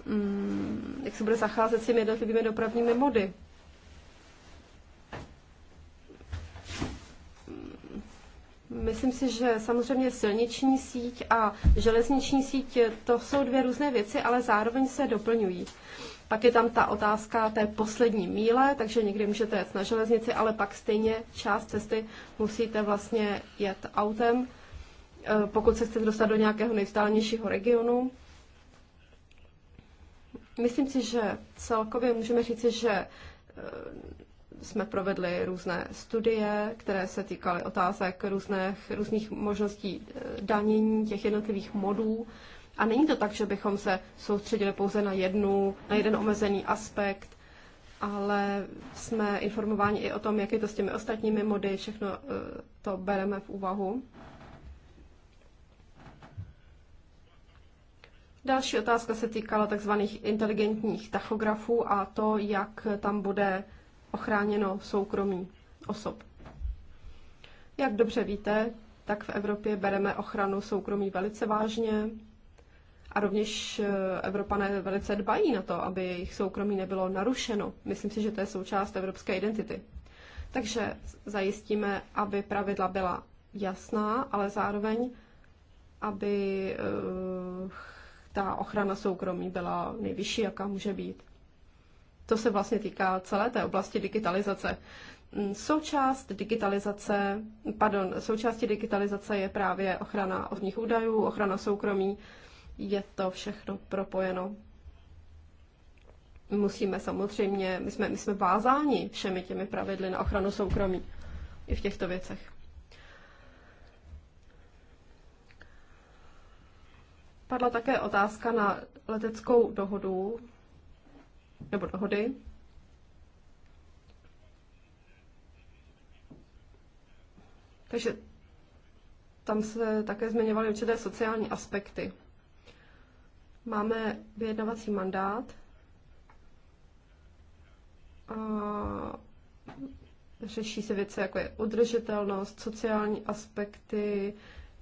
Speaker 2: mm, jak se bude zacházet s těmi jednotlivými dopravními mody. Myslím si, že samozřejmě silniční síť a železniční síť, eh, to jsou dvě různé věci, ale zároveň se doplňují. Pak je tam ta otázka té poslední míle, takže někdy můžete jet na železnici, ale pak stejně část cesty musíte vlastně jet autem. Eh, pokud se chcete dostat do nějakého nejvzdálenějšího regionu. Myslím si, že celkově můžeme říci, že eh, jsme provedli různé studie, které se týkaly otázek různých, různých možností eh, danění těch jednotlivých modů. A není to tak, že bychom se soustředili pouze na, jednu, na jeden omezený aspekt, ale jsme informováni i o tom, jak je to s těmi ostatními mody, všechno to bereme v úvahu. Další otázka se týkala tzv. inteligentních tachografů a to, jak tam bude ochráněno soukromí osob. Jak dobře víte, tak v Evropě bereme ochranu soukromí velice vážně a rovněž eh, Evropané velice dbají na to, aby jejich soukromí nebylo narušeno. Myslím si, že to je součást evropské identity. Takže zajistíme, aby pravidla byla jasná, ale zároveň, aby eh, ta ochrana soukromí byla nejvyšší, jaká může být. To se vlastně týká celé té oblasti digitalizace. Mm, součást digitalizace, pardon, součástí digitalizace je právě ochrana osobních údajů, ochrana soukromí. Je to všechno propojeno. Musíme samozřejmě, my jsme, my jsme vázáni všemi těmi pravidly na ochranu soukromí i v těchto věcech. Padla také otázka na leteckou dohodu, nebo dohody. Takže tam se také zmiňovaly určité sociální aspekty. Máme vyjednovací mandát. A řeší se věci, jako je udržitelnost, sociální aspekty,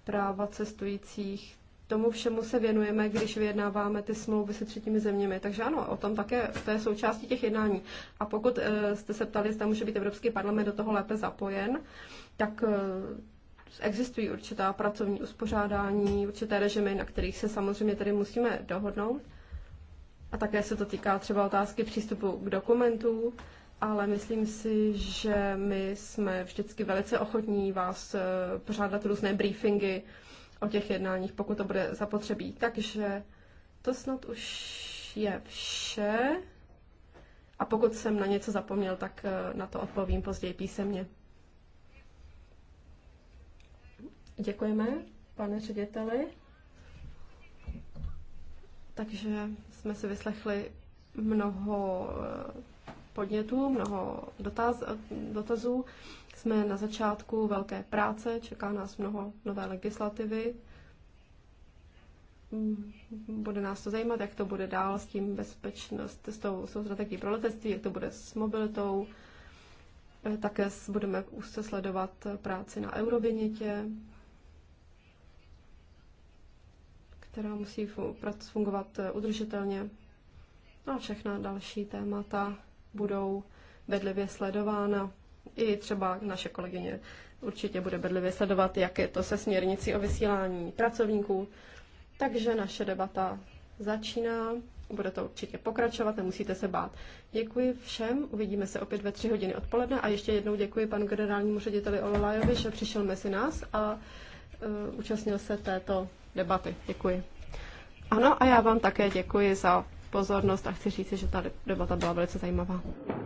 Speaker 2: práva cestujících, tomu všemu se věnujeme, když vyjednáváme ty smlouvy se třetími zeměmi. Takže ano, o tom také, to je součástí těch jednání. A pokud eh, jste se ptali, zda může být Evropský parlament do toho lépe zapojen, tak eh, existují určitá pracovní uspořádání, určité režimy, na kterých se samozřejmě tady musíme dohodnout. A také se to týká třeba otázky přístupu k dokumentům, ale myslím si, že my jsme vždycky velice ochotní vás eh, pořádat různé briefingy, o těch jednáních, pokud to bude zapotřebí. Takže to snad už je vše. A pokud jsem na něco zapomněl, tak eh, na to odpovím později písemně. Děkujeme, pane řediteli. Takže jsme si vyslechli mnoho eh, podnětů, mnoho dotaz, dotazů. Jsme na začátku velké práce, čeká nás mnoho nové legislativy. Mm, bude nás to zajímat, jak to bude dál s tím bezpečnost, s tou, s tou strategií pro letectví, jak to bude s mobilitou. Eh, také budeme úzce sledovat práci na eurovinětě, která musí fungovat eh, udržitelně. No a všechna další témata budou vedlivě sledována i třeba naše kolegyně určitě bude bedlivě sledovat, jak je to se směrnicí o vysílání pracovníků. Takže naše debata začíná, bude to určitě pokračovat, nemusíte se bát. Děkuji všem, uvidíme se opět ve tři hodiny odpoledne a ještě jednou děkuji panu generálnímu řediteli Ololajovi, že přišel mezi nás a uh, účastnil se této debaty. Děkuji. Ano, a já vám také děkuji za pozornost a chci říct, že ta debata byla velice zajímavá.